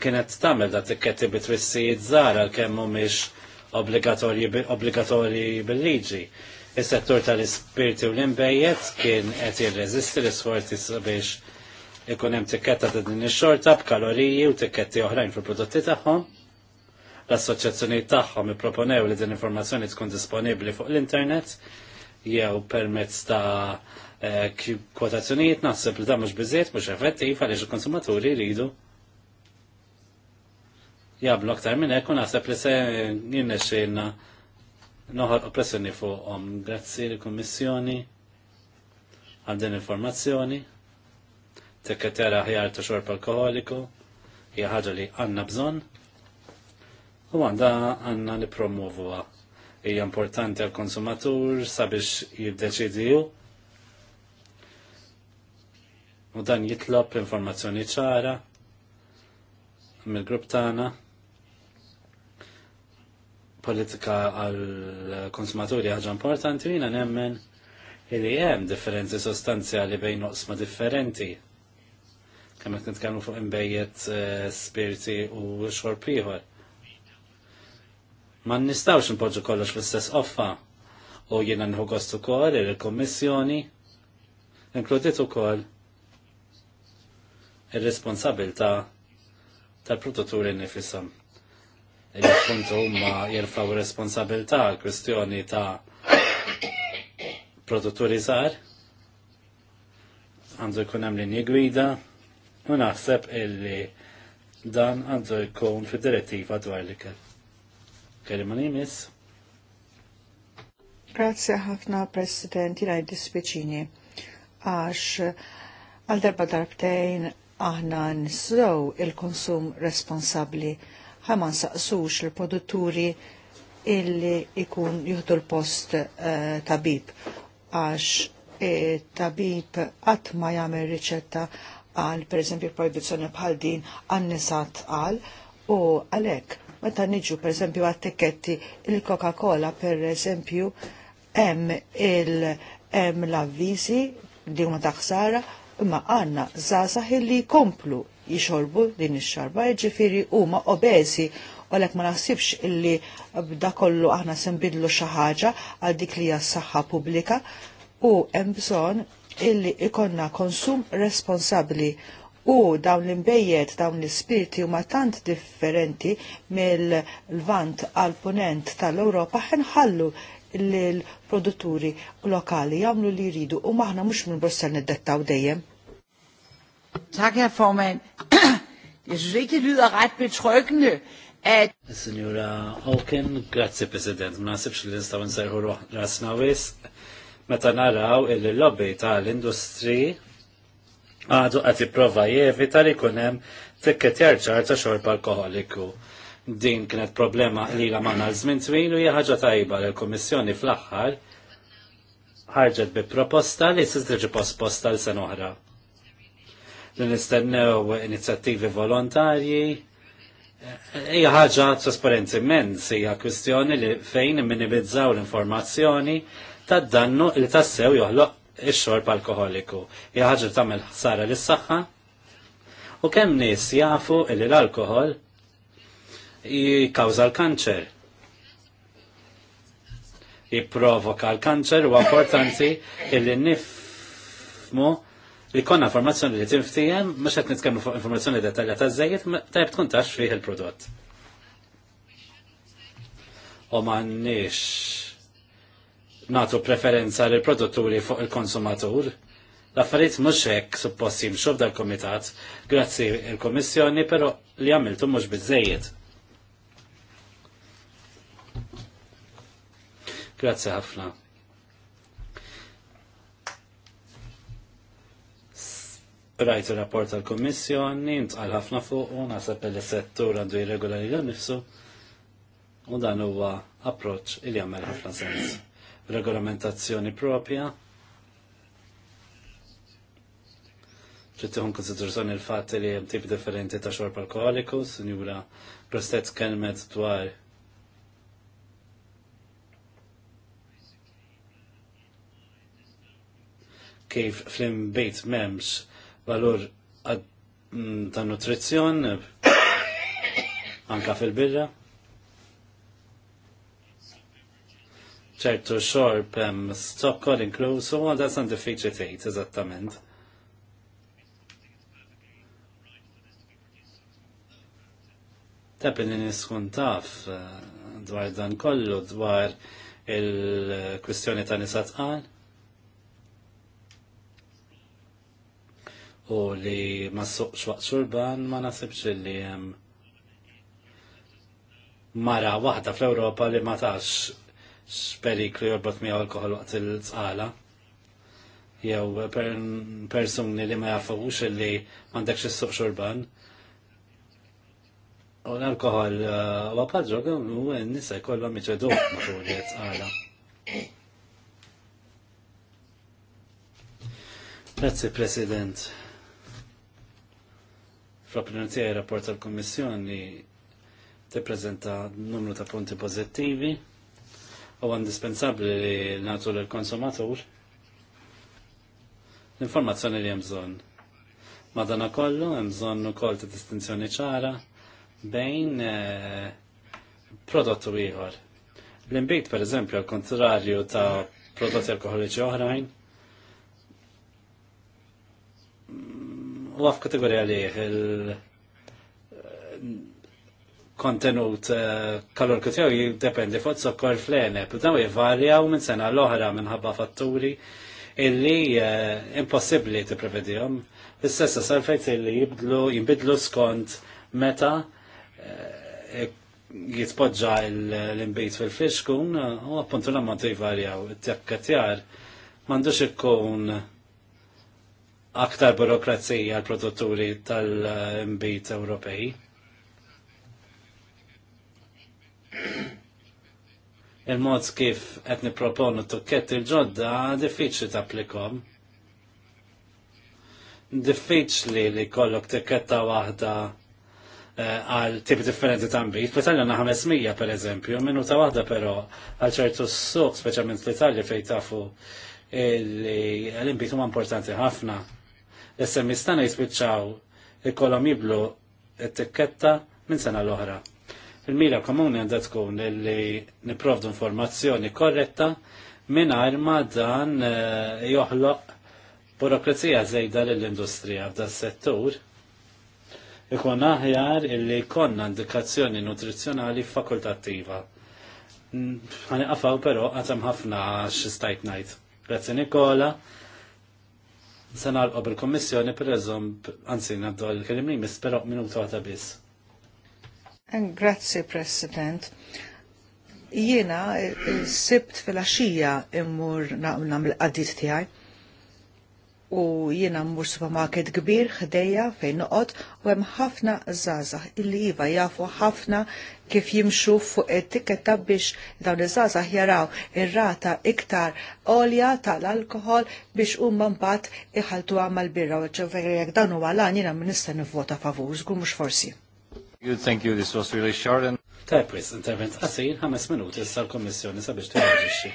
kienet tagħmel da tikketti bitwissijiet żgħar għalkemm mhumiex obbligatorji bil-liġi. Is-settur tal-ispirti u l-imbejjet kien qed jirreżisti l-isforzi sabiex ikun hemm tikketta ta' din ix-xorta b'kaloriji u tikketti oħrajn fil-prodotti tagħhom. L-assoċjazzjonijiet tagħhom ipproponew li din informazzjoni tkun disponibbli fuq l-internet jew permezz ta' eh, kwotazzjonijiet naħseb li dan mhux biżejjed mhux effettiv għaliex il-konsumaturi jridu jablu aktar minn hekk u naħseb li se jinnexxielna noħol oppressjoni fuqhom. Grazzi l-Kummissjoni għal din informazzjoni. Tekketera ħjar ta' xorb alkoholiku hija ħaġa li għandna bżonn. U għandha għandna nippromovuha. Hija importanti għal konsumatur sabiex jiddeċidiju. U dan jitlob informazzjoni ċara mill-grupp tagħna politika għal-konsumaturi ħaġa importanti jina nemmen li hemm differenzi sostanzjali bejn noqsma differenti. Kemm qed nitkellmu fuq imbejjed eh, spiriti u xorb ieħor. Ma nistgħux npoġġu kollox fl-istess offa u jiena nħu gost ukoll il kommissjoni inkludiet ukoll ir responsabilta tal-produtturi nifisam il-punto umma jirfaw responsabilta kwestjoni ta' produtturi żgħar għandu jkun hemm linji gwida u naħseb illi dan għandu jkun fid-direttiva dwar li kell. Kelima nimis. Grazie ħafna President, jina dispiċini għax għal darba darbtejn aħna nisrow il-konsum responsabli ħa ma nsaqsux l-produtturi illi ikun juhdu l-post uh, tabib għax eh, tabib qatt ma jagħmel riċetta għal pereżempju produzzjoni bħal din għannisat nisat għal u għalhekk meta niġu pereżempju għat-tikketti il-Coca-Cola pereżempju hemm il hemm l-avviżi di huma taħsara imma għandna żgħażagħ illi jkomplu jixorbu din ix-xarba, jiġifieri huma obeżi u għalhekk ma naħsibx illi b'da kollu aħna se nbidlu xi ħaġa għal dik li hija s-saħħa pubblika u hemm bżonn illi ikonna konsum responsabbli u dawn l-imbejjed, dawn l-spirti huma tant differenti mill-vant għal-ponent tal-Ewropa ħenħallu l-produtturi lokali jagħmlu li jridu u maħna mhux minn Brussel niddettaw dejjem. Tak, herr formand. Jeg synes ikke, det lyder ret betryggende, at... Signora Hawken, grazie, president. Ma nasibx li nistaw nsejħu rasna wis. Meta naraw il-lobby tal-industri għadu għati prova jevita li kunem tikket jarċar ta' xorb alkoholiku. Din kienet problema li la maħna l-żmien twil u ħaġa tajba l kommissjoni fl-aħħar ħarġet bi proposta li s-sirġi posposta l-sen oħra nistennew inizjattivi volontarji. Hija ħaġa trasparenza immens, hija kwistjoni li fejn minimizzaw l-informazzjoni tad dannu li tassew joħloq ix-xorb alkoholiku. Hija ħaġa tagħmel ħsara lis-saħħa. U kemm nies jafu li l-alkohol jikkawża l-kanċer jipprovoka l-kanċer u importanti illi nifmu li konna informazzjoni li tinftijem, mux għet nitkemmu fuq informazzjoni ta' zzejiet, tajb tkun tax fih il-prodott. U m'għandniex natu preferenza li produtturi fuq il-konsumatur. L-affarijiet mhux hekk suppost jimxu dal kumitat grazzi il-Kummissjoni, però li għamiltu mhux bizzejiet. Grazzi ħafna. rajt il-rapport tal-Kommissjoni, ntqal ħafna fuq u naħseb li settur għandu jirregolari l nifsu u dan huwa approċ il jagħmel ħafna sens. Regolamentazzjoni propja, ġiet tieħu konsiderazzjoni l-fatt li hemm tip differenti ta' xorb alkoholiku, sinjura Prostet kelmet dwar kif flim bejt memx valur mm, ta' nutrizzjon anka fil-birra. ċertu xorb hemm stokkol inklusu, u għadha san diffiċli tgħid eżattament. Tepin niskun taf eh, dwar dan kollu dwar il-kwistjoni ta' nisat qal. u li ma soqx waqt xurban ma nasibx li jem mara waħda fl-Europa li ma tax x-periklu jorbot mi alkohol waqt il-tqala jew persuni li ma jaffawux li mandekx is soqx xurban. U l-alkohol uh, huwa bħal u n-nisa jkollhom iċedu matul li tqala. Grazie President. Fl-opinjoni tiegħi rapport tal-Kummissjoni tippreżenta numru ta' punti pożittivi u indispensabbli li natu l konsumatur l-informazzjoni li hemm bżonn. Madana kollu hemm bżonn ukoll ta' distinzjoni ċara bejn eh, prodottu u ieħor. l per pereżempju, al kontrarju ta' prodotti alkoholiċi oħrajn, u għaf kategorija il-kontenut eh, kaloriku kutjaw jiddependi fuq sokkor fleneb, jivarja u minn sena l-oħra minħabba fatturi illi eh, impossibbli tipprevedihom. Is-sessa sarfejt illi jibdlu jinbidlu skont meta eh, jitpoġġa l imbit fil-fiskun u appuntu l jivarja u it tjakkatjar mandux ikkun aktar burokrazija għal produtturi tal-imbit Ewropej. Il-mod kif qed nipproponu t il ġodda diffiċli tapplikom. Diffiċli li kollok tikketta waħda eh, għal tip differenti ta' mbit. L-Italja na 500 per eżempju, minuta waħda però għal ċertu suq, speċjalment l-Italja fejn tafu li l-imbit huma importanti ħafna l-SMI stana jispiċċaw ikollhom jiblu t-tikketta minn sena l-oħra. Il-mira komuni għandha tkun li niprovdu informazzjoni korretta mingħajr ma dan eh, joħloq burokrazija żejda lill-industrija f'dan settur Ikon aħjar illi konna indikazzjoni nutrizzjonali fakultattiva. Għani għafaw pero għatem ħafna xistajt najt. Grazzi Nikola, se nalqob il-Kommissjoni pereżom anzi ngħaddu għall-kelim li misperaw minuta waħda biss. Eh, Grazzi President. Jiena eh, sibt fil axija immur namil qaddit tiegħi u jiena mmur supermarket kbir ħdejja fejn noqgħod u hemm ħafna żgħażagħ illi iva jafu ħafna kif jimxu fuq etiketta biex dawn iż-żgħażagħ jaraw ir-rata iktar olja tal-alkohol biex huma mbagħad iħaltuha mal-birra u jekk dan huwa lan jiena nista' nivvota favur, żgur mhux forsi. Thank you, this was really short and... Tajpris, intervent qasir ħames minuti sal kommissjoni sabiex tirreġixxi.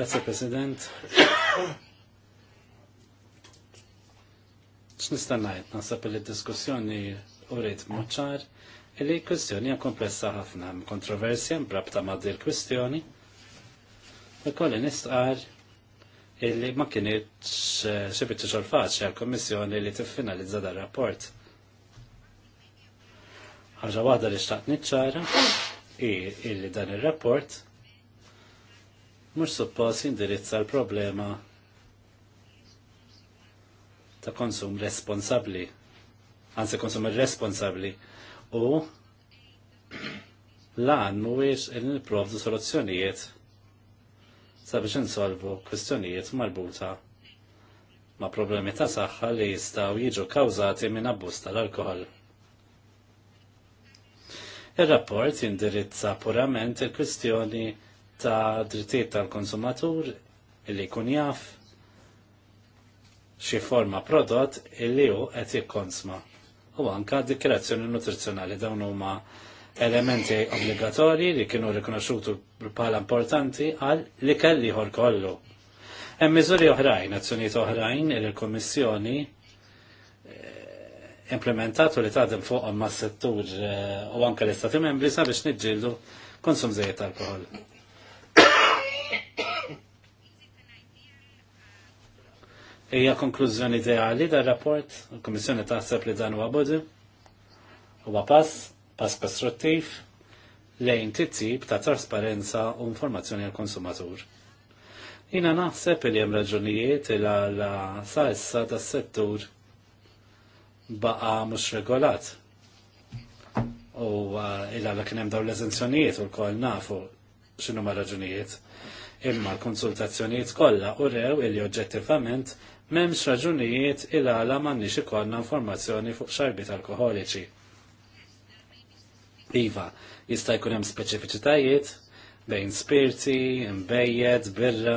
Grazie President. ċnista najt, nasab li diskussjoni u rrit moċar, li kwestjoni hija komplessa ħafna, kontroversja, brabta ma' dir kwestjoni, u kolli nistqar li ma kienet eh, xibitċi xol faċi għal-Kommissjoni li tiffinalizza dar rapport. ħaġa waħda li xtaqt il illi dan il-rapport mhux suppost indirizza l-problema ta' konsum responsabli, anzi konsum responsabli, u lan mhuwiex il niprovdu soluzzjonijiet sabiex nsolvu kwistjonijiet marbuta ma' problemi ta' saħħa li jistgħu jiġu kawżati minn abbuż tal-alkohol. Ir-rapport jindirizza purament il-kwistjoni il kwestjoni il kwistjoni ta' drittiet tal-konsumatur illi jkun jaf xi forma prodott illi hu qed jikkonsma. U anka dikjerazzjoni nutrizzjonali dawn huma elementi obbligatorji li kienu rikonoxxutu bħala importanti għal li kelli ħor kollu. Hemm miżuri oħrajn, azzjonijiet oħrajn li l-Kummissjoni eh, implementatu li tadem fuqhom mas-settur eh, u anke l-Istati Membri sabiex niġġieldu konsum żejjed alkohol. Ija konklużjoni ideali dar rapport, il-Kummissjoni taħseb li dan huwa bodi, huwa pass, pass kostruttiv lejn titjib ta' trasparenza u informazzjoni għal konsumatur. Ina naħseb li hemm raġunijiet il la sa' issa tas settur baqa mhux regolat. U uh, il għala kien hemm dawn l-eżenzjonijiet u l-kol nafu x'inhuma raġunijiet imma l-konsultazzjonijiet kollha u rew li oġġettivament memx raġunijiet il-għala manni ikollna informazzjoni fuq xarbit alkoholiċi. Iva, jista' jkun hemm speċifiċitajiet bejn spirti, mbejjed, birra,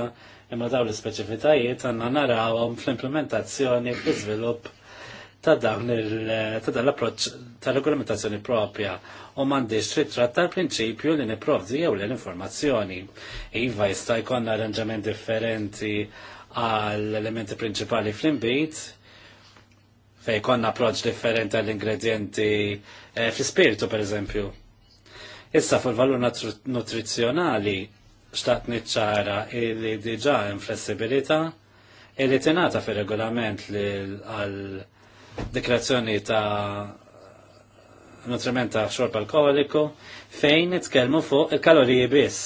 imma dawn l-speċifiċitajiet għandna narawhom fl-implementazzjoni fl-iżvilupp ta' dawn l-approċċ ta' regolamentazzjoni propja u m'għandix tritrat tal-prinċipju li nipprovdi jew l-informazzjoni. Iva jista' jkollna arranġament differenti għall elementi prinċipali fl-imbit fej konna approċ differenti għall-ingredienti eh, fl-spiritu per eżempju. Issa fil-valur nutrizjonali xtaqt niċċara illi diġa hemm flessibilità illi tingħata fir-regolament għal dikrazzjoni ta' nutrimenta xorb alkoholiku fejn nitkellmu fuq il-kaloriji biss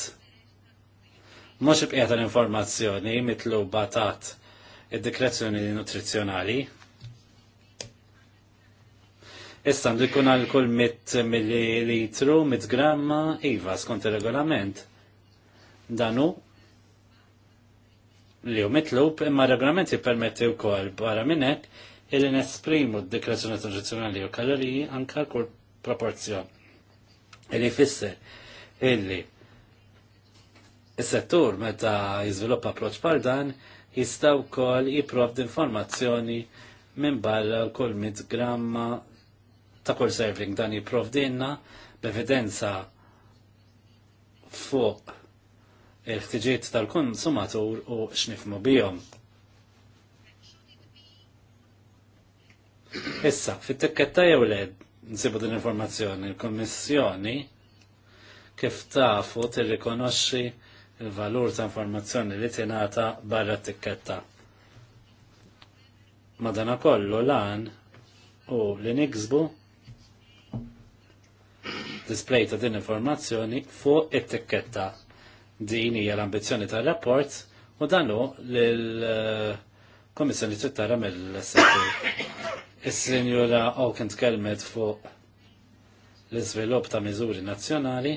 mhux ibqiegħet l-informazzjoni mitluba tat id dikrezzjoni nutrizzjonali. Issa għandu jkun għal kull 100 millilitru, 100 gramma, iva, skont il-regolament. Danu li hu mitlub imma regolament jippermetti wkoll barra minn hekk illi nesprimu d dikrezzjoni nutrizzjonali u kaloriji anka kull proporzjon. Illi jfisser illi Is-settur meta jiżviluppa approċċ bħal dan jista' wkoll d informazzjoni minn barra kull mid gramma ta' kull serving dan dinna b'evidenza fuq il-ħtiġiet tal-konsumatur u x'nifmu bihom. Issa, fit-tikketta jew le nsibu din informazzjoni, il-Kommissjoni kif tafu tirrikonoxxi il-valur ta' informazzjoni li tingħata barra t-tikketta. Madana kollu lan u li niksbu display ta' din informazzjoni fuq it-tikketta. Din hija l-ambizzjoni tar-rapport u dan hu lill-Komissjoni trid tara mill-settur. Is-Sinjura Hawkins kelmet fuq l-iżvilupp ta' miżuri nazzjonali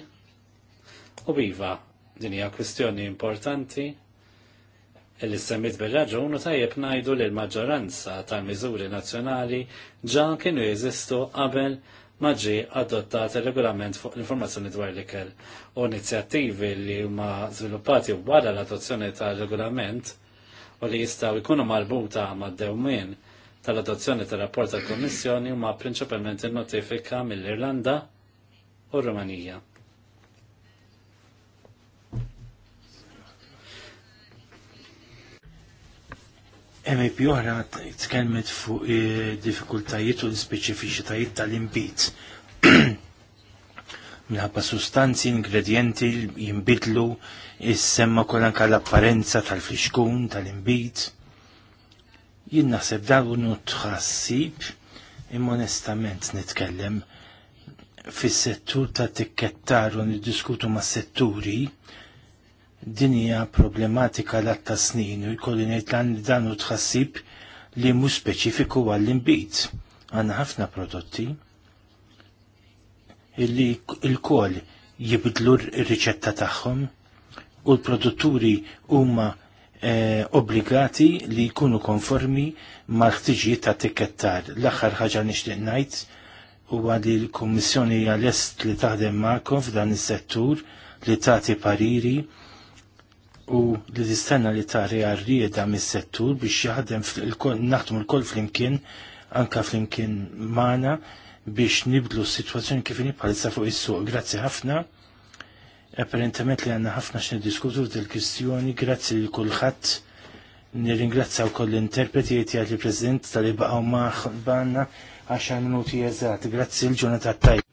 u biva Din hija kwistjoni importanti illi semmit bil-raġun u tajjeb najdu li l-maġġoranza tal-miżuri nazzjonali ġa kienu jeżistu qabel ma ġi adottat il-regolament fuq l-informazzjoni dwar l-ikel u inizjattivi li huma żviluppati wara l-adozzjoni tal-regolament u li jistgħu jkunu marbuta mad dewmien tal-adozzjoni tal-rapport tal-Kommissjoni huma prinċipalment il-notifika mill-Irlanda u r-Rumanija. uħra oħra tkellmet fuq eh, diffikultajiet u l-speċifiċitajiet tal-imbit. Minħabba sustanzi, ingredienti jimbidlu, jissemma semma kol anka l-apparenza tal-fliexkun, tal-imbit. Jien naħseb dawn tħassib imma onestament nitkellem fis-settur ta' tikkettar u niddiskutu ma' setturi dinja problematika l ta' snin u jkolli ngħid dan u tħassib li mhu speċifiku għall-inbit. Għandna ħafna prodotti illi l-kol jibdlu r-riċetta tagħhom u l-produtturi huma eh, obbligati li jkunu konformi mal ħtiġijiet ta' tikettar. L-aħħar ħaġa nixtieq ngħid huwa li l-Kummissjoni għal-est li taħdem magħkom f'dan is-settur li tagħti pariri u li tistenna li tari għarrieda mis-settur biex jaħdem naħdmu l-koll flimkien anka flimkien mana biex nibdlu s-situazzjoni kif palissa fuq is-suq. Grazzi ħafna. Apparentement li għanna ħafna x'ni diskutu dil-kwistjoni, grazzi li kulħadd u koll l-interpreti jgħid li prezident tal ibqaw maħ banna għaxan minuti eżatt. Grazzi l-ġurnata tajb